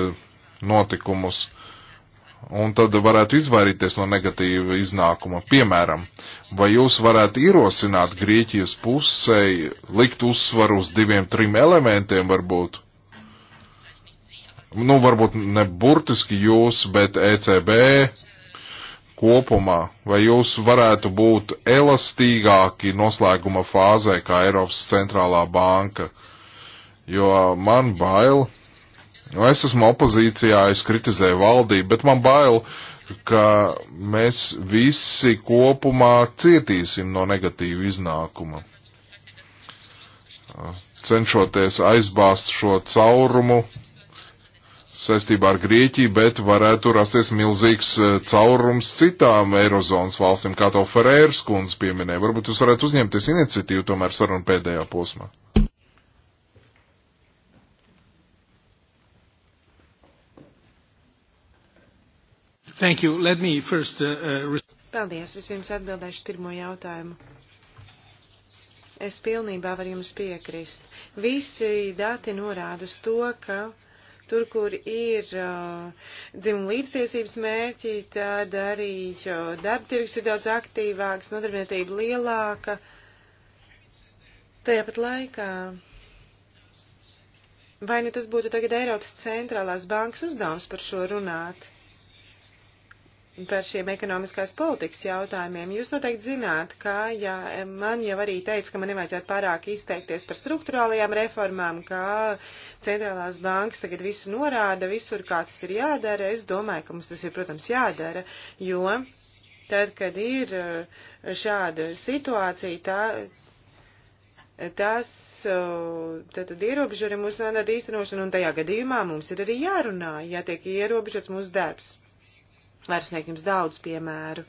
notikumus un tad varētu izvairīties no negatīva iznākuma. Piemēram, vai jūs varētu ierosināt Grieķijas pusē, likt uzsvaru uz diviem, trim elementiem varbūt? Nu, varbūt ne burtiski jūs, bet ECB kopumā, vai jūs varētu būt elastīgāki noslēguma fāzē kā Eiropas centrālā banka? Jo man bail, Nu, es esmu opozīcijā, es kritizēju valdību, bet man bail, ka mēs visi kopumā cietīsim no negatīvu iznākuma. Cenšoties aizbāzt šo caurumu saistībā ar Grieķiju, bet varētu rasties milzīgs eh, caurums citām Eirozonas valstīm, kā to Ferērs kundze pieminēja. Varbūt jūs varētu uzņemties iniciatīvu tomēr sarunu pēdējā posmā. Thank you. Let me first. Uh, uh Paldies. Vispirms atbildēšu pirmo jautājumu. Es pilnībā varu jums piekrist. Visi dati norāda uz to, ka tur, kur ir uh, dzimuma līdztiesības mērķi, tad arī uh, darba tirgus ir daudz aktīvāks, nodarbinātība lielāka. Tajā pat laikā. Vai nu tas būtu tagad Eiropas centrālās bankas uzdevums par šo runāt? par šiem ekonomiskās politikas jautājumiem. Jūs noteikti zināt, ka ja man jau arī teica, ka man nevajadzētu pārāk izteikties par struktūrālajām reformām, ka centrālās bankas tagad visu norāda, visur kā tas ir jādara. Es domāju, ka mums tas ir, protams, jādara, jo tad, kad ir uh, šāda situācija, tā, tas uh, tad, tad ierobežo arī mūsu standarta īstenošanu, un tajā gadījumā mums ir arī jārunā, ja tiek ierobežots mūsu darbs. Vairs sniegt jums daudz piemēru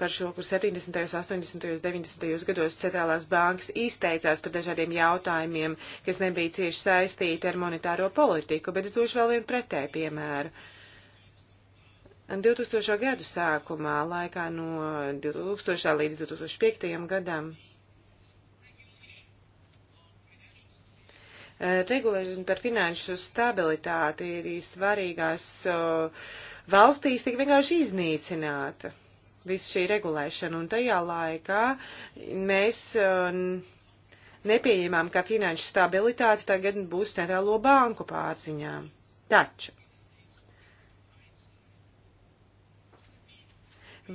par šo, kur 70., 80., 90. gados centrālās bankas izteicās par dažādiem jautājumiem, kas nebija cieši saistīti ar monetāro politiku, bet es došu vēl vienu pretēju piemēru. 2000. gadu sākumā, laikā no 2000. līdz 2005. gadam, eh, regulējumi par finanšu stabilitāti ir svarīgās uh, valstīs tik vienkārši iznīcināta visu šī regulēšana, un tajā laikā mēs um, nepieņēmām, ka finanšu stabilitāte tagad būs centrālo banku pārziņām. Taču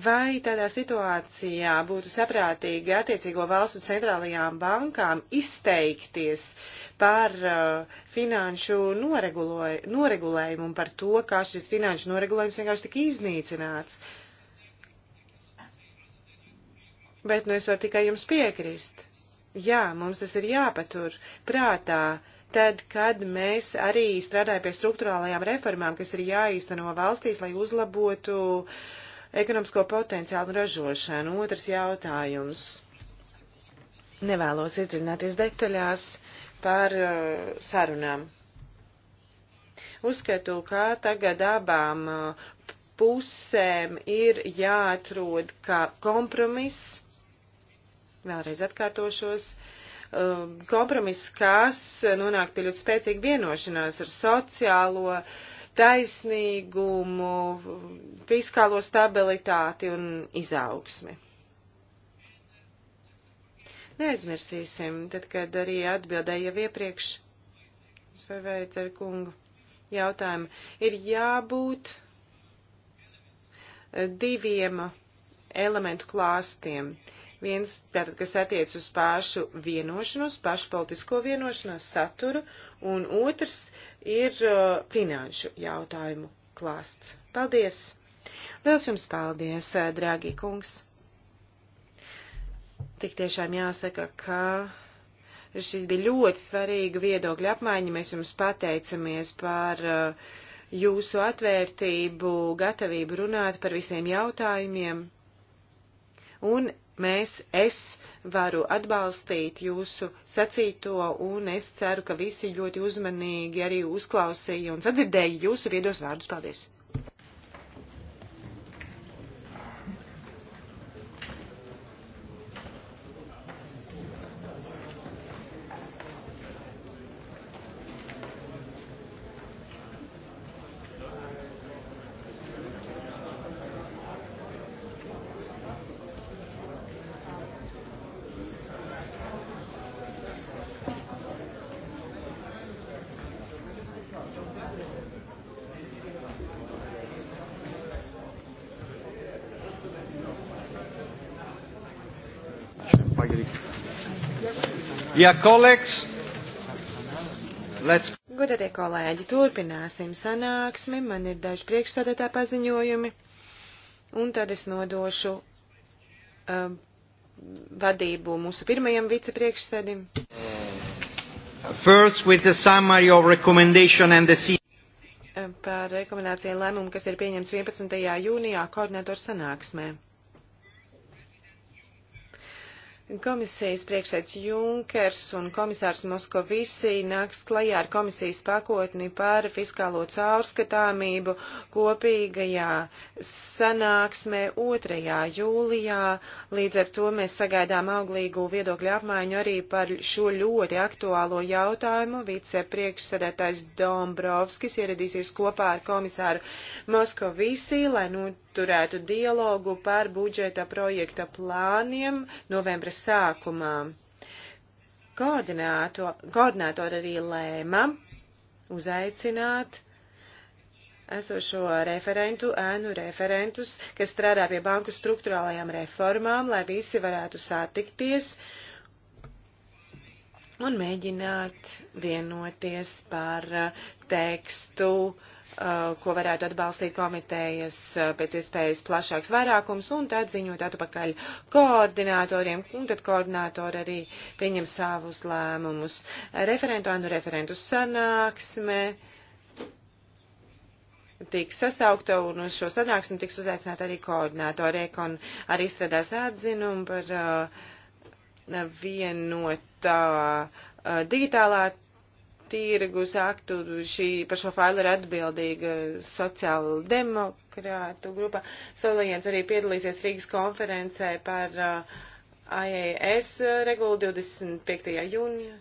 Vai tādā situācijā būtu saprātīgi attiecīgo valstu centrālajām bankām izteikties par uh, finanšu noregulējumu un par to, kā šis finanšu noregulējums vienkārši tika iznīcināts? Bet nu es varu tikai jums piekrist. Jā, mums tas ir jāpatur prātā tad, kad mēs arī strādājam pie struktūrālajām reformām, kas ir jāīsteno valstīs, lai uzlabotu uh, ekonomisko potenciālu ražošanu. Otrs jautājums. Nevēlos iedziļināties detaļās par uh, sarunām. Uzskatu, ka tagad abām uh, pusēm ir jāatrod kā kompromiss, vēlreiz atkārtošos, um, kompromiss, kas nonāk pie ļoti spēcīga vienošanās ar sociālo uh, taisnīgumu, fiskālo stabilitāti un izaugsmi. Neaizmirsīsim, tad, kad arī atbildēju jau iepriekš uz Veveiceru kungu jautājumu, ir jābūt diviem elementu klāstiem. Uh, Viens, tātad, kas attiec uz pašu vienošanos, pašu politisko vienošanos saturu, un otrs ir uh, finanšu jautājumu klāsts. Paldies! Liels jums paldies, uh, dragi kungs! Tik tiešām jāsaka, ka šis bija ļoti svarīga viedokļa apmaiņa. Mēs jums pateicamies par uh, jūsu atvērtību, gatavību runāt par visiem jautājumiem. Un mēs, es varu atbalstīt jūsu sacīto, un es ceru, ka visi ļoti uzmanīgi arī uzklausīja un sadzirdēja jūsu viedos vārdus. Paldies! Ja kolēģis, let's. Godatie kolēģi, turpināsim sanāksmi. Man ir daži priekšstādātā paziņojumi. Un tad es nodošu uh, vadību mūsu pirmajam vicepriekšsēdim. First with the summary of recommendation and the um, par rekomendāciju lēmumu, kas ir pieņemts 11. jūnijā koordinatoru sanāksmē. Komisijas priekšsēdz Junkers un komisārs Moskovisī nāks klajā ar komisijas pakotni par fiskālo caurskatāmību kopīgajā sanāksmē 2. jūlijā. Līdz ar to mēs sagaidām auglīgu viedokļu apmaiņu arī par šo ļoti aktuālo jautājumu. Vicepriekšsēdētājs Dombrovskis ieradīsies kopā ar komisāru Moskovisī, lai nu noturētu dialogu par budžeta projekta plāniem novembra sākumā. Koordinātori arī lēma uzaicināt esošo referentu, ēnu referentus, kas strādā pie banku struktūrālajām reformām, lai visi varētu satikties un mēģināt vienoties par tekstu uh, Uh, ko varētu atbalstīt komitejas uh, pēc iespējas plašāks vairākums, un tad ziņot atpakaļ koordinatoriem, un tad koordinatori arī pieņem savus lēmumus. Referentu anu referentu sanāksme tiks sasaukta, un uz šo sanāksmi tiks uzaicināta arī koordinatori, un arī izstrādās atzinumu par uh, vienotā uh, digitālā tirgus aktu šī, par šo failu ir atbildīga sociāla demokrātu grupa. Soliens arī piedalīsies Rīgas konferencē par uh, IAS uh, regulu 25. jūnijā.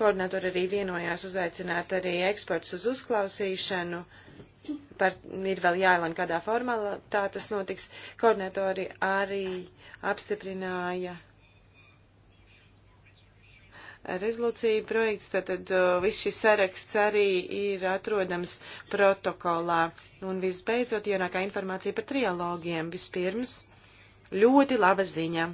Koordinatori arī vienojās uzaicināt arī ekspertus uz uzklausīšanu. Par, ir vēl jālēm, kādā formā tā tas notiks. Koordinatori arī apstiprināja rezolūcija projekts, tātad viss šis saraksts arī ir atrodams protokolā. Un visbeidzot, jaunākā informācija par trialogiem. Vispirms, ļoti laba ziņa.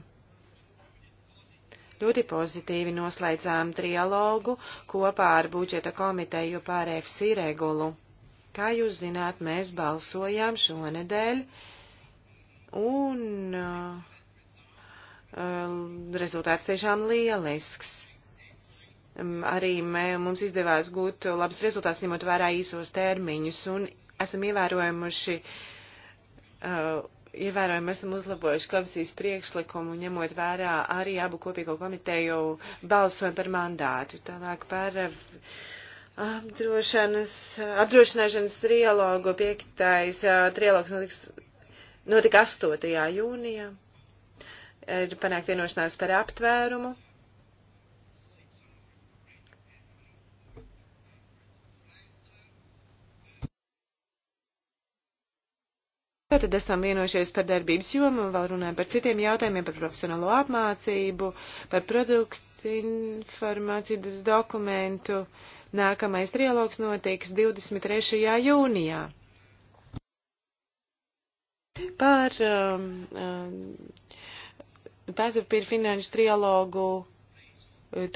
Ļoti pozitīvi noslēdzām trialogu kopā ar budžeta komiteju pār FC regulu. Kā jūs zināt, mēs balsojām šonedēļ un uh, rezultāts tiešām lielisks arī mē, mums izdevās gūt labus rezultātus, ņemot vērā īsos termiņus, un esam ievērojuši, uh, ievērojami esam uzlabojuši komisijas priekšlikumu, ņemot vērā arī abu kopīgo komiteju balsojumu par mandātu. Tālāk par apdrošanas, apdrošināšanas trialogu piektais uh, trialogs notiks, notika 8. jūnijā. Ir panākt vienošanās par aptvērumu Tātad esam vienojušies par darbības jomu un vēl runājam par citiem jautājumiem, par profesionālo apmācību, par produktu informācijas dokumentu. Nākamais trialogs notiks 23. jūnijā. Par um, um, tās ir finanšu trialogu,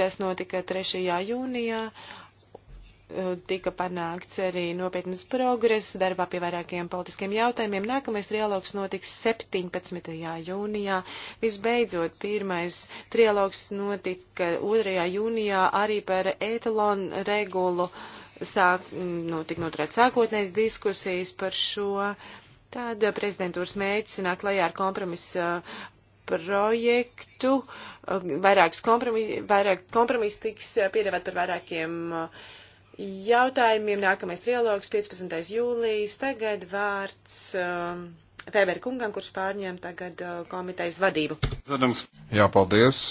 tas notika 3. jūnijā, tika panākts arī nopietnas progress darbā pie vairākiem politiskiem jautājumiem. Nākamais trialogs notiks 17. jūnijā. Visbeidzot, pirmais trialogs notika 2. jūnijā arī par etalonu regulu. Sāk, nu, tik noturēt sākotnējas diskusijas par šo. Tad prezidentūras mēģis nāk klajā ar kompromisu projektu. Vairākas kompromis, vairāk kompromis tiks piedāvāt par vairākiem uh, jautājumiem. Nākamais trialogs 15. jūlijas. Tagad vārds um, Pēver kungam, kurš pārņem tagad uh, komitejas vadību. Jā, paldies.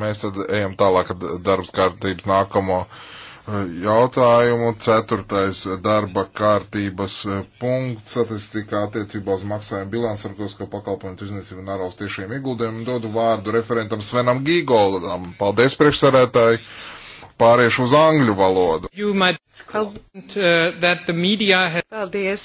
Mēs tad ejam tālāk darbs kārtības nākamo uh, jautājumu. Ceturtais darba kārtības uh, punkts statistikā attiecībā uz maksājumu bilansarkosko pakalpojumu tirzniecību un ārvalstu tiešiem ieguldījumiem. Dodu vārdu referentam Svenam Gīgolam. Paldies, priekšsarētāji! pāriešu uz angļu valodu. Uh, Paldies!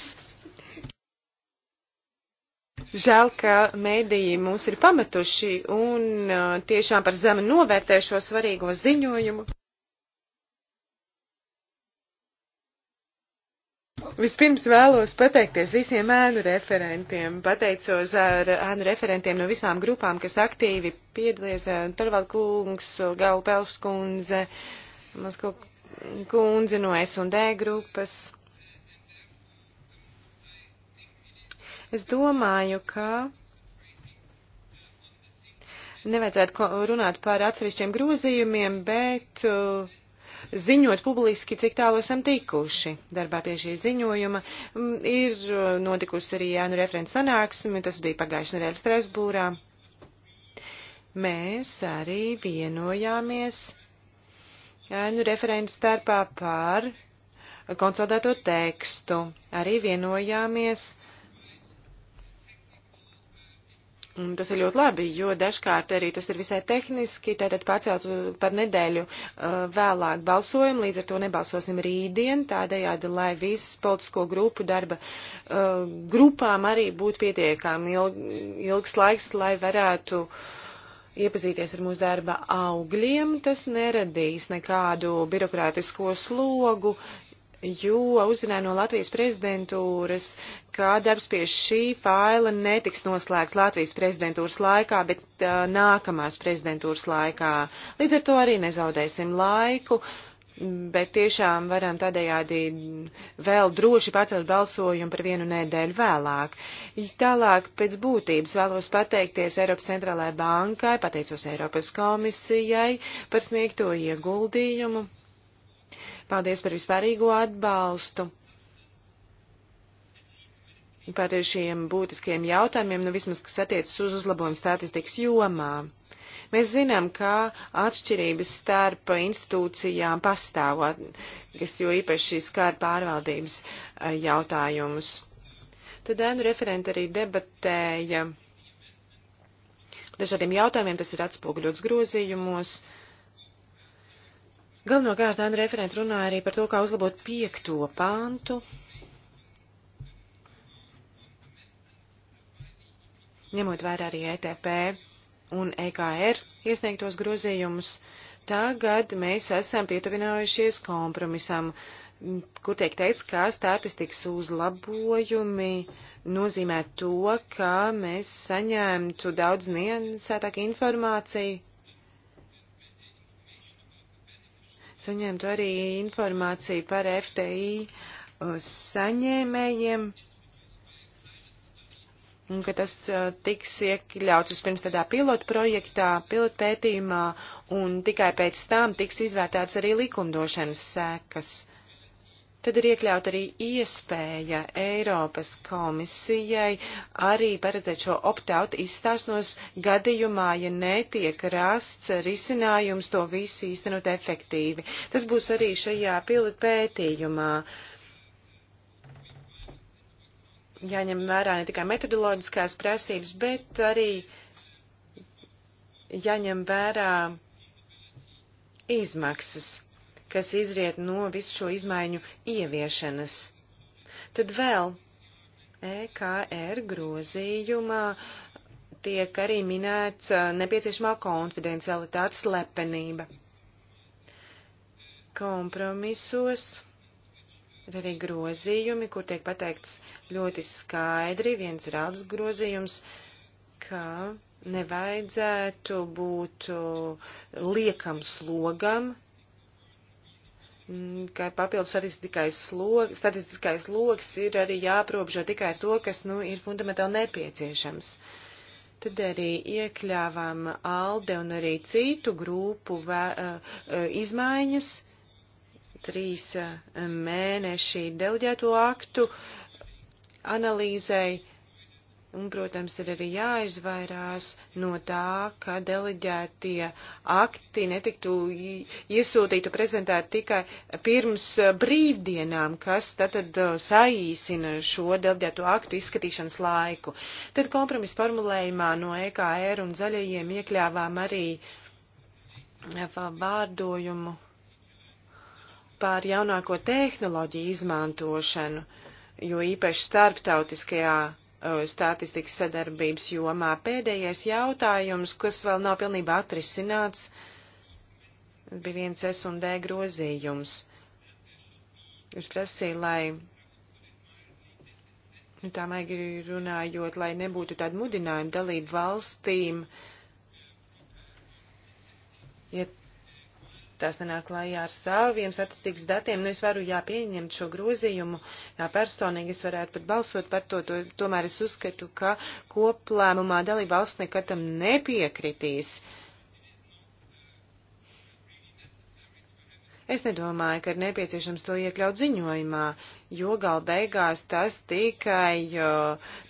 Žēl, ka mēdīji mūs ir pametuši un uh, tiešām par zemi novērtē šo svarīgo ziņojumu. Vispirms vēlos pateikties visiem ēnu referentiem, pateicos ar ēnu referentiem no visām grupām, kas aktīvi piedalies, Torvald kungs, Gala Pels kundze, Mosko kundze no S&D grupas. Es domāju, ka nevajadzētu runāt par atsevišķiem grozījumiem, bet uh, ziņot publiski, cik tālu esam tikuši darbā pie šī ziņojuma. Mm, ir uh, notikusi arī Jānu referents sanāksme, tas bija pagājušajā nedēļā Strasbūrā. Mēs arī vienojāmies Jānu referents starpā par konsolidēto tekstu. Arī vienojāmies Un mm, tas ir ļoti labi, jo dažkārt arī tas ir visai tehniski, tātad pārcelt uh, par nedēļu uh, vēlāk balsojumu, līdz ar to nebalsosim rītdien, tādējādi, lai visas politisko grupu darba uh, grupām arī būtu pietiekami ilg, ilgs laiks, lai varētu iepazīties ar mūsu darba augļiem. Tas neradīs nekādu birokrātisko slogu, jo uzzināja no Latvijas prezidentūras, ka darbs pie šī faila netiks noslēgts Latvijas prezidentūras laikā, bet uh, nākamās prezidentūras laikā. Līdz ar to arī nezaudēsim laiku. Bet tiešām varam tādējādi vēl droši pacelt balsojumu par vienu nedēļu vēlāk. Tālāk pēc būtības vēlos pateikties Eiropas centrālajai bankai, pateicos Eiropas komisijai par sniegto ieguldījumu Paldies par vispārīgo atbalstu. Par šiem būtiskiem jautājumiem, nu vismaz, kas attiecas uz uzlabojumu statistikas jomā. Mēs zinām, ka atšķirības starp institūcijām pastāv, kas jo īpaši skar pārvaldības eh, jautājumus. Tad ēnu referenti arī debatēja dažādiem jautājumiem, tas ir atspoguļots grozījumos. Uh, Galvenokārt, Anna referenta runāja arī par to, kā uzlabot piekto pāntu. Ņemot vērā arī ETP un EKR iesniegtos grozījumus, tagad mēs esam pietuvinājušies kompromisam, kur tiek teikts, ka statistikas uzlabojumi nozīmē to, ka mēs saņemtu daudz niansētāku informāciju saņemtu arī informāciju par FTI uh, saņēmējiem, un ka tas uh, tiks iekļauts vispirms tādā pilotu projektā, pilotu pētījumā, un tikai pēc tam tiks izvērtēts arī likumdošanas sekas. Uh, Tad ir iekļaut arī iespēja Eiropas komisijai arī paredzēt šo opt-out izstāšanos gadījumā, ja netiek rasts risinājums to visu īstenot efektīvi. Tas būs arī šajā pilotpētījumā. Jāņem vērā ne tikai metodoloģiskās prasības, bet arī jāņem vērā izmaksas kas izriet no visu šo izmaiņu ieviešanas. Tad vēl EKR grozījumā tiek arī minēts uh, nepieciešamā konfidencialitātes lepenība. Kompromisos ir arī grozījumi, kur tiek pateikts ļoti skaidri, viens ir alts grozījums, ka nevajadzētu būt uh, liekam slogam Mm, ka papildus statistiskais loks, statistiskais loks ir arī jāprobežo tikai ar to, kas nu, ir fundamentāli nepieciešams. Tad arī iekļāvām ALDE un arī citu grupu vē, eh, eh, izmaiņas, trīs eh, mēneši deleģēto aktu analīzei Un, protams, ir arī jāizvairās no tā, ka deleģētie akti netiktu iesūtītu prezentēt tikai pirms eh, brīvdienām, kas tad, tad eh, saīsina šo deleģēto aktu izskatīšanas laiku. Tad kompromis formulējumā no EKR un zaļajiem iekļāvām arī eh, vārdojumu pār jaunāko tehnoloģiju izmantošanu, jo īpaši starptautiskajā Eh, statistikas sadarbības jomā. Pēdējais jautājums, kas vēl nav pilnībā atrisināts, bija viens S un D grozījums. Viņš prasīja, lai nu, tā maigi runājot, lai nebūtu tādu mudinājumu dalību valstīm, ja tās nenāk klājā ar saviem statistikas datiem. Nu, es varu jāpieņemt šo grozījumu, jā, personīgi es varētu pat balsot par to, to tomēr es uzskatu, ka koplēmumā dalība valsts nekad tam nepiekritīs. Es nedomāju, ka ir nepieciešams to iekļaut ziņojumā, jo gal beigās tas tikai jo,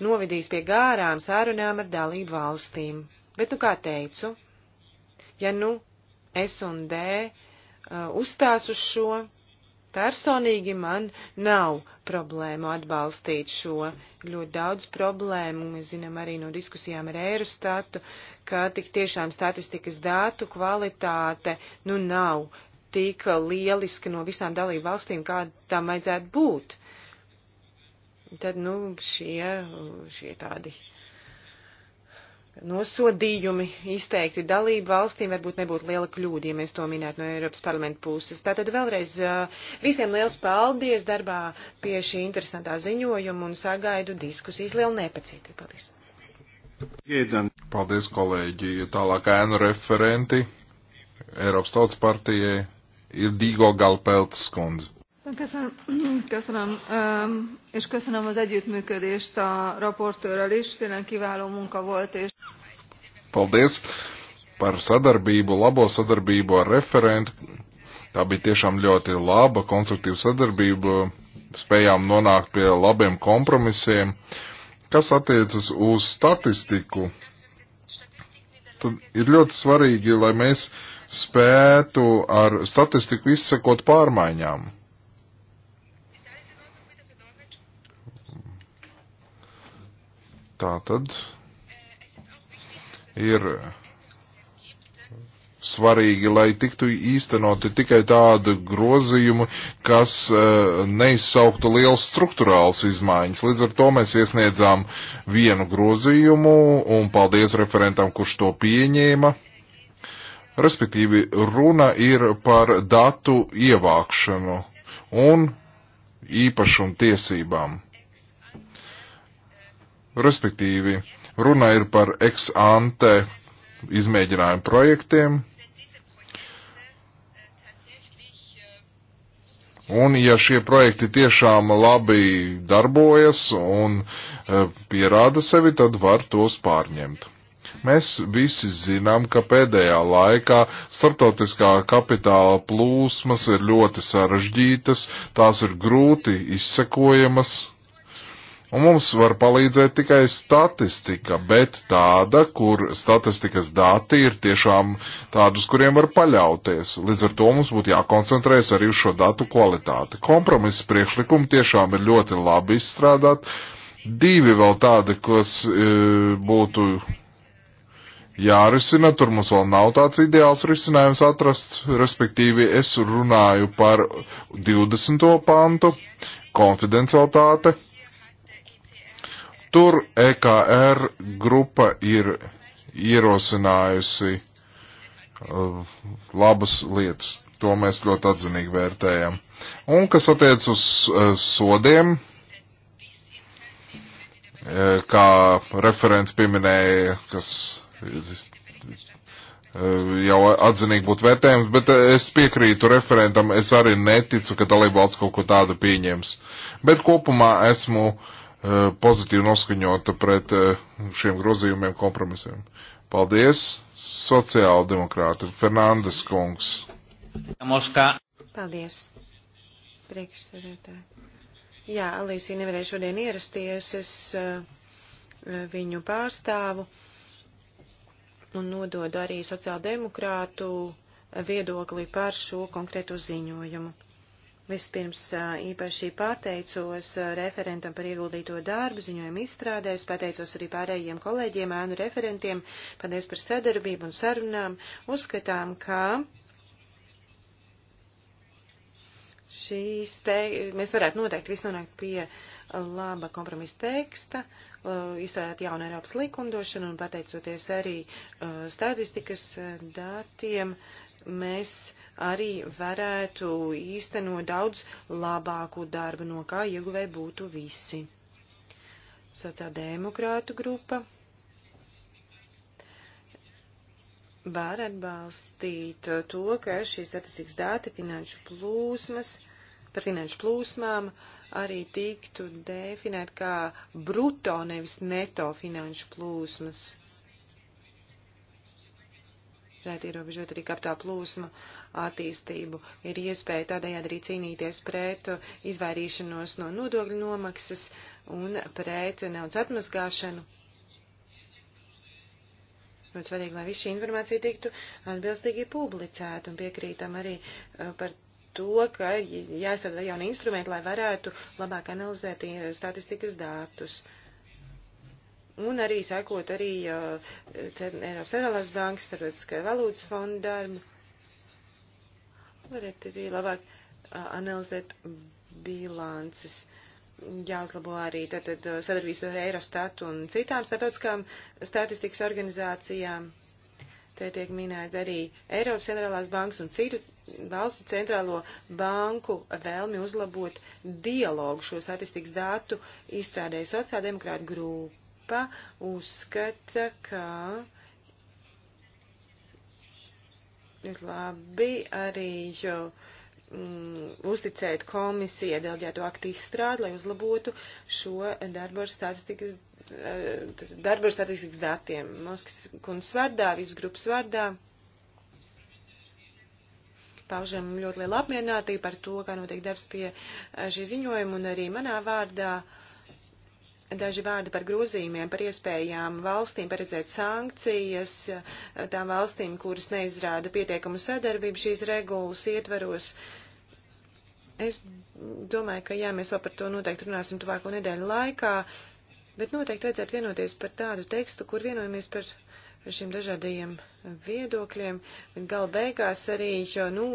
novidīs pie gārām sārunām ar dalību valstīm. Bet nu kā teicu, ja nu S un D uh, uzstās uz šo. Personīgi man nav problēmu atbalstīt šo ļoti daudz problēmu. Mēs zinām arī no diskusijām ar Eirostatu, ka tik tiešām statistikas dātu kvalitāte nu nav tik lieliska no visām dalību valstīm, kā tam vajadzētu būt. Tad, nu, šie, šie tādi uh, nosodījumi izteikti dalību valstīm varbūt nebūtu liela kļūda, ja mēs to minētu no Eiropas parlamenta puses. Tātad vēlreiz visiem liels paldies darbā pie šī interesantā ziņojuma un sagaidu diskusijas lielu nepacietību. Paldies! Iedien. Paldies, kolēģi! Tālāk ēnu referenti Eiropas tautas partijai ir Dīgo Galpelts skundze. Köszönöm, köszönöm, és köszönöm az együttműködést a raportőrrel is. Tényleg kiváló munka volt. És... Paldies par sadarbību, labo sadarbību ar referentu. Tā bija tiešām ļoti laba, konstruktīva sadarbība. Spējām nonākt pie labiem kompromisiem. Kas attiecas uz statistiku, tad ir ļoti svarīgi, lai mēs spētu ar statistiku izsekot pārmaiņām Tā tad ir svarīgi, lai tiktu īstenoti tikai tādu grozījumu, kas uh, neizsauktu liels struktūrāls izmaiņas. Līdz ar to mēs iesniedzām vienu grozījumu un paldies referentam, kurš to pieņēma. Respektīvi, runa ir par datu ievākšanu un īpašumu tiesībām. Respektīvi, runa ir par ex ante izmēģinājumu projektiem. Un ja šie projekti tiešām labi darbojas un e, pierāda sevi, tad var tos pārņemt. Mēs visi zinām, ka pēdējā laikā starptautiskā kapitāla plūsmas ir ļoti sarežģītas, tās ir grūti izsekojamas, Un mums var palīdzēt tikai statistika, bet tāda, kur statistikas dati ir tiešām tādus, kuriem var paļauties. Līdz ar to mums būtu jākoncentrējas arī uz šo datu kvalitāti. Kompromiss priekšlikumi tiešām ir ļoti labi izstrādāt. Divi vēl tādi, kas e, būtu jārisina, tur mums vēl nav tāds ideāls risinājums atrasts, respektīvi es runāju par 20. pantu, konfidencialitāte Tur EKR grupa ir ierosinājusi uh, labas lietas. To mēs ļoti atzinīgi vērtējam. Un kas attiec uz uh, sodiem, uh, kā referents pieminēja, kas jau atzinīgi būtu vērtējums, bet es piekrītu referentam, es arī neticu, ka dalībvalsts kaut ko tādu pieņems. Bet kopumā esmu uh, Eh, pozitīvi noskaņota pret eh, šiem grozījumiem kompromisiem. Paldies, sociāldemokrāti, Fernandes kungs. Paldies, priekšsēdētāji. Jā, Alīsija nevarēja šodien ierasties, es eh, viņu pārstāvu un nododu arī sociāldemokrātu viedokli par šo konkrēto ziņojumu. Vispirms īpaši pateicos referentam par ieguldīto darbu, ziņojumu izstrādējus, pateicos arī pārējiem kolēģiem, ēnu referentiem, paldies par sadarbību un sarunām. Uzskatām, ka šīs te, mēs varētu noteikti visu nonākt pie laba kompromisa teksta, izstrādāt jaunu Eiropas likumdošanu un pateicoties arī statistikas datiem, mēs arī varētu īstenot daudz labāku darbu, no kā ieguvē būtu visi. Sociāldemokrātu grupa var atbalstīt to, ka šīs statistikas dati finanšu plūsmas, par finanšu plūsmām arī tiktu definēt kā bruto, nevis neto finanšu plūsmas varētu ierobežot arī kapitāla plūsmu attīstību. Ir iespēja tādējādi arī cīnīties pret uh, izvairīšanos no nodokļu nomaksas un pret naudas atmazgāšanu. Ļoti svarīgi, lai viss šī informācija tiktu atbilstīgi publicēta un piekrītam arī uh, par to, ka jāizstrādā jauni instrumenti, lai varētu labāk analizēt uh, statistikas datus. Uh, un arī sekot arī uh, Eiropas Centrālās Bankas, Starptautiskajai valūtas fonda darbu. Varētu arī labāk uh, analizēt bilances. Jāuzlabo arī tātad sadarbības ar Eirostatu un citām starptautiskām statistikas organizācijām. Te tiek minēta arī Eiropas centrālās bankas un citu valstu centrālo banku vēlmi uzlabot dialogu šo statistikas datu izstrādēja sociāldemokrāta grupa grupa uzskata, ka ir labi arī jau mm, uzticēt komisijai delģēto aktu izstrādi, lai uzlabotu šo darbu ar statistikas, eh, darbu ar statistikas datiem. Moskas kundas vārdā, visu grupas vārdā. Paužam ļoti lielu apmierinātību par to, kā notiek darbs pie eh, šī ziņojuma un arī manā vārdā. Uh, Daži vārdi par grozījumiem, par iespējām valstīm paredzēt sankcijas, tām valstīm, kuras neizrāda pietiekamu sadarbību šīs regulas ietveros. Es domāju, ka jā, mēs vēl par to noteikti runāsim tuvāko nedēļu laikā, bet noteikti vajadzētu vienoties par tādu tekstu, kur vienojamies par šiem dažādajiem viedokļiem, bet gala beigās arī nu,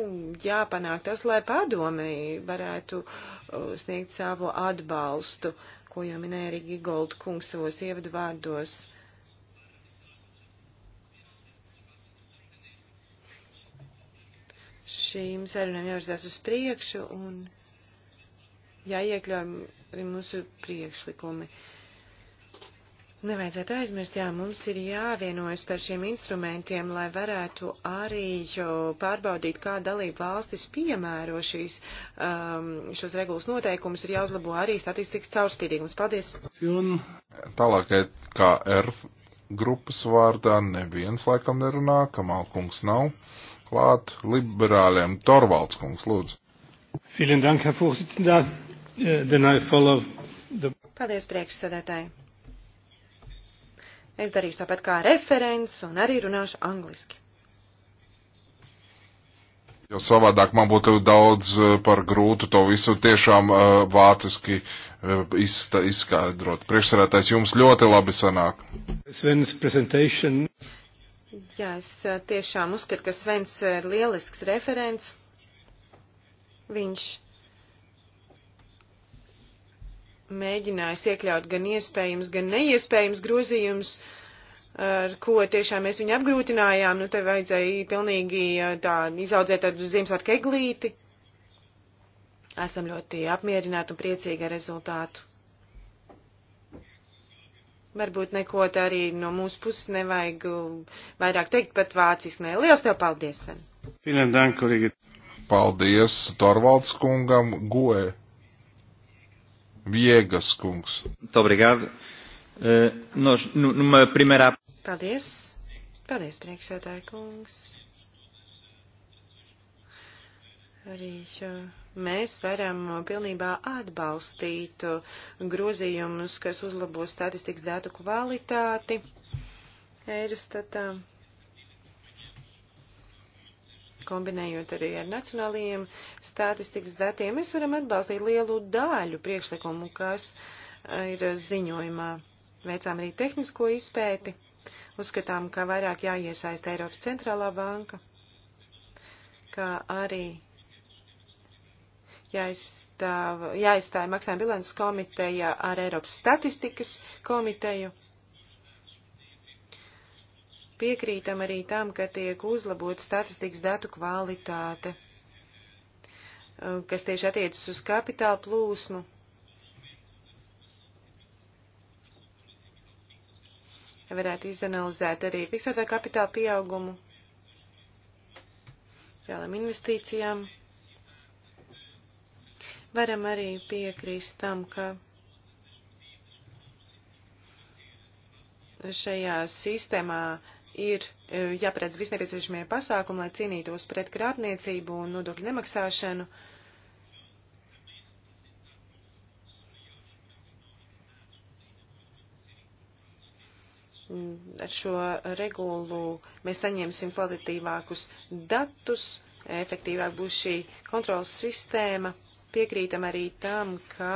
jāpanāk tas, lai padomi varētu uh, sniegt savu atbalstu. Uh, ko jau minēja arī Gigold kungs savos ievadu vārdos. Šīm sarunām jāvirzās uz priekšu un jāiekļauj arī mūsu priekšlikumi. Uh, Nevajadzētu aizmirst, jā, mums ir jāvienojas par šiem instrumentiem, lai varētu arī pārbaudīt, kā dalība valstis piemēro šīs, um, šos regulas noteikumus, ir jāuzlabo arī statistikas caurspīdīgums. Paldies! Un tālāk, kā R grupas vārdā, neviens laikam nerunā, Kamal kungs nav klāt, liberāļiem Torvalds kungs, lūdzu. Vielen dank, Herr Vorsitzender, den Fall of the... Paldies, priekšsēdētāji! Es darīšu tāpat kā referents un arī runāšu angliski. Jo savādāk man būtu daudz eh, par grūtu to visu tiešām uh, vāciski uh, izsta, izskaidrot. Priekšsarētais jums ļoti labi sanāk. Jā, es tiešām uzskatu, ka Svens ir lielisks referents. Viņš mēģinājis iekļaut gan iespējams, gan neiespējams grozījums, ar ko tiešām mēs viņu apgrūtinājām. Nu, te vajadzēja pilnīgi tā izaudzēt tādu Ziemassvētku eglīti. Esam ļoti apmierināti un priecīgi ar rezultātu. Varbūt neko tā arī no mūsu puses nevajag vairāk teikt, pat vāciski nē. Liels tev paldies, Sen! Paldies Torvalds kungam, goe! Viegas kungs. Obrigado. Uh, nós, nu, numa primeira... Paldies. Paldies, priekšsēdāja kungs. Arī šo mēs varam pilnībā atbalstīt grozījumus, kas uzlabo statistikas datu kvalitāti. Eirostatā. Uh, kombinējot arī ar nacionālajiem statistikas datiem, mēs varam atbalstīt lielu daļu priekšlikumu, kas eh, ir ziņojumā. Veicām arī tehnisko izpēti. Uzskatām, ka vairāk jāiesaista Eiropas centrālā banka, kā arī jāizstāv, jāizstāja maksājuma bilances komiteja ar Eiropas statistikas komiteju Piekrītam arī tam, ka tiek uzlabot statistikas datu kvalitāte, uh, kas tieši attiecas uz kapitāla plūsmu. Varētu izanalizēt arī fiksētā kapitāla pieaugumu, reālām investīcijām. Varam arī piekrīst tam, ka šajā sistēmā ir e, jāparedz visnepieciešamie pasākumi, lai cīnītos pret krāpniecību un nodokļu nemaksāšanu. Ar šo regulu mēs saņemsim kvalitīvākus datus, efektīvāk būs šī kontrolas sistēma. Piekrītam arī tam, ka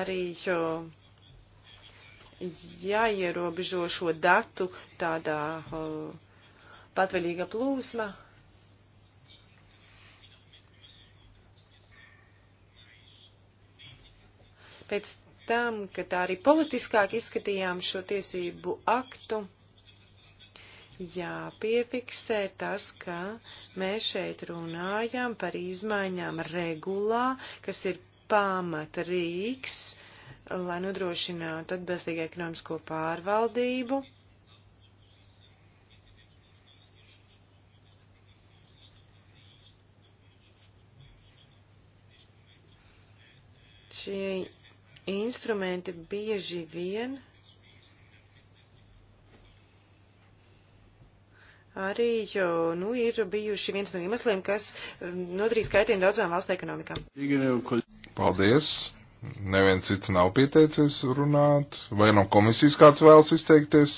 arī jo, uh, jāierobežo šo datu tādā patvaļīga plūsma. Pēc tam, kad tā arī politiskāk izskatījām šo tiesību aktu, jāpiefiksē tas, ka mēs šeit runājam par izmaiņām regulā, kas ir pamatrīks lai nodrošinātu atbilstīgu ekonomisko pārvaldību. Šie instrumenti bieži vien arī jo, nu, ir bijuši viens no iemesliem, kas um, nodarīs kaitiem daudzām valsts ekonomikām. Paldies! Neviens cits nav pieteicies runāt, vai no komisijas kāds vēlas izteikties?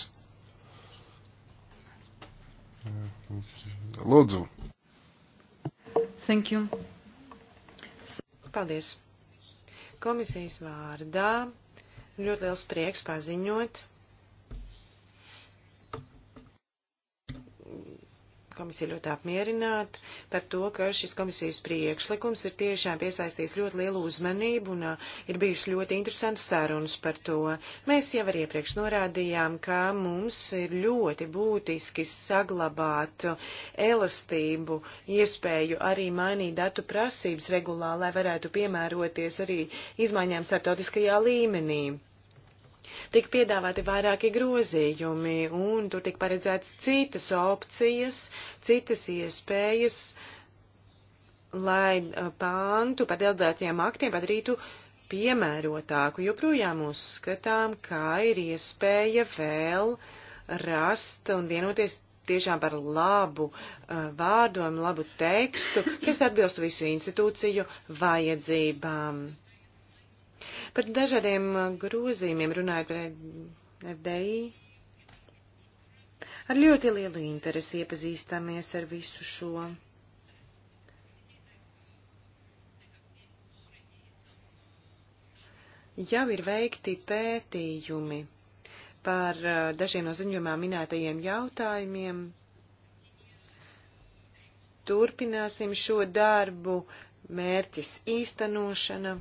Lūdzu. Thank you. Paldies. Komisijas vārdā ļoti liels prieks paziņot, Komisija ļoti apmierināta par to, ka šis komisijas priekšlikums ir tiešām piesaistījis ļoti lielu uzmanību un uh, ir bijušas ļoti interesantas sarunas par to. Mēs jau arī iepriekš norādījām, ka mums ir ļoti būtiski saglabāt elastību, iespēju arī mainīt datu prasības regulā, lai varētu piemēroties arī izmaiņām starptautiskajā līmenī Tik piedāvāti vairāki grozījumi, un tur tik paredzēts citas opcijas, citas iespējas, lai uh, pāntu par delegētiem aktiem padarītu piemērotāku. Joprojām uzskatām, kā ir iespēja vēl rast un vienoties tiešām par labu uh, vārdu un labu tekstu, kas atbilstu visu institūciju vajadzībām. Par dažādiem uh, grozījumiem runājot par FDI. Ar ļoti lielu interesi iepazīstāmies ar visu šo. Jau ir veikti pētījumi par uh, dažiem no ziņojumā minētajiem jautājumiem. Turpināsim šo darbu, mērķis īstenošana.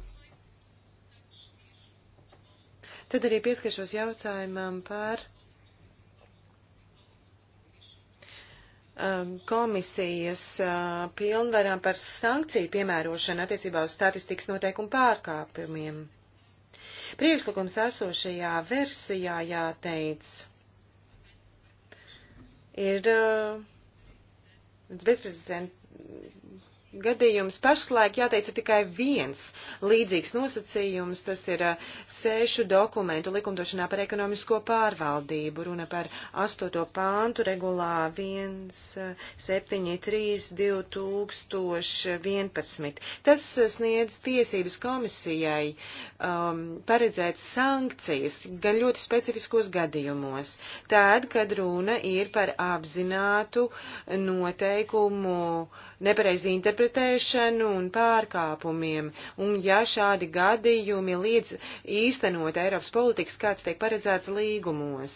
Tad arī pieskaršos jautājumam par um, komisijas uh, pilnvarām par sankciju piemērošanu attiecībā uz statistikas noteikumu pārkāpumiem. Priekšlikums esošajā versijā jāteic ir uh, bezprecedenta gadījums pašlaik, jāteic, ir tikai viens līdzīgs nosacījums, tas ir sēšu dokumentu likumdošanā par ekonomisko pārvaldību, runa par 8. pāntu regulā 173.2011. Tas sniedz tiesības komisijai um, paredzēt sankcijas gan ļoti specifiskos gadījumos, tad, kad runa ir par apzinātu noteikumu, nepareizi interpretēšanu un pārkāpumiem. Un ja šādi gadījumi līdz īstenot Eiropas politikas, kāds tiek paredzēts līgumos.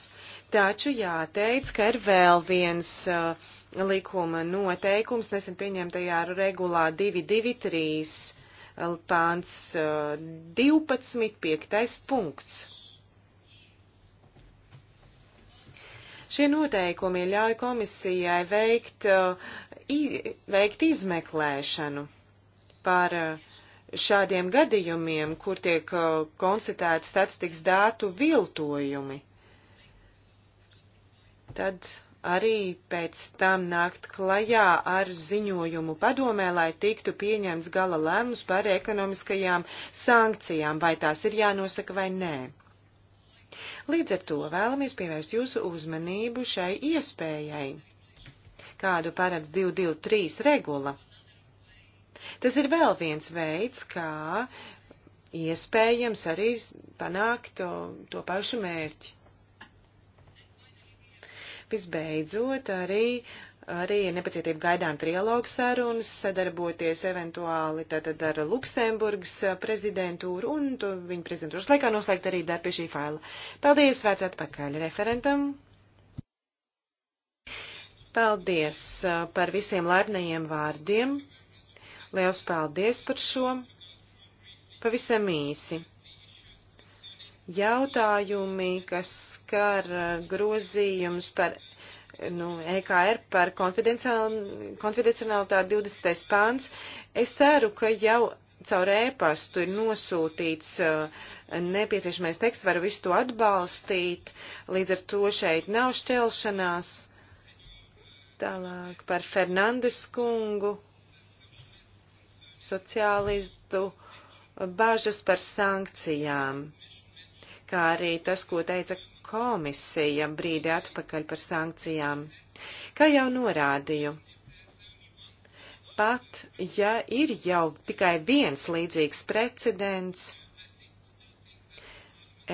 Taču jāteic, ka ir vēl viens uh, likuma noteikums nesen pieņemtajā regulā 223 uh, pāns uh, 12.5. punkts Šie noteikumi ļauj komisijai veikt, uh, veikt izmeklēšanu par uh, šādiem gadījumiem, kur tiek uh, konstatēti statistikas dātu viltojumi. Tad arī pēc tam nākt klajā ar ziņojumu padomē, lai tiktu pieņemts gala lēmums par ekonomiskajām sankcijām, vai tās ir jānosaka vai nē. Līdz ar to vēlamies pievērst jūsu uzmanību šai iespējai, kādu paredz 223 regula. Tas ir vēl viens veids, kā iespējams arī panākt to, to pašu mērķi. Visbeidzot, arī uh, arī ir nepacietība gaidām trialogu sarunas, sadarboties eventuāli tātad ar Luksemburgas eh, prezidentūru un to viņa prezidentūras laikā noslēgt arī darbu pie šī faila. Paldies, vērts atpakaļ referentam. Paldies eh, par visiem laipnajiem vārdiem. Liels paldies par šo. Pavisam īsi jautājumi, kas skar eh, grozījums par nu, EKR par konfidencionalitāti 20. pāns. Es ceru, ka jau caur ēpastu ir nosūtīts uh, nepieciešamais teksts, varu visu to atbalstīt, līdz ar to šeit nav šķelšanās. Tālāk par Fernandes kungu, sociālistu bažas par sankcijām, kā arī tas, ko teica komisija brīdi atpakaļ par sankcijām. Kā jau norādīju, pat ja ir jau tikai viens līdzīgs precedents,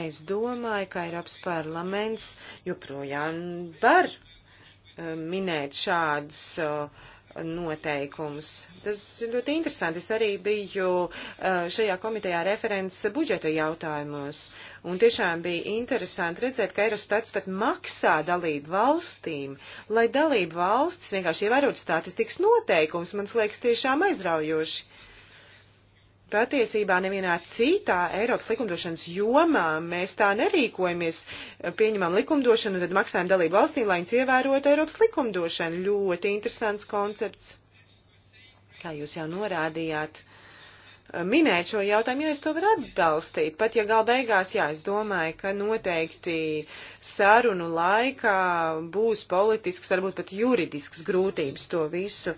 es domāju, ka Eiropas parlaments joprojām var eh, minēt šādus uh, eh, noteikumus. Tas ļoti interesanti. Es arī biju uh, šajā komitejā referents budžeta jautājumos. Un tiešām bija interesanti redzēt, ka Eirostats pat maksā dalību valstīm, lai dalību valstis vienkārši ievērotu statistikas noteikumus. Man liekas, tiešām aizraujoši. Patiesībā nevienā citā Eiropas likumdošanas jomā mēs tā nerīkojamies, pieņemam likumdošanu, tad maksājam dalību valstīm, lai viņas ievērotu Eiropas likumdošanu. Ļoti interesants koncepts, kā jūs jau norādījāt minēt šo jautājumu, jo es to varu atbalstīt. Pat ja gal beigās, jā, es domāju, ka noteikti sarunu laikā būs politisks, varbūt pat juridisks grūtības to visu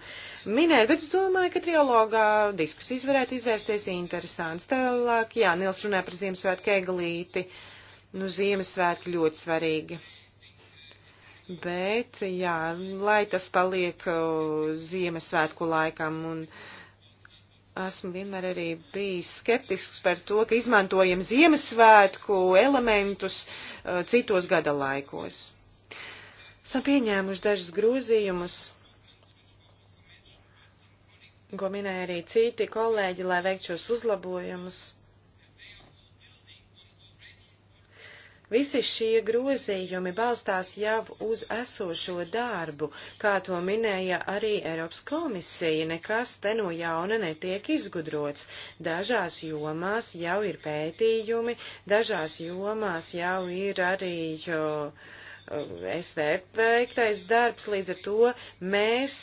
minēt, bet es domāju, ka trialogā diskusijas varētu izvērsties interesants. Tālāk, jā, Nils runāja par Ziemassvētku eglīti. Nu, Ziemassvētki ļoti svarīgi. Bet, jā, lai tas paliek uh, Ziemassvētku laikam un. Uh, esmu vienmēr arī bijis skeptisks par to, ka izmantojam Ziemassvētku elementus uh, citos gada laikos. Esam pieņēmuši dažus grozījumus, ko minēja arī citi kolēģi, lai veiktu šos uzlabojumus. Visi šie grozījumi balstās jau uz esošo darbu, kā to minēja arī Eiropas komisija, nekas te no jauna netiek izgudrots. Dažās jomās jau ir pētījumi, dažās jomās jau ir arī. Uh, SVP veiktais darbs, līdz ar to mēs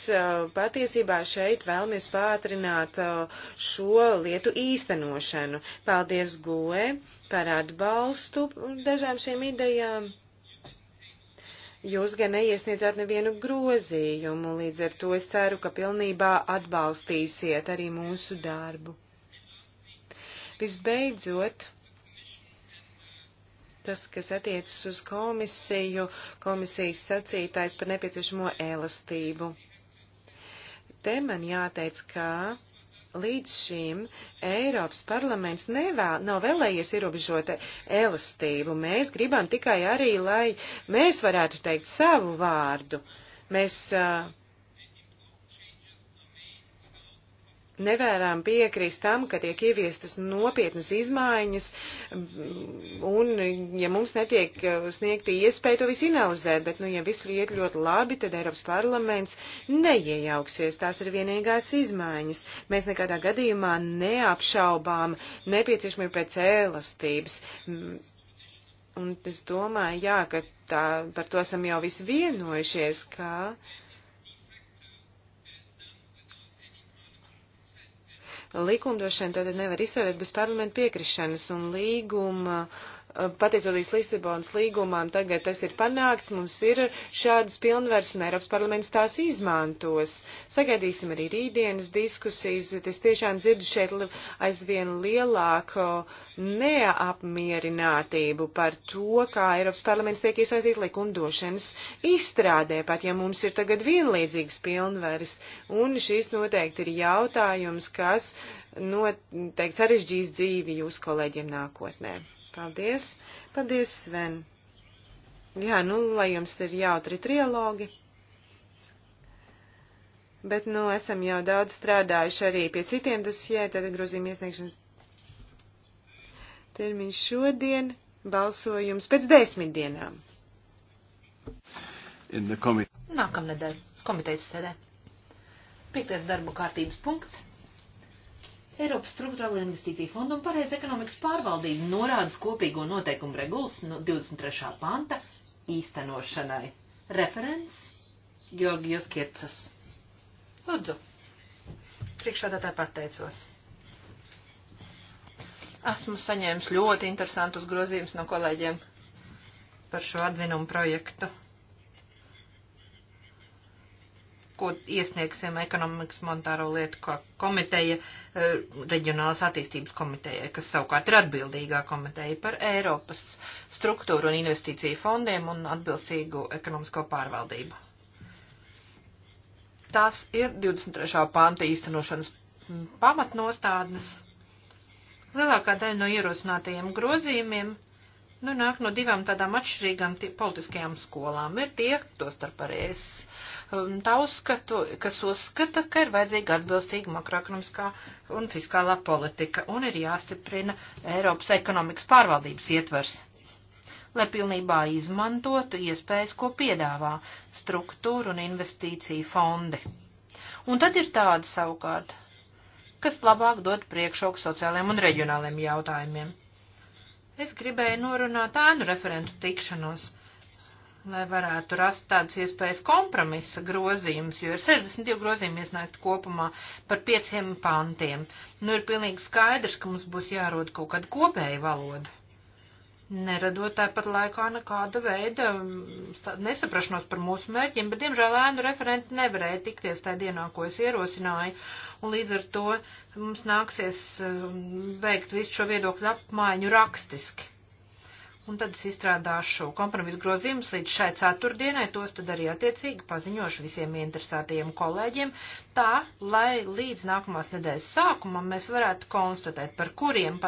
patiesībā šeit vēlamies pātrināt šo lietu īstenošanu. Paldies GOE par atbalstu dažām šīm idejām. Jūs gan neiesniedzāt nevienu grozījumu, līdz ar to es ceru, ka pilnībā atbalstīsiet arī mūsu darbu. Visbeidzot, Tas, kas attiecas uz komisiju, komisijas sacītājs par nepieciešamo elastību. Te man jāteic, ka līdz šim Eiropas parlaments nevēl, nav vēlējies ierobežot elastību. Mēs gribam tikai arī, lai mēs varētu teikt savu vārdu. Mēs uh, nevaram piekrīst tam, ka tiek ieviestas nopietnas izmaiņas, un ja mums netiek eh, sniegta iespēja to visu analizēt, bet, nu, ja visu iet ļoti labi, tad Eiropas parlaments neiejauksies, tās ir vienīgās izmaiņas. Mēs nekādā gadījumā neapšaubām nepieciešamību pēc ēlastības. Un es domāju, jā, ka tā, par to esam jau visi vienojušies, ka. Kā likumdošana tātad nevar izstrādāt bez parlamenta piekrišanas un līguma uh, pateicoties Lisabonas līgumām, tagad tas ir panākts, mums ir šādas pilnvers un Eiropas parlaments tās izmantos. Sagaidīsim arī rītdienas diskusijas, bet es tiešām dzirdu šeit aizvien lielāko neapmierinātību par to, kā Eiropas parlaments tiek iesaistīt likumdošanas izstrādē, pat ja mums ir tagad vienlīdzīgs pilnvers. Un šis noteikti ir jautājums, kas noteikti sarežģīs dzīvi jūsu kolēģiem nākotnē. Paldies. Paldies, Sven. Jā, nu, lai jums ir jautri trilogi. Bet, nu, esam jau daudz strādājuši arī pie citiem dosijē, tad grozījuma iesniegšanas termiņš šodien, balsojums pēc desmit dienām. Nākamnedēļ komitejas sēdē. Piektais darbu kārtības punkts. Eiropas struktūrāla investīcija fonda un pareiz ekonomikas pārvaldība norādas kopīgo noteikumu regulas no 23. panta īstenošanai. Referents Georgijos Kircas. Lūdzu. Priekšādātāji pateicos. Esmu saņēmis ļoti interesantus grozījumus no kolēģiem par šo atzinumu projektu. ko iesniegsim ekonomikas monetāro lietu komiteja, eh, reģionālas attīstības komitejai, kas savukārt ir atbildīgā komiteja par Eiropas struktūru un investīciju fondiem un atbilstīgu ekonomisko pārvaldību. Tās ir 23. panta īstenošanas pamatnostādnes. Lielākā daļa no ierosinātajiem grozījumiem nu, nāk no divām tādām atšķirīgām politiskajām skolām. Ir tie, to starp arī es Um, tā uzskatu, kas uzskata, ka ir vajadzīga atbilstīga makroekonomiskā un fiskālā politika un ir jāstiprina Eiropas ekonomikas pārvaldības ietvers lai pilnībā izmantotu iespējas, ko piedāvā struktūra un investīcija fondi. Un tad ir tāda savukārt, kas labāk dod priekšroku sociālajiem un reģionāliem jautājumiem. Es gribēju norunāt ēnu referentu tikšanos, lai varētu rast tādas iespējas kompromisa grozījumus, jo ir 62 grozījumi iesniegti kopumā par pieciem pantiem. Nu, ir pilnīgi skaidrs, ka mums būs jārod kaut kāda kopēja valoda. Neradot tāpat laikā nekāda veida mm, nesaprašanos par mūsu mērķiem, bet, diemžēl, ēnu referenti nevarēja tikties tajā dienā, ko es ierosināju, un līdz ar to mums nāksies mm, veikt visu šo viedokļu apmaiņu rakstiski un tad es izstrādāšu kompromisu grozījumus līdz šai ceturtdienai, tos tad arī attiecīgi paziņošu visiem interesētajiem kolēģiem, tā, lai līdz nākamās nedēļas sākumam mēs varētu konstatēt, par kuriem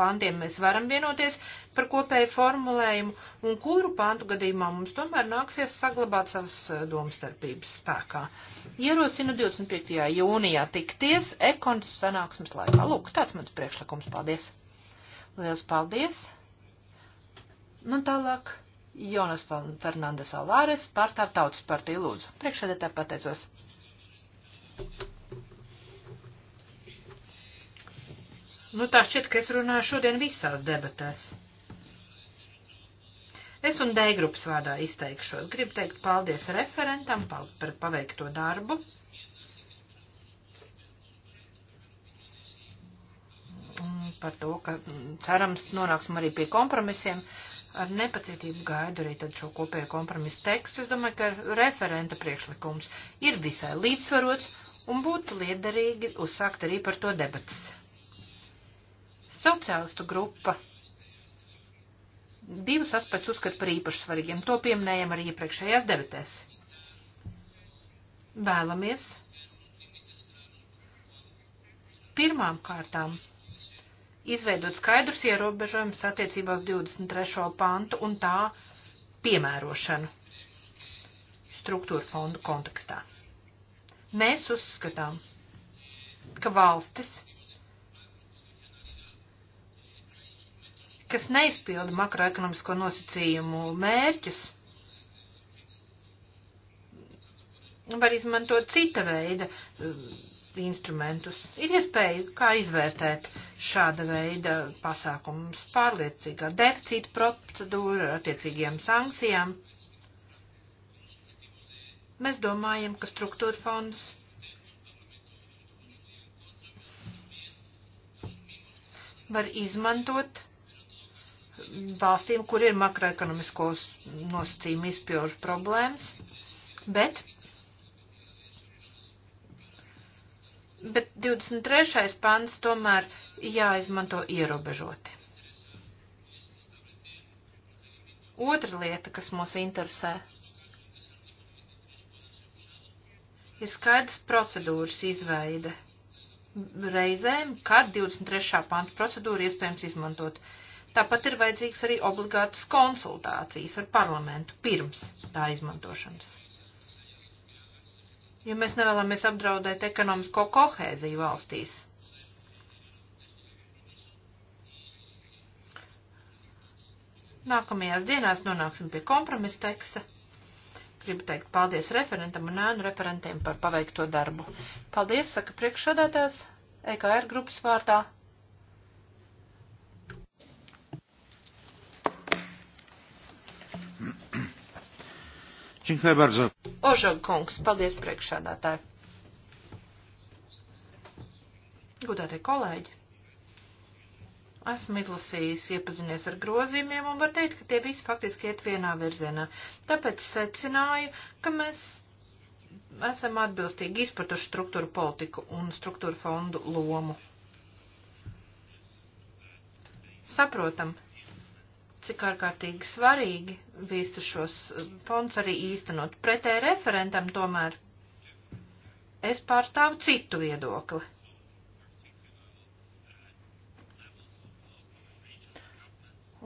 pantiem mēs varam vienoties par kopēju formulējumu, un kuru pantu gadījumā mums tomēr nāksies saglabāt savas eh, domstarpības spēkā. Ierosinu 25. jūnijā tikties ekons sanāksmes laikā. Lūk, tāds mans priekšlikums. Paldies! Liels paldies! Nu, tālāk Jonas Fernandes Alvāres pārstāv tautas partiju lūdzu. Priekšsēdētā pateicos. Nu, tā šķiet, ka es runāju šodien visās debatēs. Es un D grupas vārdā izteikšos. Gribu teikt paldies referentam par paveikto darbu. Par to, ka cerams nonāksim arī pie kompromisiem ar nepacietību gaidu arī tad šo kopējo kompromisu tekstu. Es domāju, ka referenta priekšlikums ir visai līdzsvarots un būtu liederīgi uzsākt arī par to debatas. Sociālistu grupa divus aspektus uzskata par īpaši svarīgiem. To pieminējam arī iepriekšējās debatēs. Vēlamies pirmām kārtām izveidot skaidrus ierobežojumus attiecībā uz 23. pantu un tā piemērošanu struktūra fondu kontekstā. Mēs uzskatām, ka valstis, kas neizpilda makroekonomisko nosacījumu mērķus, var izmantot cita veida instrumentus. Ir iespēja, kā izvērtēt šāda veida pasākumus pārliecīgā deficīta procedūra, attiecīgiem sankcijām. Mēs domājam, ka struktūra fonds var izmantot valstīm, kur ir makroekonomiskos nosacījumu izpilžu problēmas, bet bet 23. pants tomēr jāizmanto ierobežoti. Otra lieta, kas mūs interesē, ir skaidrs procedūras izveide. Reizēm, kad 23. pantu procedūru iespējams izmantot. Tāpat ir vajadzīgs arī obligātas konsultācijas ar parlamentu pirms tā izmantošanas ja mēs nevēlamies apdraudēt ekonomisko kohēziju valstīs. Nākamajās dienās nonāksim pie kompromisa teksta. Gribu teikt paldies referentam un ēnu referentiem par paveikto darbu. Paldies, saka priekšsādātājs, EKR grupas vārdā Dziękuję bardzo. Ožog kungs, paldies priekšsādātāji. Gudātie kolēģi, esmu izlasījis, iepazinies ar grozījumiem un var teikt, ka tie visi faktiski iet vienā virzienā. Tāpēc secināju, ka mēs esam atbilstīgi izpratuši struktūru politiku un struktūru fondu lomu. Saprotam, cik ārkārtīgi svarīgi visus šos eh, fonds arī īstenot. Pretēji referentam tomēr es pārstāvu citu viedokli.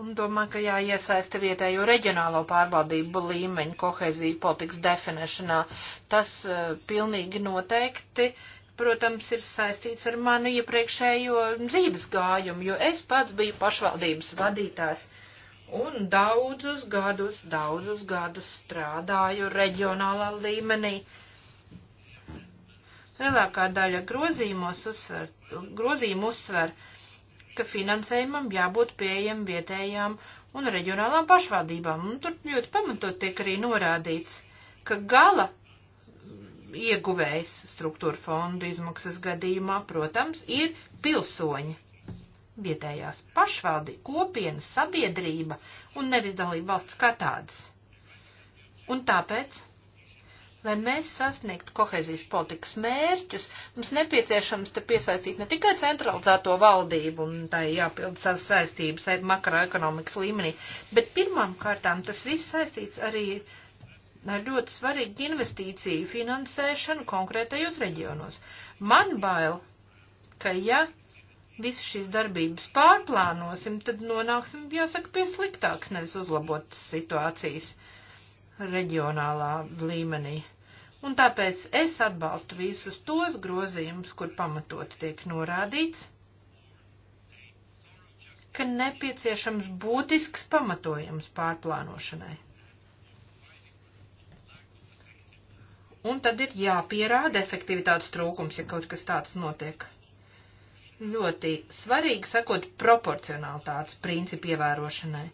Un domāju, ka jāiesaista vietējo reģionālo pārvaldību līmeņu koheziju politikas definēšanā. Tas uh, pilnīgi noteikti uh, protams, ir saistīts ar manu iepriekšējo dzīves gājumu, jo es pats biju pašvaldības vadītājs. Uh, un daudzus gadus, daudzus gadus strādāju reģionālā līmenī. Lielākā daļa grozījumos uzsver, grozījumu uzsver, ka finansējumam jābūt pieejam vietējām un reģionālām pašvaldībām, un tur ļoti pamatot tiek arī norādīts, ka gala ieguvējs struktūra fondu izmaksas gadījumā, protams, ir pilsoņi vietējās pašvaldi, kopienas, sabiedrība un nevis dalība valsts kā tādas. Un tāpēc, lai mēs sasniegtu kohezijas politikas mērķus, mums nepieciešams te piesaistīt ne tikai centralizēto valdību un tai jāpild savas saistības makroekonomikas līmenī, bet pirmām kārtām tas viss saistīts arī ar ļoti svarīgu investīciju finansēšanu konkrētajos reģionos. Man bail, ka ja visu šīs darbības pārplānosim, tad nonāksim, jāsaka, pie sliktāks, nevis uzlabotas situācijas reģionālā līmenī. Un tāpēc es atbalstu visus tos grozījumus, kur pamatot tiek norādīts, ka nepieciešams būtisks pamatojums pārplānošanai. Un tad ir jāpierāda efektivitātes trūkums, ja kaut kas tāds notiek ļoti svarīgi sakot proporcionalitātes principu ievērošanai.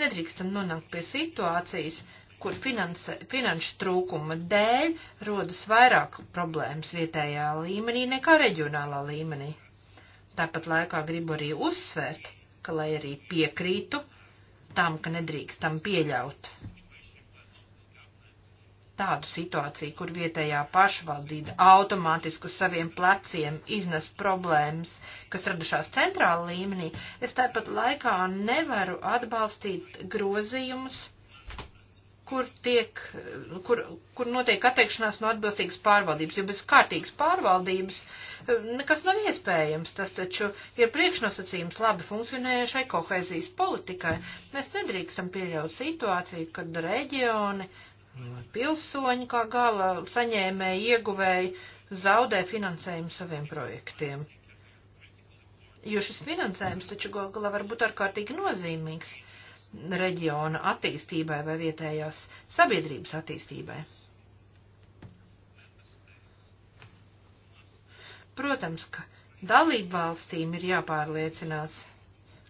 Nedrīkstam nonākt pie situācijas, kur finanse, finanšu trūkuma dēļ rodas vairāk problēmas vietējā līmenī nekā reģionālā līmenī. Tāpat laikā gribu arī uzsvērt, ka lai arī piekrītu tam, ka nedrīkstam pieļaut tādu situāciju, kur vietējā pašvaldība automātiski uz saviem pleciem iznes problēmas, kas radušās centrāla līmenī, es tāpat laikā nevaru atbalstīt grozījumus, kur, tiek, kur, kur notiek atteikšanās no atbilstīgas pārvaldības, jo bez kārtīgas pārvaldības eh, nekas nav iespējams. Tas taču ir priekšnosacījums labi funkcionējušai kohēzijas politikai. Mēs nedrīkstam pieļaut situāciju, kad reģioni. Uh, Pilsoņi kā gala saņēmēji ieguvēji zaudē finansējumu saviem projektiem. Jo šis finansējums taču galā var būt ārkārtīgi nozīmīgs reģiona attīstībai vai vietējās sabiedrības attīstībai. Protams, ka dalību valstīm ir jāpārliecinās,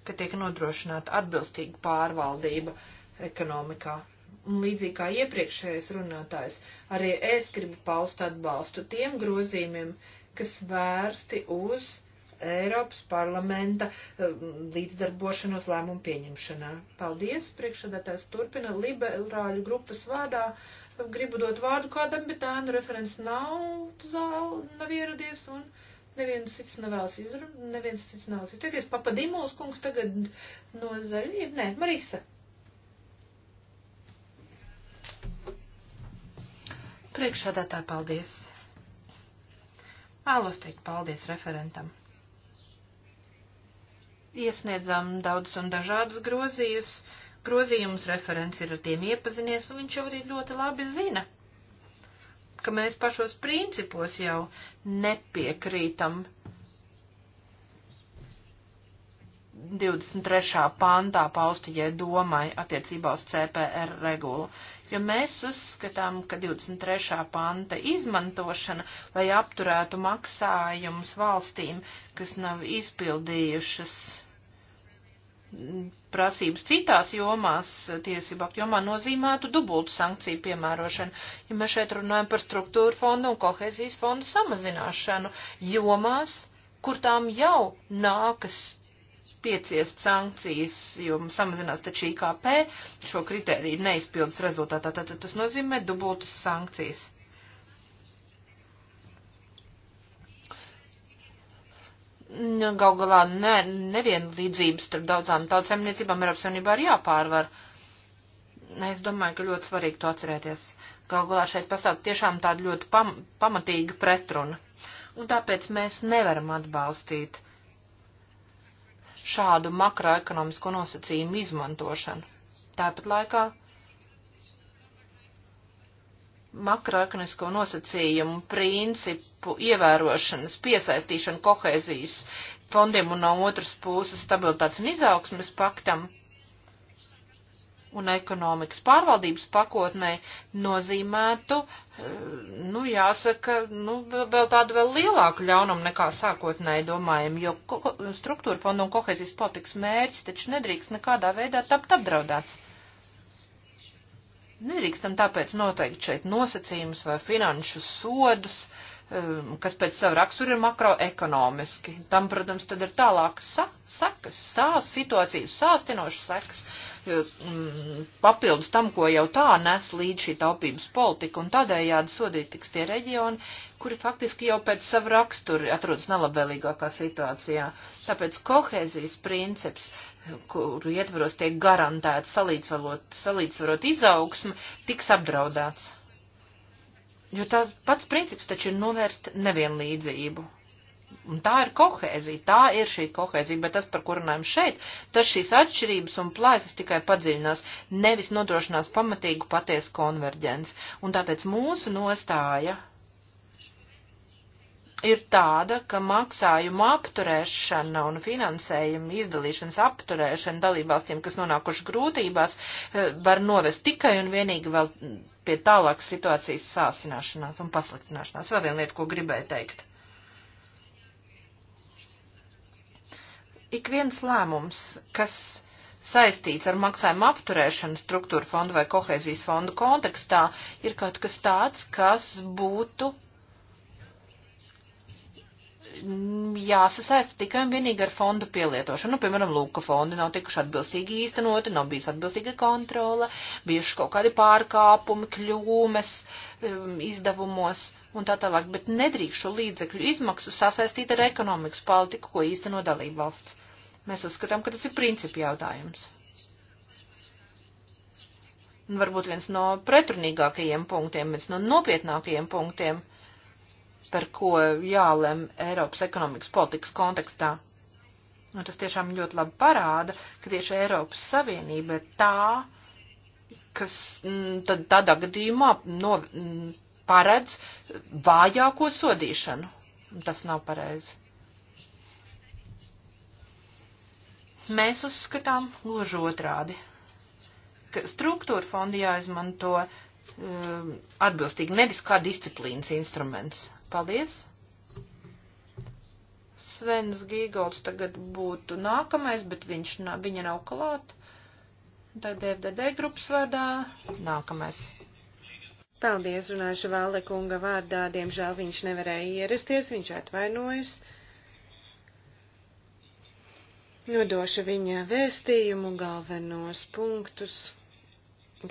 ka tiek nodrošināta atbilstīga pārvaldība ekonomikā un līdzīgi kā iepriekšējais runātājs, arī es gribu paust atbalstu tiem grozījumiem, kas vērsti uz Eiropas parlamenta eh, līdzdarbošanos lēmumu pieņemšanā. Paldies, priekšsēdētājs turpina liberāļu grupas vārdā. Gribu dot vārdu kādam, bet ēnu referents nav zāli, nav ieradies un neviens cits nevēlas izrunāt, neviens cits nevēlas izteikties. Papadimuls kungs tagad no zaļiem, nē, Marisa. Priekšādātāji, paldies! Vēlos teikt paldies referentam. Iesniedzām daudz un dažādas grozījus, grozījumus referents ir ar tiem iepazinies, un viņš jau arī ļoti labi zina, ka mēs pašos principos jau nepiekrītam 23. pāntā paustajai domai attiecībā uz CPR regulu jo mēs uzskatām, ka 23. panta izmantošana, lai apturētu maksājumus valstīm, kas nav izpildījušas prasības citās jomās, tiesību aktu jomā, nozīmētu dubultu sankciju piemērošanu. Ja mēs šeit runājam par struktūru fondu un kohēzijas fondu samazināšanu jomās, kur tām jau nākas pieciest sankcijas, jo samazinās taču IKP šo kritēriju neizpildas rezultātā. Tātad tas nozīmē dubultas sankcijas. Nu, gal galā ne, nevienlīdzības starp daudzām tautsēmniecībām Eiropas Savienībā ir jāpārvar. Es domāju, ka ļoti svarīgi to atcerēties. Gal galā šeit pastāv tiešām tāda ļoti pam, pamatīga pretruna. Un tāpēc mēs nevaram atbalstīt uh, šādu makroekonomisko nosacījumu izmantošanu. Tāpat laikā makroekonomisko nosacījumu principu ievērošanas, piesaistīšanu kohēzijas fondiem un no otras puses stabilitātes un izaugsmes paktam un ekonomikas pārvaldības pakotnē nozīmētu, eh, nu, jāsaka, nu, vēl tādu vēl lielāku ļaunumu nekā sākotnēji domājam, jo struktūra fonda un kohēzijas politikas mērķis taču nedrīkst nekādā veidā tapt apdraudēts. Nedrīkstam tāpēc noteikt šeit nosacījumus vai finanšu sodus, eh, kas pēc sava rakstura ir makroekonomiski. Tam, protams, tad ir tālākas sa sekas, sās situācijas sāstinošas sekas. Eh, mm, papildus tam, ko jau tā nes līdz šī taupības politika, un tādējādi sodīt tiks tie reģioni, kuri faktiski jau pēc sava rakstura atrodas nelabvēlīgākā situācijā. Tāpēc kohēzijas princips, kuru ietvaros tiek garantēts salīdzvarot izaugsmu, tiks apdraudēts. Jo tā pats princips taču ir novērst nevienlīdzību Un tā ir kohēzija, tā ir šī kohēzija, bet tas, par kur runājam šeit, tas šīs atšķirības un plājas tikai padziļinās, nevis nodrošinās pamatīgu patiesu konverģents. Un tāpēc mūsu nostāja ir tāda, ka maksājumu apturēšana un finansējuma izdalīšanas apturēšana dalībvalstīm, kas nonākuši grūtībās, eh, var novest tikai un vienīgi vēl pie tālākas situācijas sāsināšanās un pasliktināšanās. Vēl viena lieta, ko gribēju teikt. Ik viens lēmums, kas saistīts ar maksājumu apturēšanu struktūra fondu vai kohēzijas fondu kontekstā, ir kaut kas tāds, kas būtu jāsasaista tikai un vienīgi ar fondu pielietošanu. Nu, piemēram, lūka fondi nav tikuši atbilstīgi īstenoti, nav bijis atbilstīga kontrole, bijuši kaut kādi pārkāpumi, kļūmes um, izdevumos un tā tālāk, bet nedrīkšu līdzekļu izmaksu sasaistīt ar ekonomikas politiku, ko īsteno dalību valsts. Mēs uzskatām, ka tas ir principi jautājums. Un varbūt viens no pretrunīgākajiem punktiem, viens no nopietnākajiem punktiem. Uh, par ko jālem Eiropas ekonomikas politikas kontekstā. Un tas tiešām ļoti labi parāda, ka tieši Eiropas Savienība ir tā, kas mm, tad tādā gadījumā no, mm, paredz vājāko sodīšanu. Tas nav pareizi. Mēs uzskatām gluži otrādi, ka struktūra fondi jāizmanto um, atbilstīgi, nevis kā disciplīnas instruments. Paldies! Svens Gīgolds tagad būtu nākamais, bet viņš, viņa nav klāt. Tad FDD grupas vārdā nākamais. Paldies, runāšu Vāle kunga vārdā. Diemžēl viņš nevarēja ierasties, viņš atvainojas. Nodošu viņa vēstījumu galvenos punktus,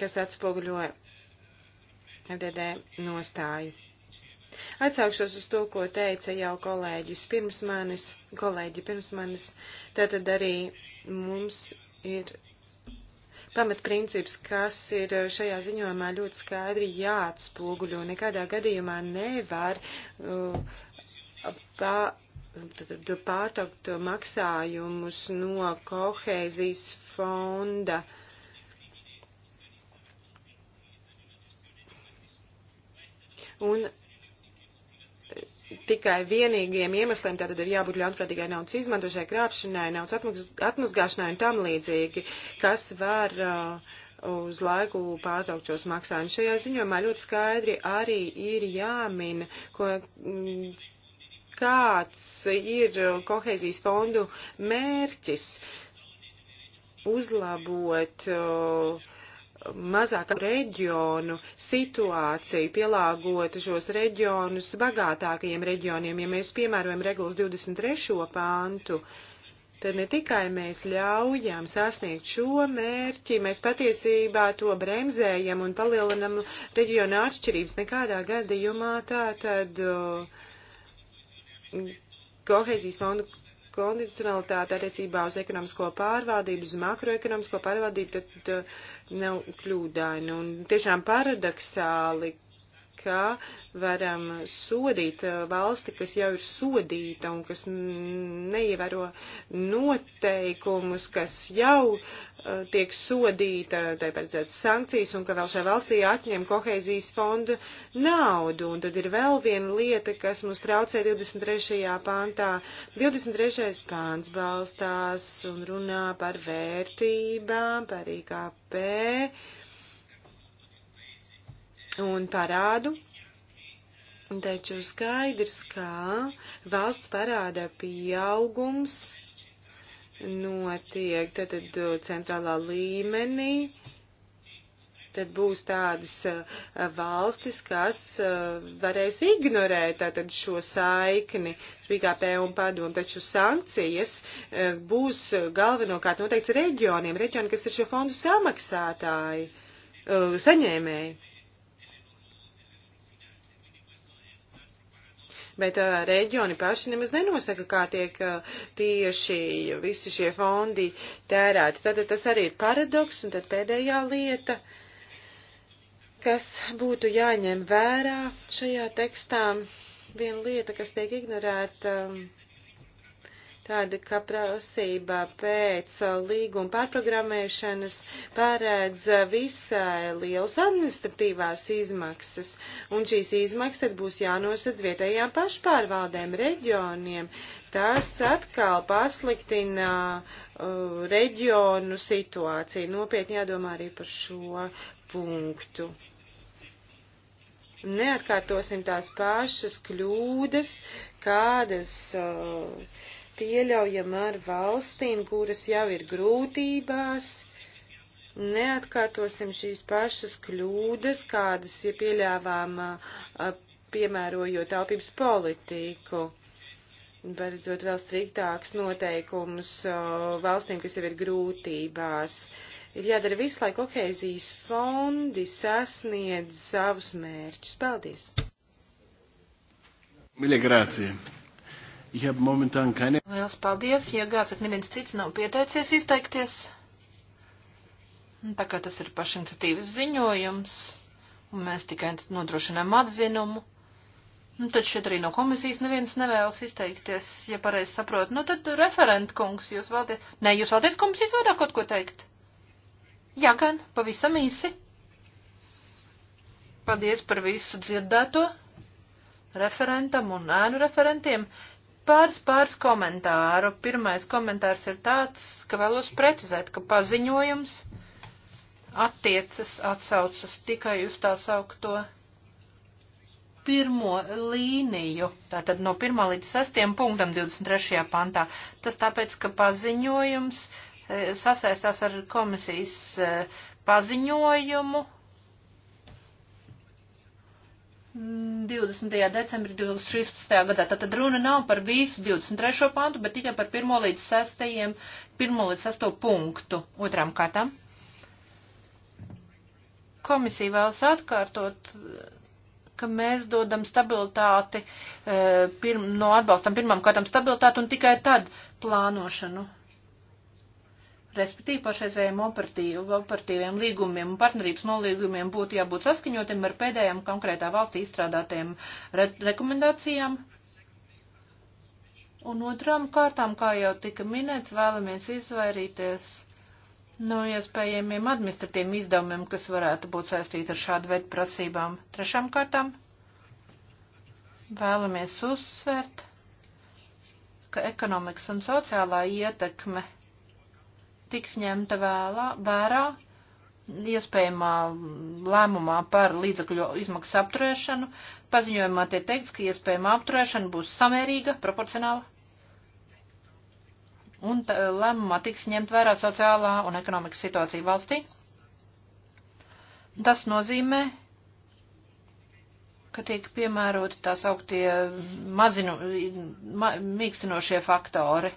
kas atspoguļoja FDD nostāju. Atsaukšos uz to, ko teica jau kolēģis pirms manis, kolēģi pirms manis, tātad arī mums ir pamatprincips, kas ir šajā ziņojumā ļoti skaidri jāatspoguļo. Nekādā gadījumā nevar uh, pā, pārtraukt maksājumus no kohēzijas fonda. Uh, Un e, tikai vienīgiem iemesliem tātad ir jābūt ļaunprātīgai naudas izmantošai, krāpšanai, naudas atmazgāšanai un tam līdzīgi, kas var uh, uz laiku pārtraukt šos maksājumus. Šajā ziņojumā ļoti skaidri arī ir jāmin, ko, m, mm, kāds ir kohēzijas fondu mērķis uzlabot uh, mazāku reģionu situāciju, pielāgot šos reģionus bagātākajiem reģioniem. Ja mēs piemērojam regulas 23. pāntu, tad ne tikai mēs ļaujam sasniegt šo mērķi, mēs patiesībā to bremzējam un palielinam reģionu atšķirības nekādā gadījumā. Tā tad uh, kohēzijas fondu kondicionalitāte attiecībā uz ekonomisko pārvaldību, uz makroekonomisko pārvaldību, tad, tad nav nu, kļūdaini. Un tiešām paradoxāli, ka varam sodīt eh, valsti, kas jau ir sodīta un kas neievēro noteikumus, kas jau uh, tiek sodīta, tai paredzētas sankcijas, un ka vēl šai valstī atņem koheizijas fonda naudu. Un tad ir vēl viena lieta, kas mums traucē 23. pāntā. 23. pāns balstās un runā par vērtībām, par IKP un parādu. Taču skaidrs, ka valsts parāda pieaugums notiek tad, tad centrālā līmenī, tad būs tādas valstis, kas varēs ignorēt tātad šo saikni IKP un padomu, taču sankcijas būs galvenokārt noteikts reģioniem, reģioni, kas ir šo fondu samaksātāji, saņēmēji. bet uh, reģioni paši nemaz nenosaka, kā tiek uh, tieši visi šie fondi tērēti. Tātad tas arī ir paradoks, un tad pēdējā lieta, kas būtu jāņem vērā šajā tekstā, viena lieta, kas tiek ignorēta. Um, tāda, ka prasība pēc līguma pārprogrammēšanas pārēdz visai liels administratīvās izmaksas, un šīs izmaksas tad būs jānosadz vietējām pašpārvaldēm, reģioniem. Tas atkal pasliktina uh, reģionu situāciju. Nopietni jādomā arī par šo punktu. Neatkārtosim tās pašas kļūdas, kādas uh, pieļaujam ar valstīm, kuras jau ir grūtībās. Neatkārtosim šīs pašas kļūdas, kādas ir pieļāvām, piemērojot taupības politiku paredzot vēl striktākus noteikumus valstīm, kas jau ir grūtībās. Ir jādara visu, lai kohēzijas fondi sasniedz savus mērķus. Paldies! Mīļie grācija! Ich habe momentan keine. Lielas paldies, ja jāsaka, neviens cits nav pieteicies izteikties. Un tā kā tas ir pašiniciatīvas ziņojums, un mēs tikai nodrošinām atzinumu, nu tad šeit arī no komisijas neviens nevēlas izteikties, ja pareizi saprotu. Nu tad referent kungs, jūs vēlaties, nē, jūs vēlaties komisijas vārdā kaut ko teikt? Jā, gan, pavisam īsi. Paldies par visu dzirdēto referentam un ēnu referentiem. Pāris, pāris komentāru. Pirmais komentārs ir tāds, ka vēlos precizēt, ka paziņojums attiecas, atsaucas tikai uz tā saukto pirmo līniju, tātad no 1 līdz 6 punktam 23. pantā. Tas tāpēc, ka paziņojums e, sasaistās ar komisijas e, paziņojumu 20. Mm, decembrī 2013. gadā. Tātad runa nav par visu 23. pantu, bet tikai par 1. līdz 6. 1. līdz 6. punktu otram kārtam. Komisija vēlas atkārtot, ka mēs dodam stabilitāti, eh, pirm, no atbalstam pirmam kārtam stabilitāti un tikai tad plānošanu respektīvi pašreizējiem operatīv, operatīviem līgumiem un partnerības nolīgumiem būtu jābūt saskaņotiem ar pēdējām konkrētā valstī izstrādātiem re rekomendācijām. Un otrām kārtām, kā jau tika minēts, vēlamies izvairīties no iespējamiem administratīviem izdevumiem, kas varētu būt saistīti ar šādu veidu prasībām. Trešām kārtām vēlamies uzsvērt, ka ekonomikas un sociālā ietekme – tiks ņemta vēlā, vērā iespējamā lēmumā par līdzakļu izmaksu apturēšanu. Paziņojumā tiek teikts, ka iespējama apturēšana būs samērīga, proporcionāla. Un lēmumā tiks ņemt vērā sociālā un ekonomikas situācija valstī. Tas nozīmē, ka tiek piemēroti tās augtie mazinu, ma, mīkstinošie faktori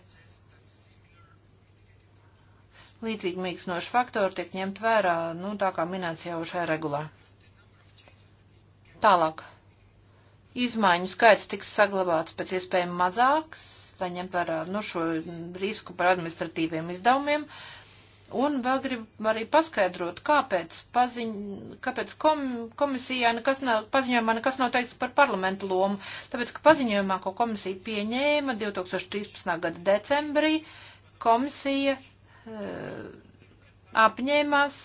līdzīgi mīkstinoši faktori tiek ņemt vērā, nu, tā kā minēts jau šajā regulā. Tālāk. Izmaiņu skaits tiks saglabāts pēc iespējami mazāks, lai ņemt vērā, nu, šo risku par administratīviem izdevumiem. Un vēl gribu arī paskaidrot, kāpēc, paziņ, kāpēc kom, komisijā nekas nav, paziņojumā nekas nav teikts par parlamentu lomu. Tāpēc, ka paziņojumā, ko komisija pieņēma 2013. gada decembrī, komisija Eh, apņēmās,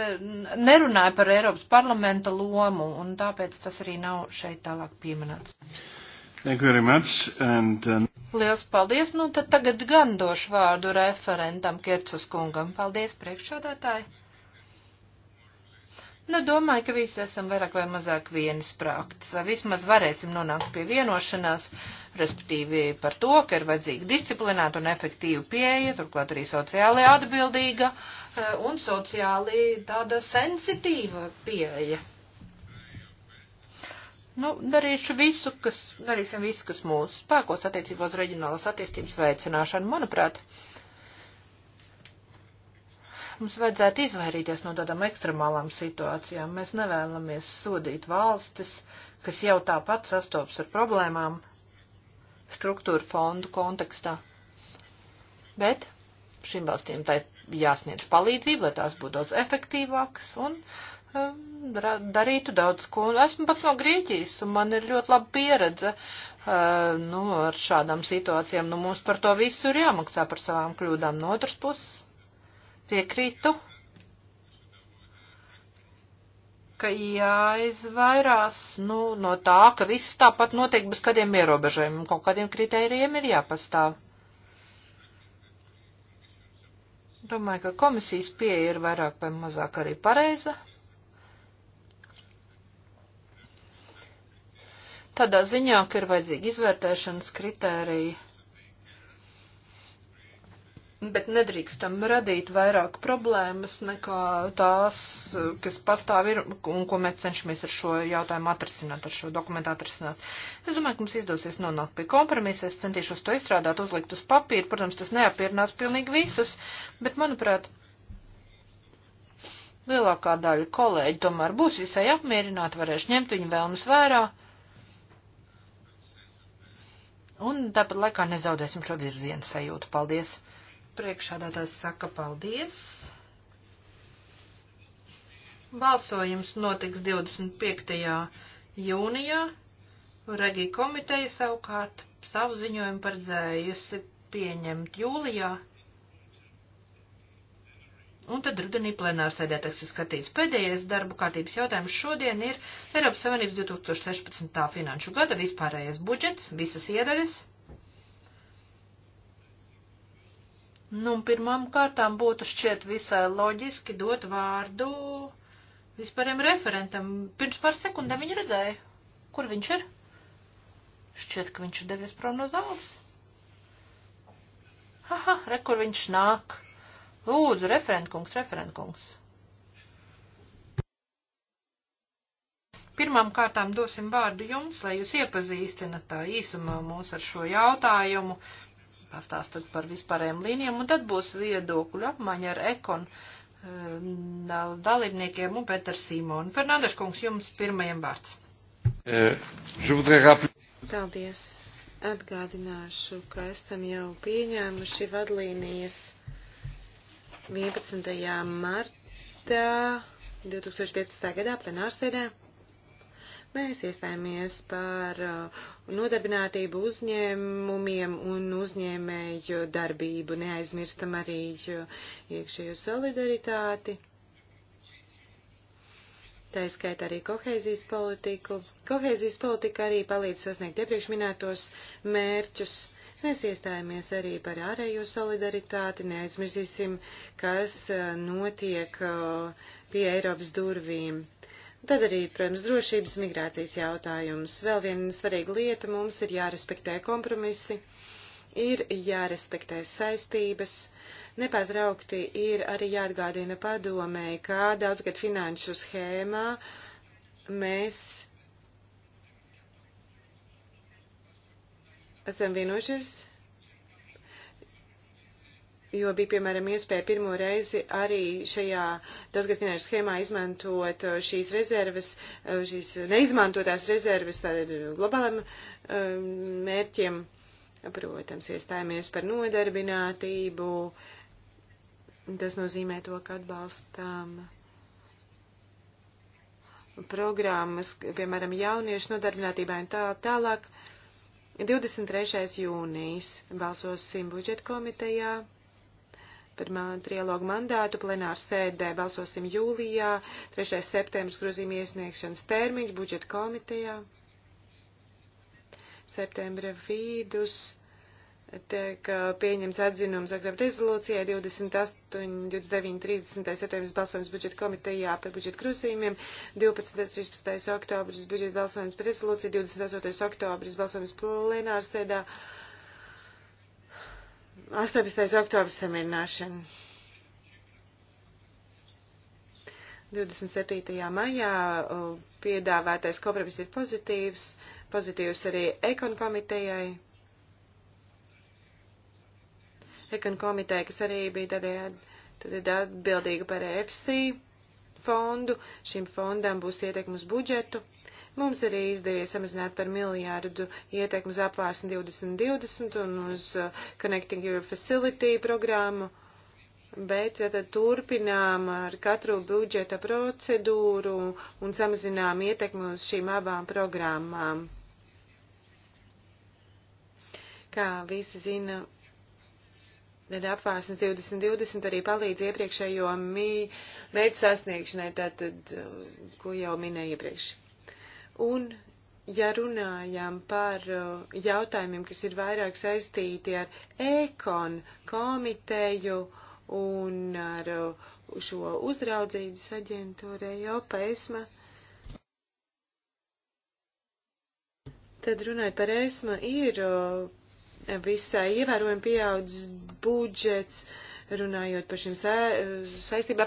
eh, nerunāja par Eiropas parlamenta lomu, un tāpēc tas arī nav šeit tālāk pieminēts. Thank you very much. And, um... Liels paldies. Nu, tad tagad gan došu vārdu referentam Kircus kungam. Paldies, priekšsādātāji. Nu, domāju, ka visi esam vairāk vai mazāk vienas prāktas, vai vismaz varēsim nonākt pie vienošanās, respektīvi par to, ka ir vajadzīga disciplinēta un efektīva pieeja, turklāt arī sociāli atbildīga eh, un sociāli tāda sensitīva pieeja. Nu, darīšu visu, kas, darīsim visu, kas mūsu spēkos attiecībā uz reģionālas attīstības veicināšanu, manuprāt. Uh, Mums vajadzētu izvairīties no tādām ekstremālām situācijām. Mēs nevēlamies sodīt valstis, kas jau tāpat sastopas ar problēmām struktūra fondu kontekstā. Bet šīm valstīm tai jāsniedz palīdzība, lai tās būtu daudz efektīvākas un um, darītu daudz ko. Esmu pats no Grieķijas, un man ir ļoti laba pieredze uh, nu, ar šādām situācijām. Nu, mums par to visu ir jāmaksā par savām kļūdām no otras puses. Piekrītu, ka jāizvairās nu, no tā, ka viss tāpat notiek bez kādiem ierobežojumiem, kaut kādiem kritērijiem ir jāpastāv. Domāju, ka komisijas pieeja ir vairāk vai mazāk arī pareiza. Tādā ziņā, ka ir vajadzīgi izvērtēšanas kritēriji bet nedrīkstam radīt vairāk problēmas nekā tās, kas pastāv ir un ko mēs cenšamies ar šo jautājumu atrisināt, ar šo dokumentu atrisināt. Es domāju, ka mums izdosies nonākt pie kompromisa, es centīšos to izstrādāt, uzlikt uz papīra, protams, tas neapmierinās pilnīgi visus, bet manuprāt, lielākā daļa kolēģi tomēr būs visai apmierināti, varēs ņemt viņu vēlmes vērā. Un tāpat laikā nezaudēsim šo virzienu sajūtu. Paldies! Priekšādātājs saka paldies. Balsojums notiks 25. jūnijā. Regija komiteja savukārt savu ziņojumu paredzējusi pieņemt jūlijā. Un tad rudenī plenārsēdē tiks skatīts pēdējais darbu kārtības jautājums šodien ir Eiropas Savienības 2016. finanšu gada vispārējais budžets, visas iedaļas. Nu, pirmām kārtām būtu šķiet visai loģiski dot vārdu vispāriem referentam. Pirms pār sekundēm viņi redzēja, kur viņš ir. Šķiet, ka viņš ir devies prom no zāles. Haha, re, kur viņš nāk. Lūdzu, referentkungs, referentkungs. Pirmām kārtām dosim vārdu jums, lai jūs iepazīstinat tā īsumā mūs ar šo jautājumu. Uh, pastāstot par vispārējiem līnijām, un tad būs viedokļu apmaiņa ar ekon eh, dalībniekiem un Pēter Simonu. Fernandeša kungs, jums pirmajam vārds. Eh, Paldies. Atgādināšu, ka esam jau pieņēmuši vadlīnijas 11. martā 2015. gadā plenārsēdē. Mēs iestājāmies par uh, nodarbinātību uzņēmumiem un uzņēmēju darbību. Neaizmirstam arī uh, iekšējo solidaritāti. Tā izskaita arī kohēzijas politiku. Kohēzijas politika arī palīdz sasniegt iepriekš minētos mērķus. Mēs iestājāmies arī par ārējo solidaritāti, neaizmirsīsim, kas uh, notiek pie Eiropas durvīm. Tad arī, protams, drošības migrācijas jautājums. Vēl viena svarīga lieta mums ir jārespektē kompromisi, ir jārespektē saistības. Nepārtraukti ir arī jāatgādina padomēji, kā daudzgad finanšu schēmā mēs esam vienojušies jo bija, piemēram, iespēja pirmo reizi arī šajā daudzgadfinēšu schēmā izmantot uh, šīs rezerves, uh, šīs neizmantotās rezerves uh, globālam um, mērķiem. Protams, iestājāmies par nodarbinātību. Tas nozīmē to, ka atbalstām programmas, piemēram, jauniešu nodarbinātībai un tā tālāk. 23. jūnijas balsosim budžeta komitejā par trialogu mandātu. Plenāru sēdē balsosim jūlijā, 3. septembris grozījuma iesniegšanas termiņš budžeta komitejā. Septembra vidus tiek uh, pieņemts atzinums agrāk rezolūcijai 28, 29, 30. septembris balsojums budžeta komitejā par budžeta krusījumiem, 12. 13. oktobris budžeta balsojums par rezolūciju, 28. oktobris balsojums plenārsēdā. sēdā. 18. oktobrs samierināšana. 27. maijā piedāvātais kompromiss ir pozitīvs, pozitīvs arī ekon komitejai. Ekon komiteja, kas arī bija tādējādi atbildīga par EFSI fondu, šim fondam būs ietekmes budžetu. Mums arī izdevies samazināt par miljārdu ietekmu uz apvārsni 2020 un uz uh, Connecting Europe Facility programmu, bet ja tad turpinām ar katru budžeta procedūru un samazinām ietekmi uz šīm abām programmām. Kā visi zina, Tad apvārsnes 2020 arī palīdz iepriekšējo mī mērķu sasniegšanai, tātad, uh, ko jau minēju iepriekš. Un, ja runājam par uh, jautājumiem, kas ir vairāk saistīti ar ekon komiteju un ar uh, šo uzraudzības aģentūru Eiropa ESMA, Tad runājot par ESMA, ir uh, visai ievērojami pieaudzis budžets, uh, runājot par šīm saistību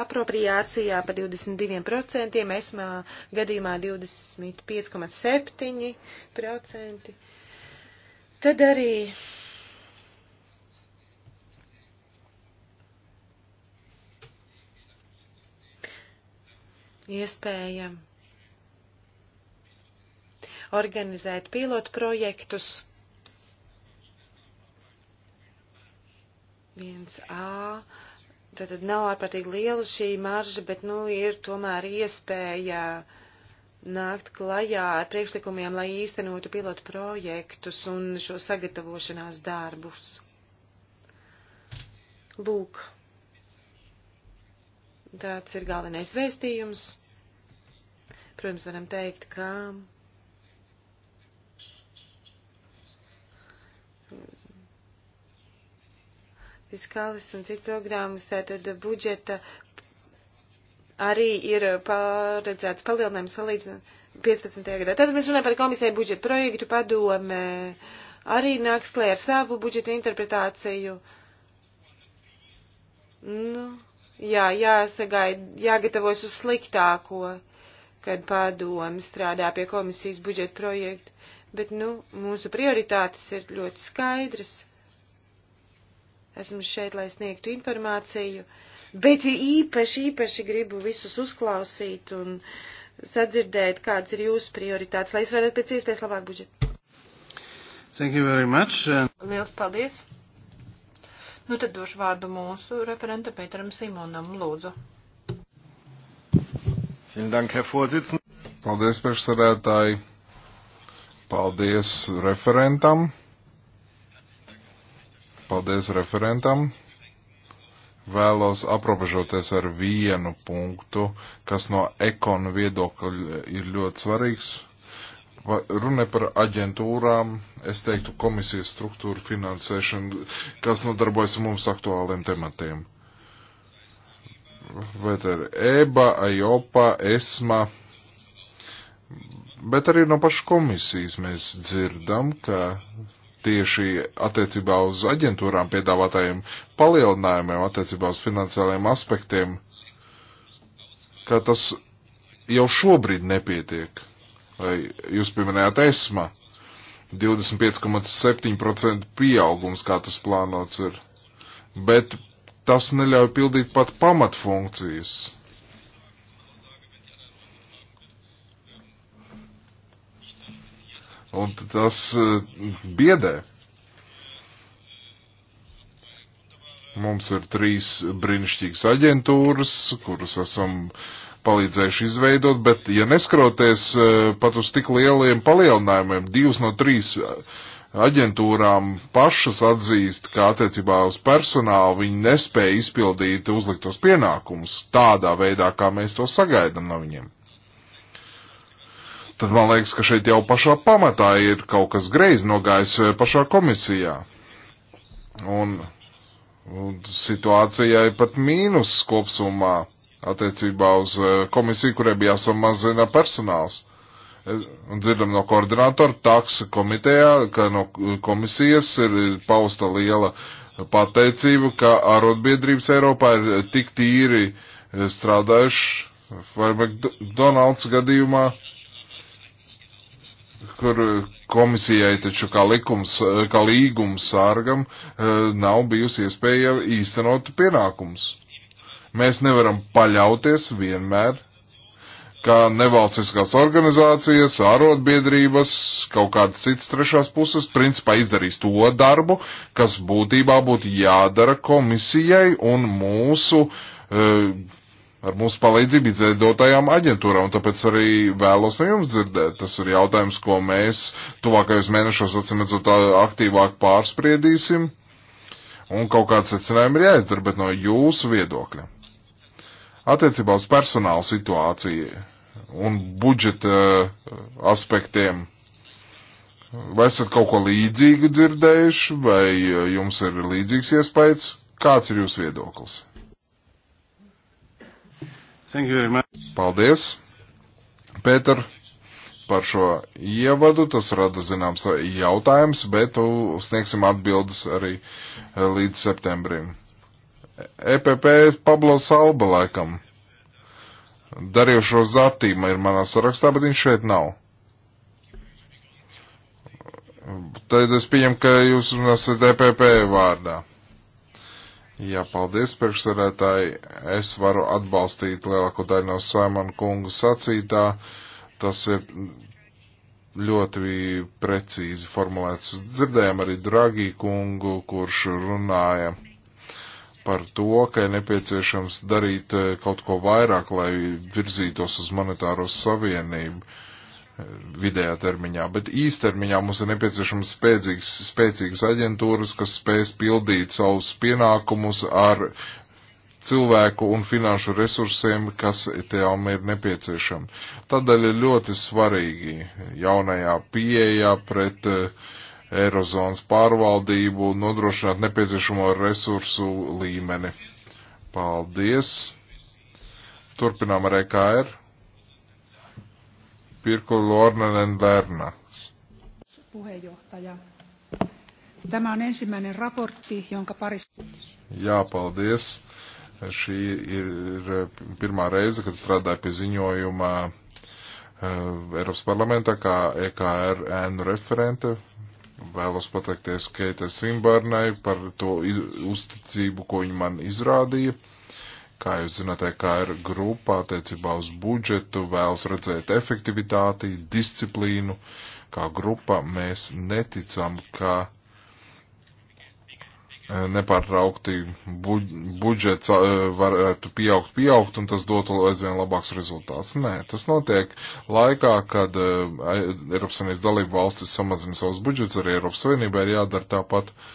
apropriācijā par 22%, esmā gadījumā 25,7%. Tad arī iespēja organizēt pilotu projektus 1A. Tātad nav ārkārtīgi liela šī marža, bet, nu, ir tomēr iespēja nākt klajā ar priekšlikumiem, lai īstenotu pilotu projektus un šo sagatavošanās darbus. Lūk, tāds ir galvenais vēstījums. Protams, varam teikt, ka fiskālis un citu programmas, tātad budžeta arī ir paredzēts palielinājums salīdzinot 15. gadā. Tātad mēs runājam par komisiju budžeta projektu padome, arī nāks klē ar savu budžeta interpretāciju. Nu, jā, jāsagaid, jāgatavojas uz sliktāko, kad padome strādā pie komisijas budžeta projekta. Bet, nu, mūsu prioritātes ir ļoti skaidras Esmu šeit, lai sniegtu informāciju, bet īpaši, īpaši gribu visus uzklausīt un sadzirdēt, kādas ir jūsu prioritātes, lai es varētu pēc iespējas labāk budžetu. Thank you very much. Uh, Liels paldies. Nu tad došu vārdu mūsu referenta Pēteram Simonam. Lūdzu. Vielen Dank, Herr Vorsitzender. Paldies, priekšsarētāji. Paldies referentam. Paldies referentam. Vēlos aprobežoties ar vienu punktu, kas no ekonu viedokļa ir ļoti svarīgs. Runa par aģentūrām, es teiktu komisijas struktūru finansēšanu, kas nodarbojas mums aktuāliem tematiem. Vai tā ir EBA, AJOPA, ESMA, e bet arī no pašas komisijas mēs dzirdam, ka tieši attiecībā uz aģentūrām piedāvātajiem palielinājumiem, attiecībā uz finansiāliem aspektiem, ka tas jau šobrīd nepietiek. Vai jūs pieminējāt ESMA 25,7% pieaugums, kā tas plānots ir, bet tas neļauj pildīt pat pamatfunkcijas Un tas eh, biedē. Mums ir trīs brīnišķīgas aģentūras, kuras esam palīdzējuši izveidot, bet, ja neskaroties eh, pat uz tik lieliem palielinājumiem, divas no trīs eh, aģentūrām pašas atzīst, ka attiecībā uz personālu viņi nespēja izpildīt uzliktos pienākumus tādā veidā, kā mēs to sagaidām no viņiem tad man liekas, ka šeit jau pašā pamatā ir kaut kas greizi nogājis e, pašā komisijā. Un, un situācijai pat mīnus kopsumā attiecībā uz e, komisiju, kurai bija jāsamazina personāls. E, un dzirdam no koordinātora taksa komitejā, ka no komisijas ir pausta liela pateicība, ka arotbiedrības Eiropā ir tik tīri strādājuši, vai McDonalds gadījumā kur komisijai taču kā likums, kā līgums sārgam eh, nav bijusi iespēja īstenot pienākums. Mēs nevaram paļauties vienmēr, kā nevalstiskās organizācijas, ārotbiedrības, kaut kādas citas trešās puses, principā izdarīs to darbu, kas būtībā būtu jādara komisijai un mūsu uh, ar mūsu palīdzību izveidotajām aģentūrām, un tāpēc arī vēlos no jums dzirdēt. Tas ir jautājums, ko mēs tuvākajos mēnešos atsimedzot aktīvāk pārspriedīsim, un kaut kāds secinājumi ir jāizdara, bet no jūsu viedokļa. Attiecībā uz personāla situāciju un budžeta eh, aspektiem. Vai esat kaut ko līdzīgu dzirdējuši, vai eh, jums ir līdzīgs iespējas? Kāds ir jūsu viedoklis? Thank you very much. Paldies, Pēter, par šo ievadu. Tas rada zināms jautājums, bet sniegsim atbildes arī eh, līdz septembrim. EPP Pablo Salba laikam. Darījušo zatīma ir manā sarakstā, bet viņš šeit nav. Tad es pieņemu, ka jūs runāsiet EPP vārdā. Jā, paldies, priekšsēdētāji. Es varu atbalstīt lielāko daļu no Saimana kunga sacītā. Tas ir ļoti precīzi formulēts. Dzirdējām arī Dragī kungu, kurš runāja par to, ka ir nepieciešams darīt eh, kaut ko vairāk, lai virzītos uz monetāro savienību. Uh, vidējā termiņā, bet īstermiņā mums ir nepieciešams spēcīgs, spēcīgas aģentūras, kas spēs pildīt savus pienākumus ar cilvēku un finanšu resursiem, kas tajām ir nepieciešami. Tādēļ ir ļoti svarīgi jaunajā pieejā pret eh, Eirozonas pārvaldību nodrošināt nepieciešamo resursu līmeni. Paldies! Turpinām ar EKR. Pirko Lornanen Lernas. Puheenjohtaja. Tämä on ensimmäinen raportti, jonka parissa... Jā, paldies. Šī ir pirmā reize, kad strādāju pie ziņojuma eh, Eiropas parlamentā kā EKR ēnu referente. Vēlos pateikties Keitai Svimbārnai par to iz, uzticību, ko viņa man izrādīja. Uh, kā jūs zināt, EKR grupa attiecībā uz budžetu vēlas redzēt efektivitāti, disciplīnu. Kā grupa mēs neticam, ka e, nepārtraukti budžets e, varētu pieaugt, pieaugt, un tas dotu aizvien labāks rezultāts. Nē, tas notiek laikā, kad e, Eiropas Savienības dalību valstis samazina savus budžets, arī Eiropas Savienībai ir jādara tāpat. Uh,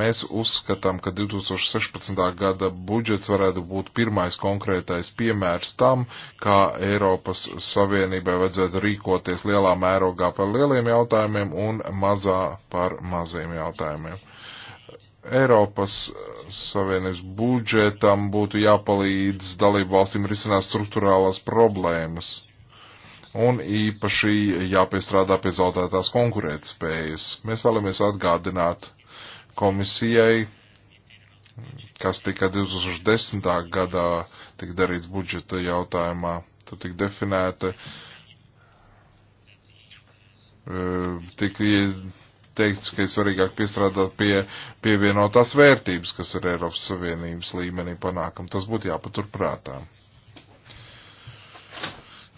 Mēs uzskatām, ka 2016. gada budžets varētu būt pirmais konkrētais piemērs tam, kā Eiropas Savienībai vajadzētu rīkoties lielā mērogā par lieliem jautājumiem un mazā par maziem jautājumiem. Eiropas Savienības budžetam būtu jāpalīdz dalību valstīm risināt struktūrālās problēmas un īpaši jāpiestrādā pie zaudētās konkurētspējas. Mēs vēlamies atgādināt komisijai, kas tika 2010. gadā tik darīts budžeta jautājumā. Tur tik definēta, e, tik teikts, ka ir svarīgāk piestrādāt pie pievienotās vērtības, kas ir Eiropas Savienības līmenī panākam. Tas būtu jāpatur prātā.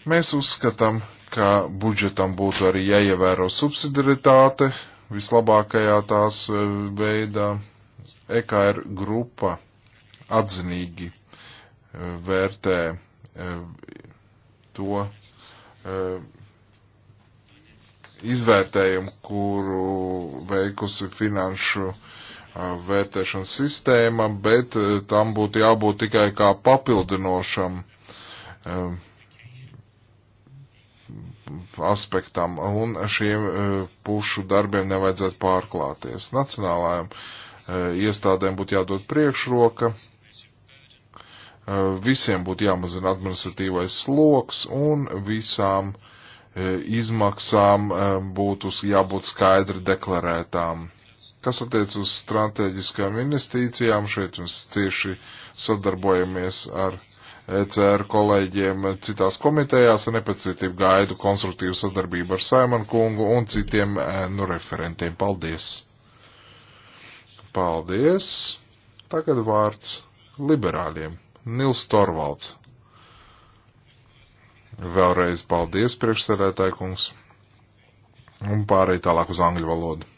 Mēs uzskatām, ka budžetam būtu arī jāievēro subsidiaritāte, vislabākajā tās e, veidā EKR grupa atzinīgi e, vērtē e, to izvērtējumu, kuru veikusi finanšu vērtēšanas sistēma, bet tam būtu jābūt tikai kā papildinošam aspektam, un šiem e, pušu darbiem nevajadzētu pārklāties. Nacionālajām e, iestādēm būtu jādod priekšroka, e, visiem būtu jāmazina administratīvais sloks, un visām izmaksām būtu jābūt skaidri deklarētām. Kas attiec uz strateģiskām investīcijām, šeit mēs cieši sadarbojamies ar ECR kolēģiem citās komitejās ar nepacietību gaidu konstruktīvu sadarbību ar Saimanu kungu un citiem e, nu referentiem. Paldies! Paldies! Tagad vārds liberāļiem. Nils Torvalds. Vēlreiz paldies, priekšsēdētāji kungs. Un pārēj tālāk uz angļu valodu.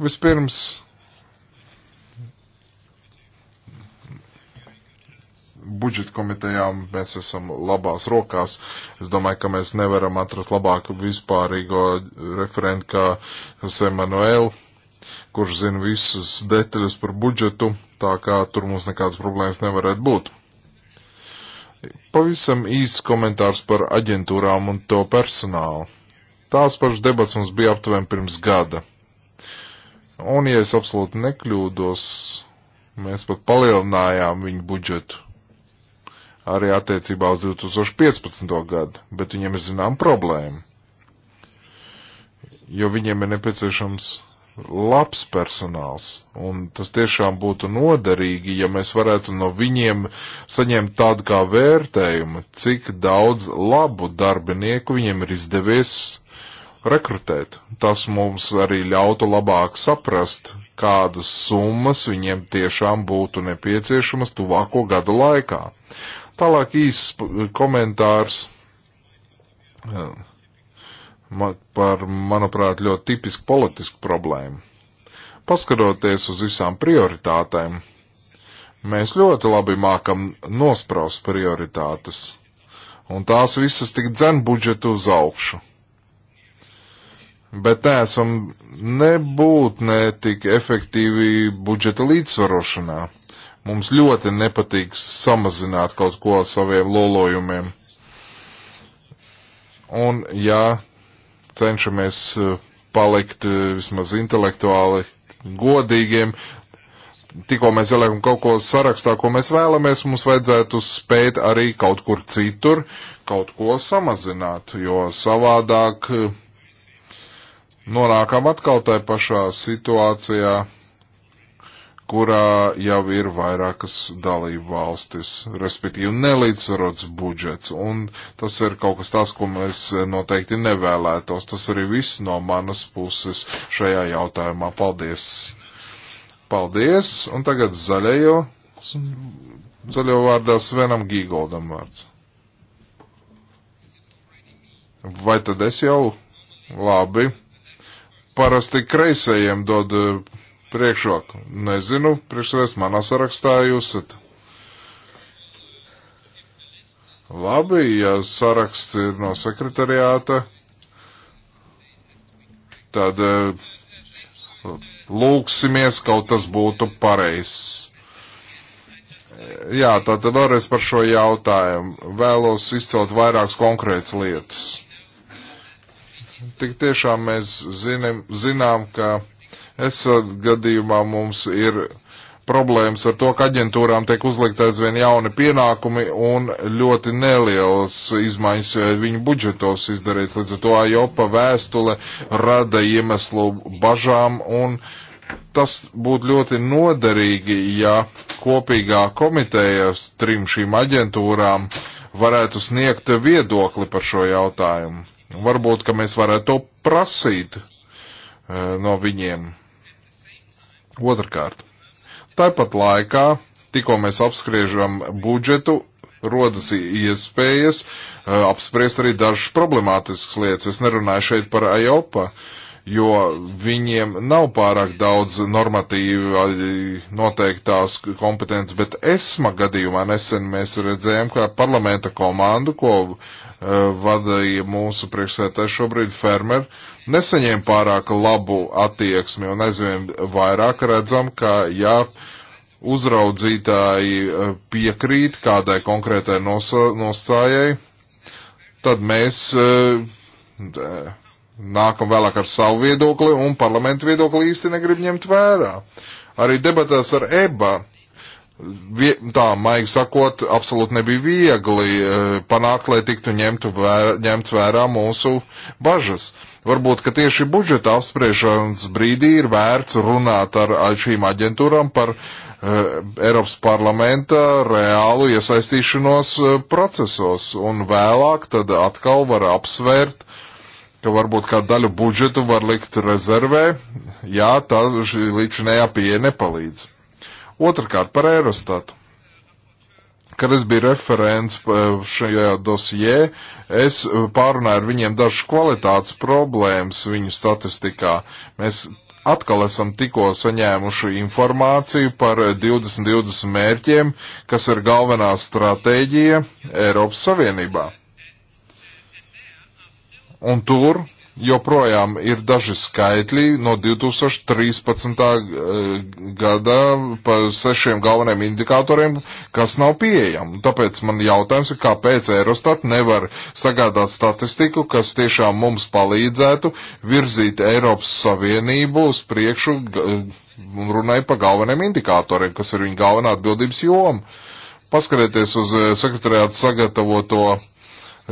Vispirms budžeta komitejām mēs esam labās rokās. Es domāju, ka mēs nevaram atrast labāku vispārīgo referentu kā Semanuēlu, kurš zina visas detaļas par budžetu, tā kā tur mums nekādas problēmas nevarētu būt. Pavisam īsts komentārs par aģentūrām un to personālu. Tās pašas debats mums bija aptuveni pirms gada. Un, ja es absolūti nekļūdos, mēs pat palielinājām viņu budžetu arī attiecībā uz 2015. gadu, bet viņiem ir zinām problēma, jo viņiem ir nepieciešams labs personāls, un tas tiešām būtu noderīgi, ja mēs varētu no viņiem saņemt tādu kā vērtējumu, cik daudz labu darbinieku viņiem ir izdevies rekrutēt. Tas mums arī ļautu labāk saprast, kādas summas viņiem tiešām būtu nepieciešamas tuvāko gadu laikā. Tālāk īsts komentārs par, manuprāt, ļoti tipisku politisku problēmu. Paskatoties uz visām prioritātēm, mēs ļoti labi mākam nospraust prioritātes, un tās visas tik dzen budžetu uz augšu. Bet neesam nebūt ne tik efektīvi budžeta līdzsvarošanā Mums ļoti nepatīk samazināt kaut ko saviem lolojumiem. Un, ja cenšamies eh, palikt eh, vismaz intelektuāli godīgiem, tikko mēs ieliekam kaut ko sarakstā, ko mēs vēlamies, mums vajadzētu spēt arī kaut kur citur kaut ko samazināt, jo savādāk eh, nonākam atkal tajā pašā situācijā, kurā jau ir vairākas dalību valstis, respektīvi nelīdzsvarots budžets, un tas ir kaut kas tās, ko mēs noteikti nevēlētos. Tas arī viss no manas puses šajā jautājumā. Paldies! Paldies! Un tagad zaļajo, zaļo vārdā Svenam Gīgoldam vārds. Vai tad es jau? Labi. Parasti kreisējiem dod priekšroku. Nezinu, priekšsēdēs manā sarakstā jūs esat. Labi, ja saraksts ir no sekretariāta, tad eh, lūksimies, kaut tas būtu pareizs. Jā, tātad vēlreiz par šo jautājumu. Vēlos izcelt vairākas konkrētas lietas. Tik tiešām mēs zinam, zinām, ka Es gadījumā mums ir problēmas ar to, ka aģentūrām tiek uzlikt aizvien jauni pienākumi un ļoti nelielas izmaiņas eh, viņu budžetos izdarīts. Līdz ar to AJOPA vēstule rada iemeslu bažām un tas būtu ļoti noderīgi, ja kopīgā komitejas trim šīm aģentūrām varētu sniegt viedokli par šo jautājumu. Varbūt, ka mēs varētu to prasīt eh, no viņiem Otrakārt, tāpat laikā, tikko mēs apspriežam budžetu, rodas iespējas eh, apspriest arī dažas problemātiskas lietas. Es nerunāju šeit par AIOPA, jo viņiem nav pārāk daudz normatīvi eh, noteiktās kompetences, bet ESMA gadījumā nesen mēs redzējām, kā parlamenta komandu, ko eh, vadīja mūsu priekšsētājs šobrīd Fermer, nesaņēma pārāk labu attieksmi, un aizvien vairāk redzam, ka ja uzraudzītāji eh, piekrīt kādai konkrētai nostājai, tad mēs eh, nākam vēlāk ar savu viedokli, un parlamentu viedokli īsti negrib ņemt vērā. Arī debatās ar EBA tā, maigi sakot, absolūti nebija viegli e, panākt, lai tiktu vēr, ņemts vērā mūsu bažas. Varbūt, ka tieši budžeta apspriešanas brīdī ir vērts runāt ar, ar šīm aģentūram par uh, Eiropas parlamenta reālu iesaistīšanos e, procesos, un vēlāk tad atkal var apsvērt, ka varbūt kā daļu budžetu var likt rezervē, ja tā līdz šī nepalīdz. Otrakārt par Eirostatu. Kad es biju referents eh, šajā dosijē, es eh, pārunāju ar viņiem dažas kvalitātes problēmas viņu statistikā. Mēs atkal esam tikko saņēmuši informāciju par 2020 eh, mērķiem, kas ir galvenā stratēģija Eiropas Savienībā. Un tur joprojām ir daži skaitļi no 2013. Eh, gada par sešiem galveniem indikatoriem, kas nav pieejami. Tāpēc man jautājums ir, kāpēc Eurostat nevar sagādāt statistiku, kas tiešām mums palīdzētu virzīt Eiropas Savienību uz priekšu un eh, runāja par galveniem indikatoriem, kas ir viņa galvenā atbildības joma. Paskatieties uz eh, sekretariātu sagatavoto uh,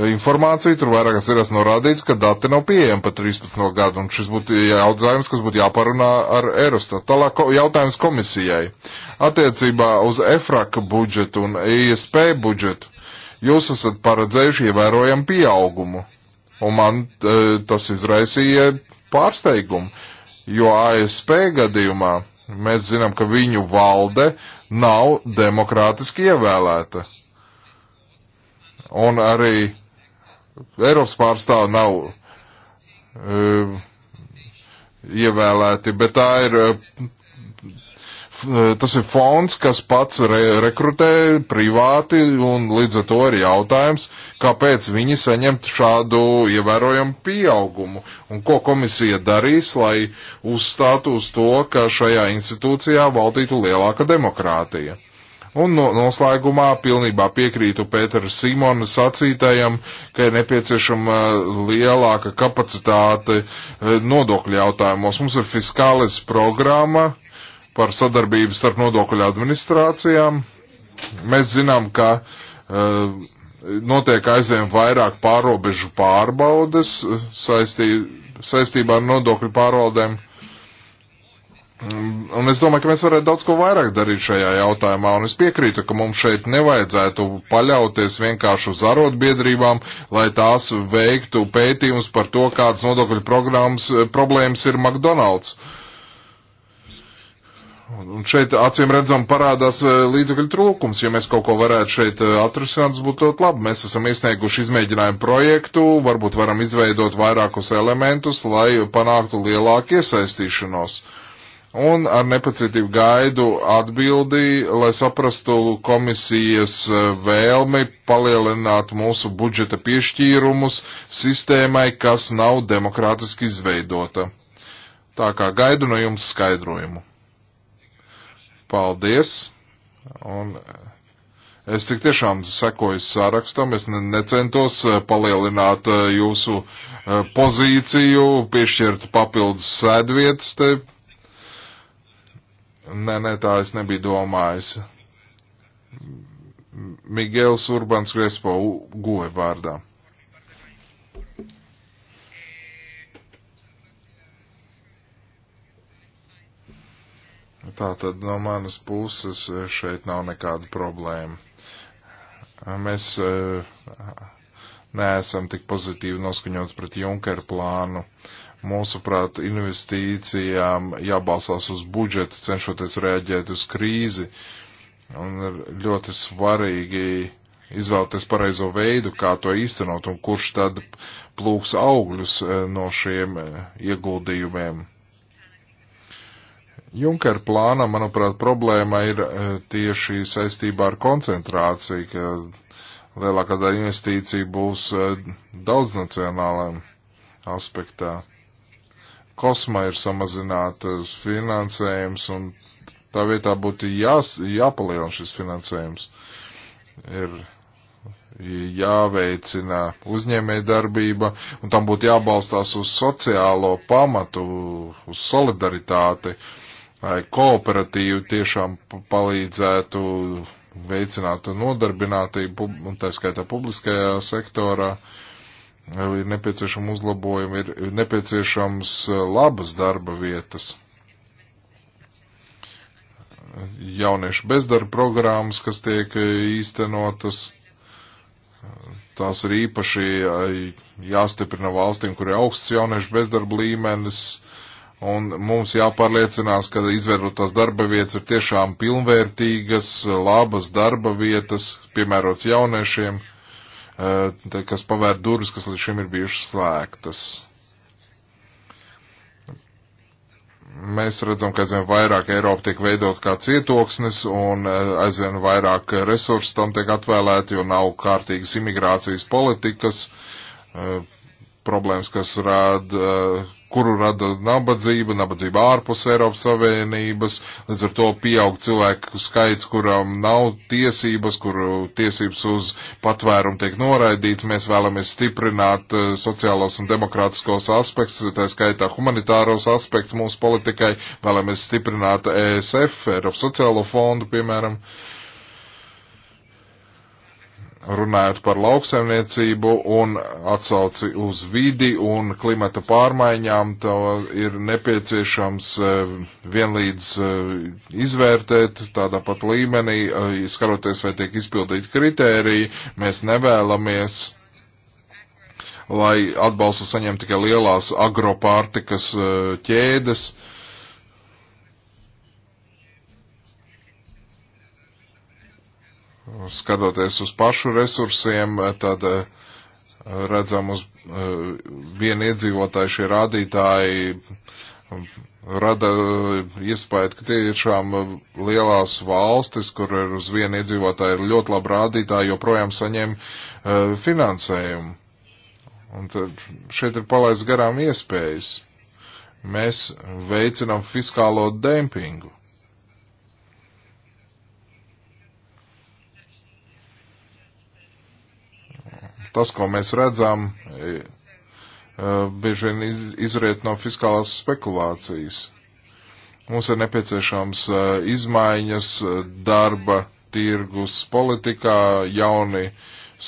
informāciju, tur vairākas ir norādīts, ka dati nav pieejami pat 13. gadu, un šis būtu jautājums, kas būtu jāparunā ar Eurostat. Tālāk jautājums komisijai. Attiecībā uz EFRAK budžetu un ESP budžetu jūs esat paredzējuši ievērojam pieaugumu, un man e, tas izraisīja pārsteigumu, jo ASP gadījumā mēs zinām, ka viņu valde nav demokrātiski ievēlēta un arī Eiropas pārstāvi nav uh, ievēlēti, bet tā ir. Uh, tas ir fonds, kas pats re rekrutē privāti, un līdz ar to ir jautājums, kāpēc viņi saņemt šādu ievērojumu pieaugumu, un ko komisija darīs, lai uzstātu uz to, ka šajā institūcijā valdītu lielāka demokrātija. Un noslēgumā pilnībā piekrītu Pēteru Simonu sacītajam, ka ir nepieciešama lielāka kapacitāte eh, nodokļu jautājumos. Mums ir fiskālis programma par sadarbību starp nodokļu administrācijām. Mēs zinām, ka eh, notiek aizvien vairāk pārobežu pārbaudes eh, saistī, saistībā ar nodokļu pārvaldēm Mm, un es domāju, ka mēs varētu daudz ko vairāk darīt šajā jautājumā, un es piekrītu, ka mums šeit nevajadzētu paļauties vienkārši uz arotbiedrībām, lai tās veiktu pētījumus par to, kādas nodokļu eh, problēmas ir McDonald's. Un šeit acīm redzam parādās eh, līdzekļu trūkums. Ja mēs kaut ko varētu šeit eh, atrisināt, tas būtu ļoti labi. Mēs esam iesnieguši izmēģinājumu projektu, varbūt varam izveidot vairākus elementus, lai panāktu lielāku iesaistīšanos. Uh, Un ar nepacietību gaidu atbildi, lai saprastu komisijas e, vēlmi palielināt mūsu budžeta piešķīrumus sistēmai, kas nav demokrātiski izveidota. Tā kā gaidu no jums skaidrojumu. Paldies! Un e, es tik tiešām sekoju sārakstam, es necentos e, palielināt jūsu pozīciju, piešķirt papildus sēdvietas tev Nē, nē, tā es nebiju domājis. Migels Urbans Grespo goja vārdā. Tā tad no manas puses šeit nav nekāda problēma. Mēs eh, neesam tik pozitīvi noskaņot pret Junkeru plānu. Uh, Mūsuprāt, investīcijām jābalsās uz budžetu, cenšoties reaģēt uz krīzi. Un ir ļoti svarīgi izvēlēties pareizo veidu, kā to īstenot un kurš tad plūks augļus e, no šiem e, ieguldījumiem. Junker plāna, manuprāt, problēma ir e, tieši saistībā ar koncentrāciju, ka lielākā daļa investīcija būs daudznacionālā aspektā kosmā ir samazināts eh, finansējums, un tā vietā būtu jās, jāpalielina šis finansējums. Ir jāveicina uzņēmēja darbība, un tam būtu jābalstās uz sociālo pamatu, uz solidaritāti, lai kooperatīvi tiešām palīdzētu veicināt nodarbinātību, un tā skaitā publiskajā sektorā. Uh, ir nepieciešama uzlabojuma, ir nepieciešams eh, labas darba vietas. Jauniešu bezdarba programmas, kas tiek eh, īstenotas, tās ir īpaši eh, jāstiprina valstīm, kur ir augsts jauniešu bezdarba līmenis, un mums jāpārliecinās, ka izveidotās darba vietas ir tiešām pilnvērtīgas, labas darba vietas, piemērots jauniešiem kas pavēr durvis, kas līdz šim ir bijušas slēgtas. Mēs redzam, ka aizvien vairāk Eiropa tiek veidot kā cietoksnis un aizvien vairāk resursu tam tiek atvēlēti, jo nav kārtīgas imigrācijas politikas, problēmas, kas rāda kuru rada nabadzība, nabadzība ārpus Eiropas Savienības, līdz ar to pieaug cilvēku skaits, kuram nav tiesības, kuru tiesības uz patvērumu tiek noraidīts. Mēs vēlamies stiprināt eh, sociālos un demokrātiskos aspektus, tā skaitā humanitāros aspektus mūsu politikai, vēlamies stiprināt ESF, Eiropas sociālo fondu, piemēram. Uh, runājot par lauksaimniecību un atsauci uz vidi un klimata pārmaiņām, to ir nepieciešams e, vienlīdz e, izvērtēt tādā pat līmenī, e, skaroties, vai tiek izpildīti kritēriji. Mēs nevēlamies, lai atbalstu saņem tikai lielās agropārtikas ķēdes. Uh, skatoties uz pašu resursiem, tad eh, redzam uz eh, vienu iedzīvotāju šie rādītāji mm, rada eh, iespēju, ka tie ir šām lielās valstis, kur ir uz vienu iedzīvotāju ir ļoti labi rādītāji, joprojām saņem finansējumu. Un tad šeit ir palaists garām iespējas. Mēs veicinām fiskālo dempingu. Tas, ko mēs redzam, e, e, bieži vien izriet no fiskālās spekulācijas. Mums ir nepieciešams e, izmaiņas darba tirgus politikā, jauni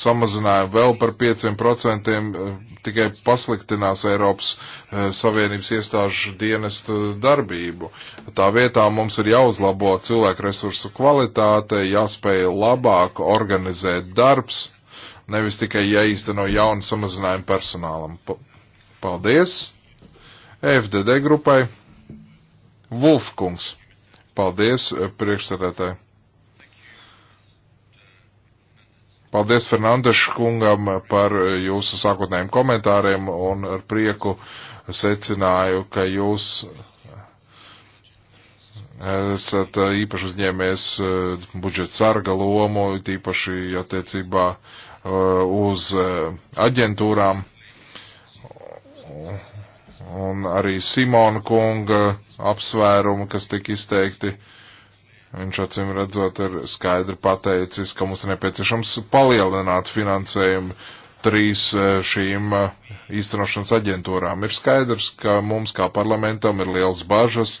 samazinājumi vēl par 5% tikai pasliktinās Eiropas Savienības iestāžu dienestu darbību. Tā vietā mums ir jāuzlabo cilvēku resursu kvalitāte, jāspēj labāk organizēt darbs nevis tikai jāīsteno jaunu samazinājumu personālam. Paldies! FDD grupai Vulfkungs. Paldies, eh, priekšsarētāji. Paldies Fernandešu kungam eh, par eh, jūsu sākotnējiem komentāriem un ar prieku secināju, ka jūs esat īpaši uzņēmies budžeta sarga lomu, tīpaši attiecībā Uh, uz uh, aģentūrām. Un arī Simona kunga apsvērumu, kas tika izteikti, viņš acīm redzot ir skaidri pateicis, ka mums ir nepieciešams palielināt finansējumu trīs uh, šīm īstenošanas aģentūrām. Ir skaidrs, ka mums kā parlamentam ir liels bažas,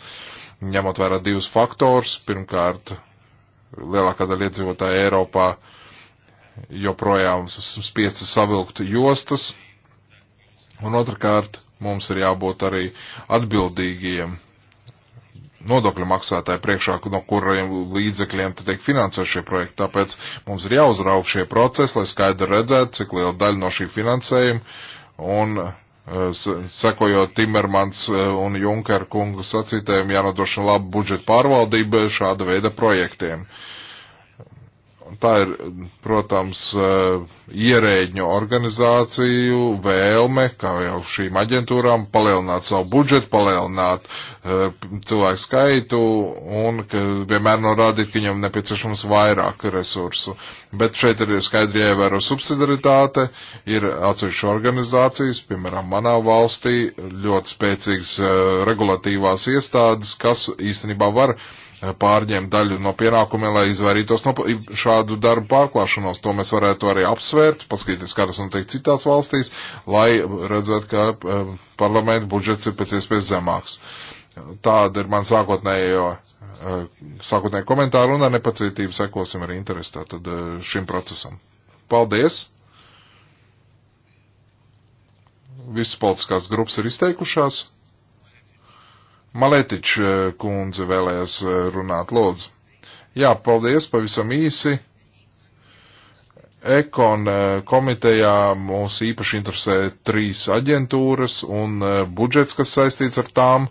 ņemot vērā divus faktors. Pirmkārt, lielākā daļa iedzīvotāja Eiropā uh, joprojām spiesti savilkt jostas, un otrkārt mums ir jābūt arī atbildīgiem nodokļu maksātāju priekšā, no kuriem līdzekļiem tiek finansē šie projekti. Tāpēc mums ir jāuzrauk šie procesi, lai skaidri redzētu, cik liela daļa no šī finansējuma un eh, sekojot Timermans eh, un Junker kungu sacītēm, jānodrošina laba budžeta pārvaldība šāda veida projektiem. Uh, tā ir, protams, eh, ierēģņu organizāciju vēlme, kā jau šīm aģentūrām, palielināt savu budžetu, palielināt uh, cilvēku skaitu un ka vienmēr norādīt, ka viņam nepieciešams vairāk resursu. Bet šeit ir skaidri jāievēro subsidaritāte, ir atsevišķas organizācijas, piemēram, manā valstī ļoti spēcīgas uh, regulatīvās iestādes, kas īstenībā var uh, pārņemt daļu no pienākumiem, lai izvairītos no šādu darbu pārklāšanos. To mēs varētu arī apsvērt, paskatīties, kā tas notiek citās valstīs, lai redzētu, ka eh, parlamenta budžets ir pēc iespējas zemāks. Tāda ir man sākotnējo, eh, sākotnējo komentāru un ar nepacietību sekosim arī interesi tātad eh, šim procesam. Paldies! Visas politiskās grupas ir izteikušās. Maletič eh, kundze vēlējās eh, runāt, lūdzu. Jā, paldies, pavisam īsi. Ekon eh, komitejā mūs īpaši interesē trīs aģentūras un budžets, kas saistīts ar tām,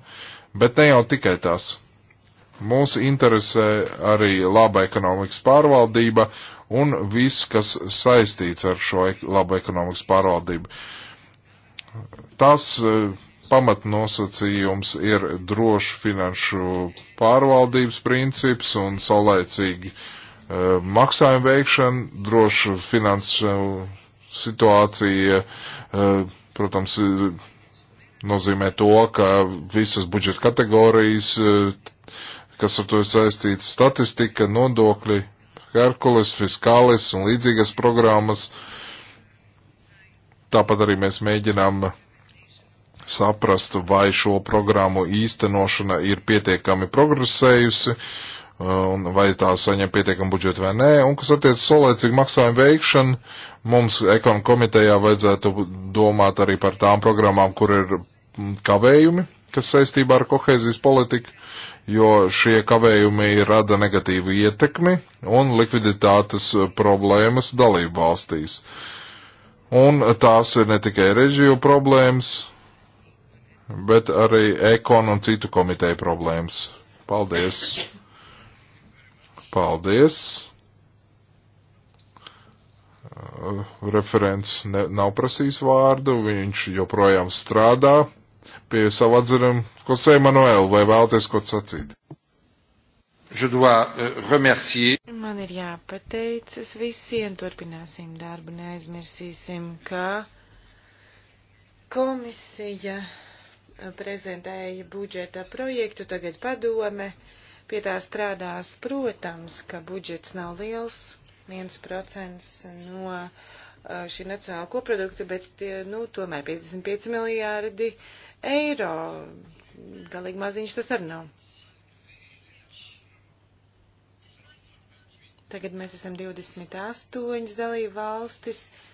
bet ne jau tikai tās. Mūs interesē arī laba ekonomikas pārvaldība un viss, kas saistīts ar šo labu ekonomikas pārvaldību. Tas uh, pamatnosacījums ir droši finanšu pārvaldības princips un saulēcīgi uh, e, maksājuma veikšana, droša finanšu situācija, uh, protams, nozīmē to, ka visas budžeta kategorijas, uh, kas ar to ir saistīts, statistika, nodokļi, Herkules, Fiskālis un līdzīgas programmas. Tāpat arī mēs mēģinām uh, saprastu, vai šo programmu īstenošana ir pietiekami progresējusi, uh, vai tā saņem pietiekami budžetu vai nē. Un kas attiec solēcīgu maksājumu veikšanu, mums ekonomikas komitejā vajadzētu domāt arī par tām programmām, kur ir mm, kavējumi, kas saistībā ar kohēzijas politiku, jo šie kavējumi rada negatīvu ietekmi un likviditātes problēmas dalību valstīs. Un tās ir ne tikai reģiju problēmas, bet arī ekon un citu komiteju problēmas. Paldies! Paldies! Uh, referents ne, nav prasījis vārdu, viņš joprojām strādā pie savu atzinumu. Ko sēž Manuēl, vai vēlties ko sacīt? Je dois uh, remercier. Man ir jāpateicas visiem, turpināsim darbu, neaizmirsīsim, ka komisija prezentēja budžeta projektu, tagad padome pie tā strādās. Protams, ka budžets nav liels, 1% no šī nacionāla koprodukta, bet nu, tomēr 55 miljārdi eiro. Galīgi maziņš tas arī nav. Tagad mēs esam 28 dalību valstis. Uh,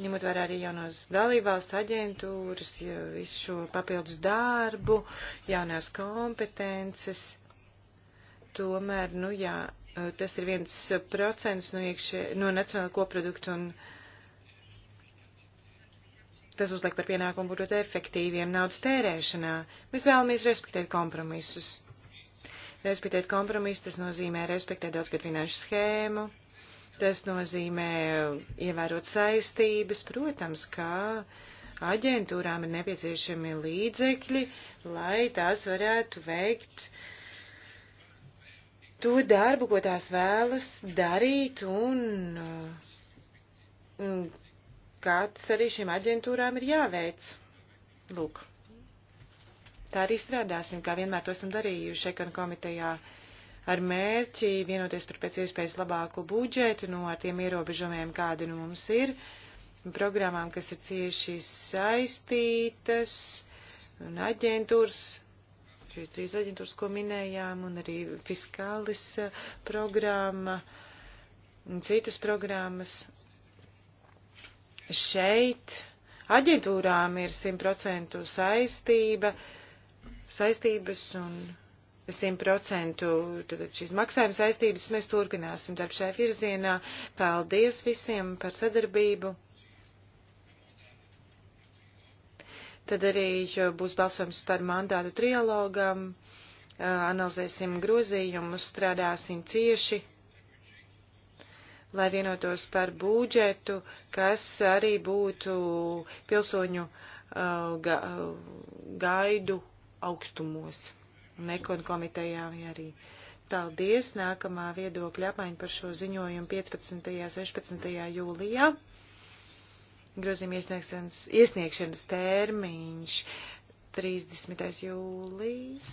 ņemot vērā arī jaunos dalībvalsts aģentūras, visu šo papildus darbu, jaunās kompetences. Tomēr, nu jā, tas ir viens procents no, iekšē, no nacionāla koprodukta un tas uzliek par pienākumu būt efektīviem naudas tērēšanā. Mēs vēlamies respektēt kompromisus. Respektēt kompromisus, tas nozīmē respektēt daudzgad finanšu schēmu, Tas nozīmē ievērot saistības, protams, kā aģentūrām ir nepieciešami līdzekļi, lai tās varētu veikt to darbu, ko tās vēlas darīt, un, un kāds arī šīm aģentūrām ir jāveic. Lūk. Tā arī strādāsim, kā vienmēr to esam darījuši ekonomikā komitejā. Uh, ar mērķi vienoties par pēc iespējas labāku budžetu, no ar tiem ierobežojumiem, kādi nu mums ir, programmām, kas ir cieši saistītas, un aģentūras, šīs trīs aģentūras, ko minējām, un arī fiskālis eh, programma, un citas programmas. Šeit aģentūrām ir 100% saistība, saistības un 100% šīs maksājuma saistības mēs turpināsim darbu šajā virzienā. Paldies visiem par sadarbību. Tad arī būs balsojums par mandātu trialogam, analizēsim grozījumus, strādāsim cieši, lai vienotos par būdžetu, kas arī būtu pilsoņu gaidu augstumos. Nekon komitejā arī. Paldies! Nākamā viedokļa apmaiņa par šo ziņojumu 15. un 16. jūlijā. Grozījuma iesniegšanas, iesniegšanas termiņš 30. jūlijas.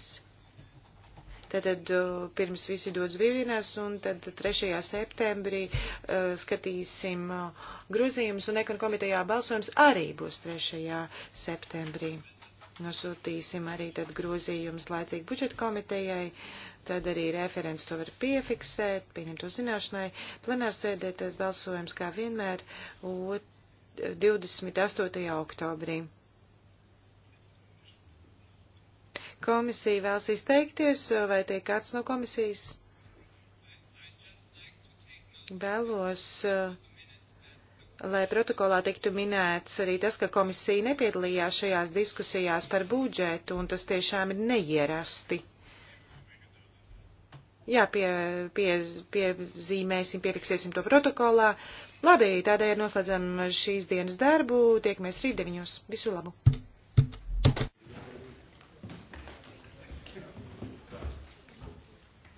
Tātad uh, pirms visi dodas brīvdienās un tad 3. septembrī uh, skatīsim uh, grozījumus un ekonomikomitejā balsojums arī būs 3. septembrī. Nosūtīsim arī tad grozījumus laicīgi budžeta komitejai, tad arī referents to var piefiksēt, pieņemt to zināšanai. Plenārsēdē tad balsojums kā vienmēr 28. oktobrī. Komisija vēlas izteikties, vai tiek kāds no komisijas? Vēlos uh, lai protokolā tiktu minēts arī tas, ka komisija nepiedalījās šajās diskusijās par budžetu, un tas tiešām ir neierasti. Jā, pie, pie, piezīmēsim, piefiksēsim to protokolā. Labi, tādēļ noslēdzam šīs dienas darbu, tiekamies rīt deviņos. Visu labu!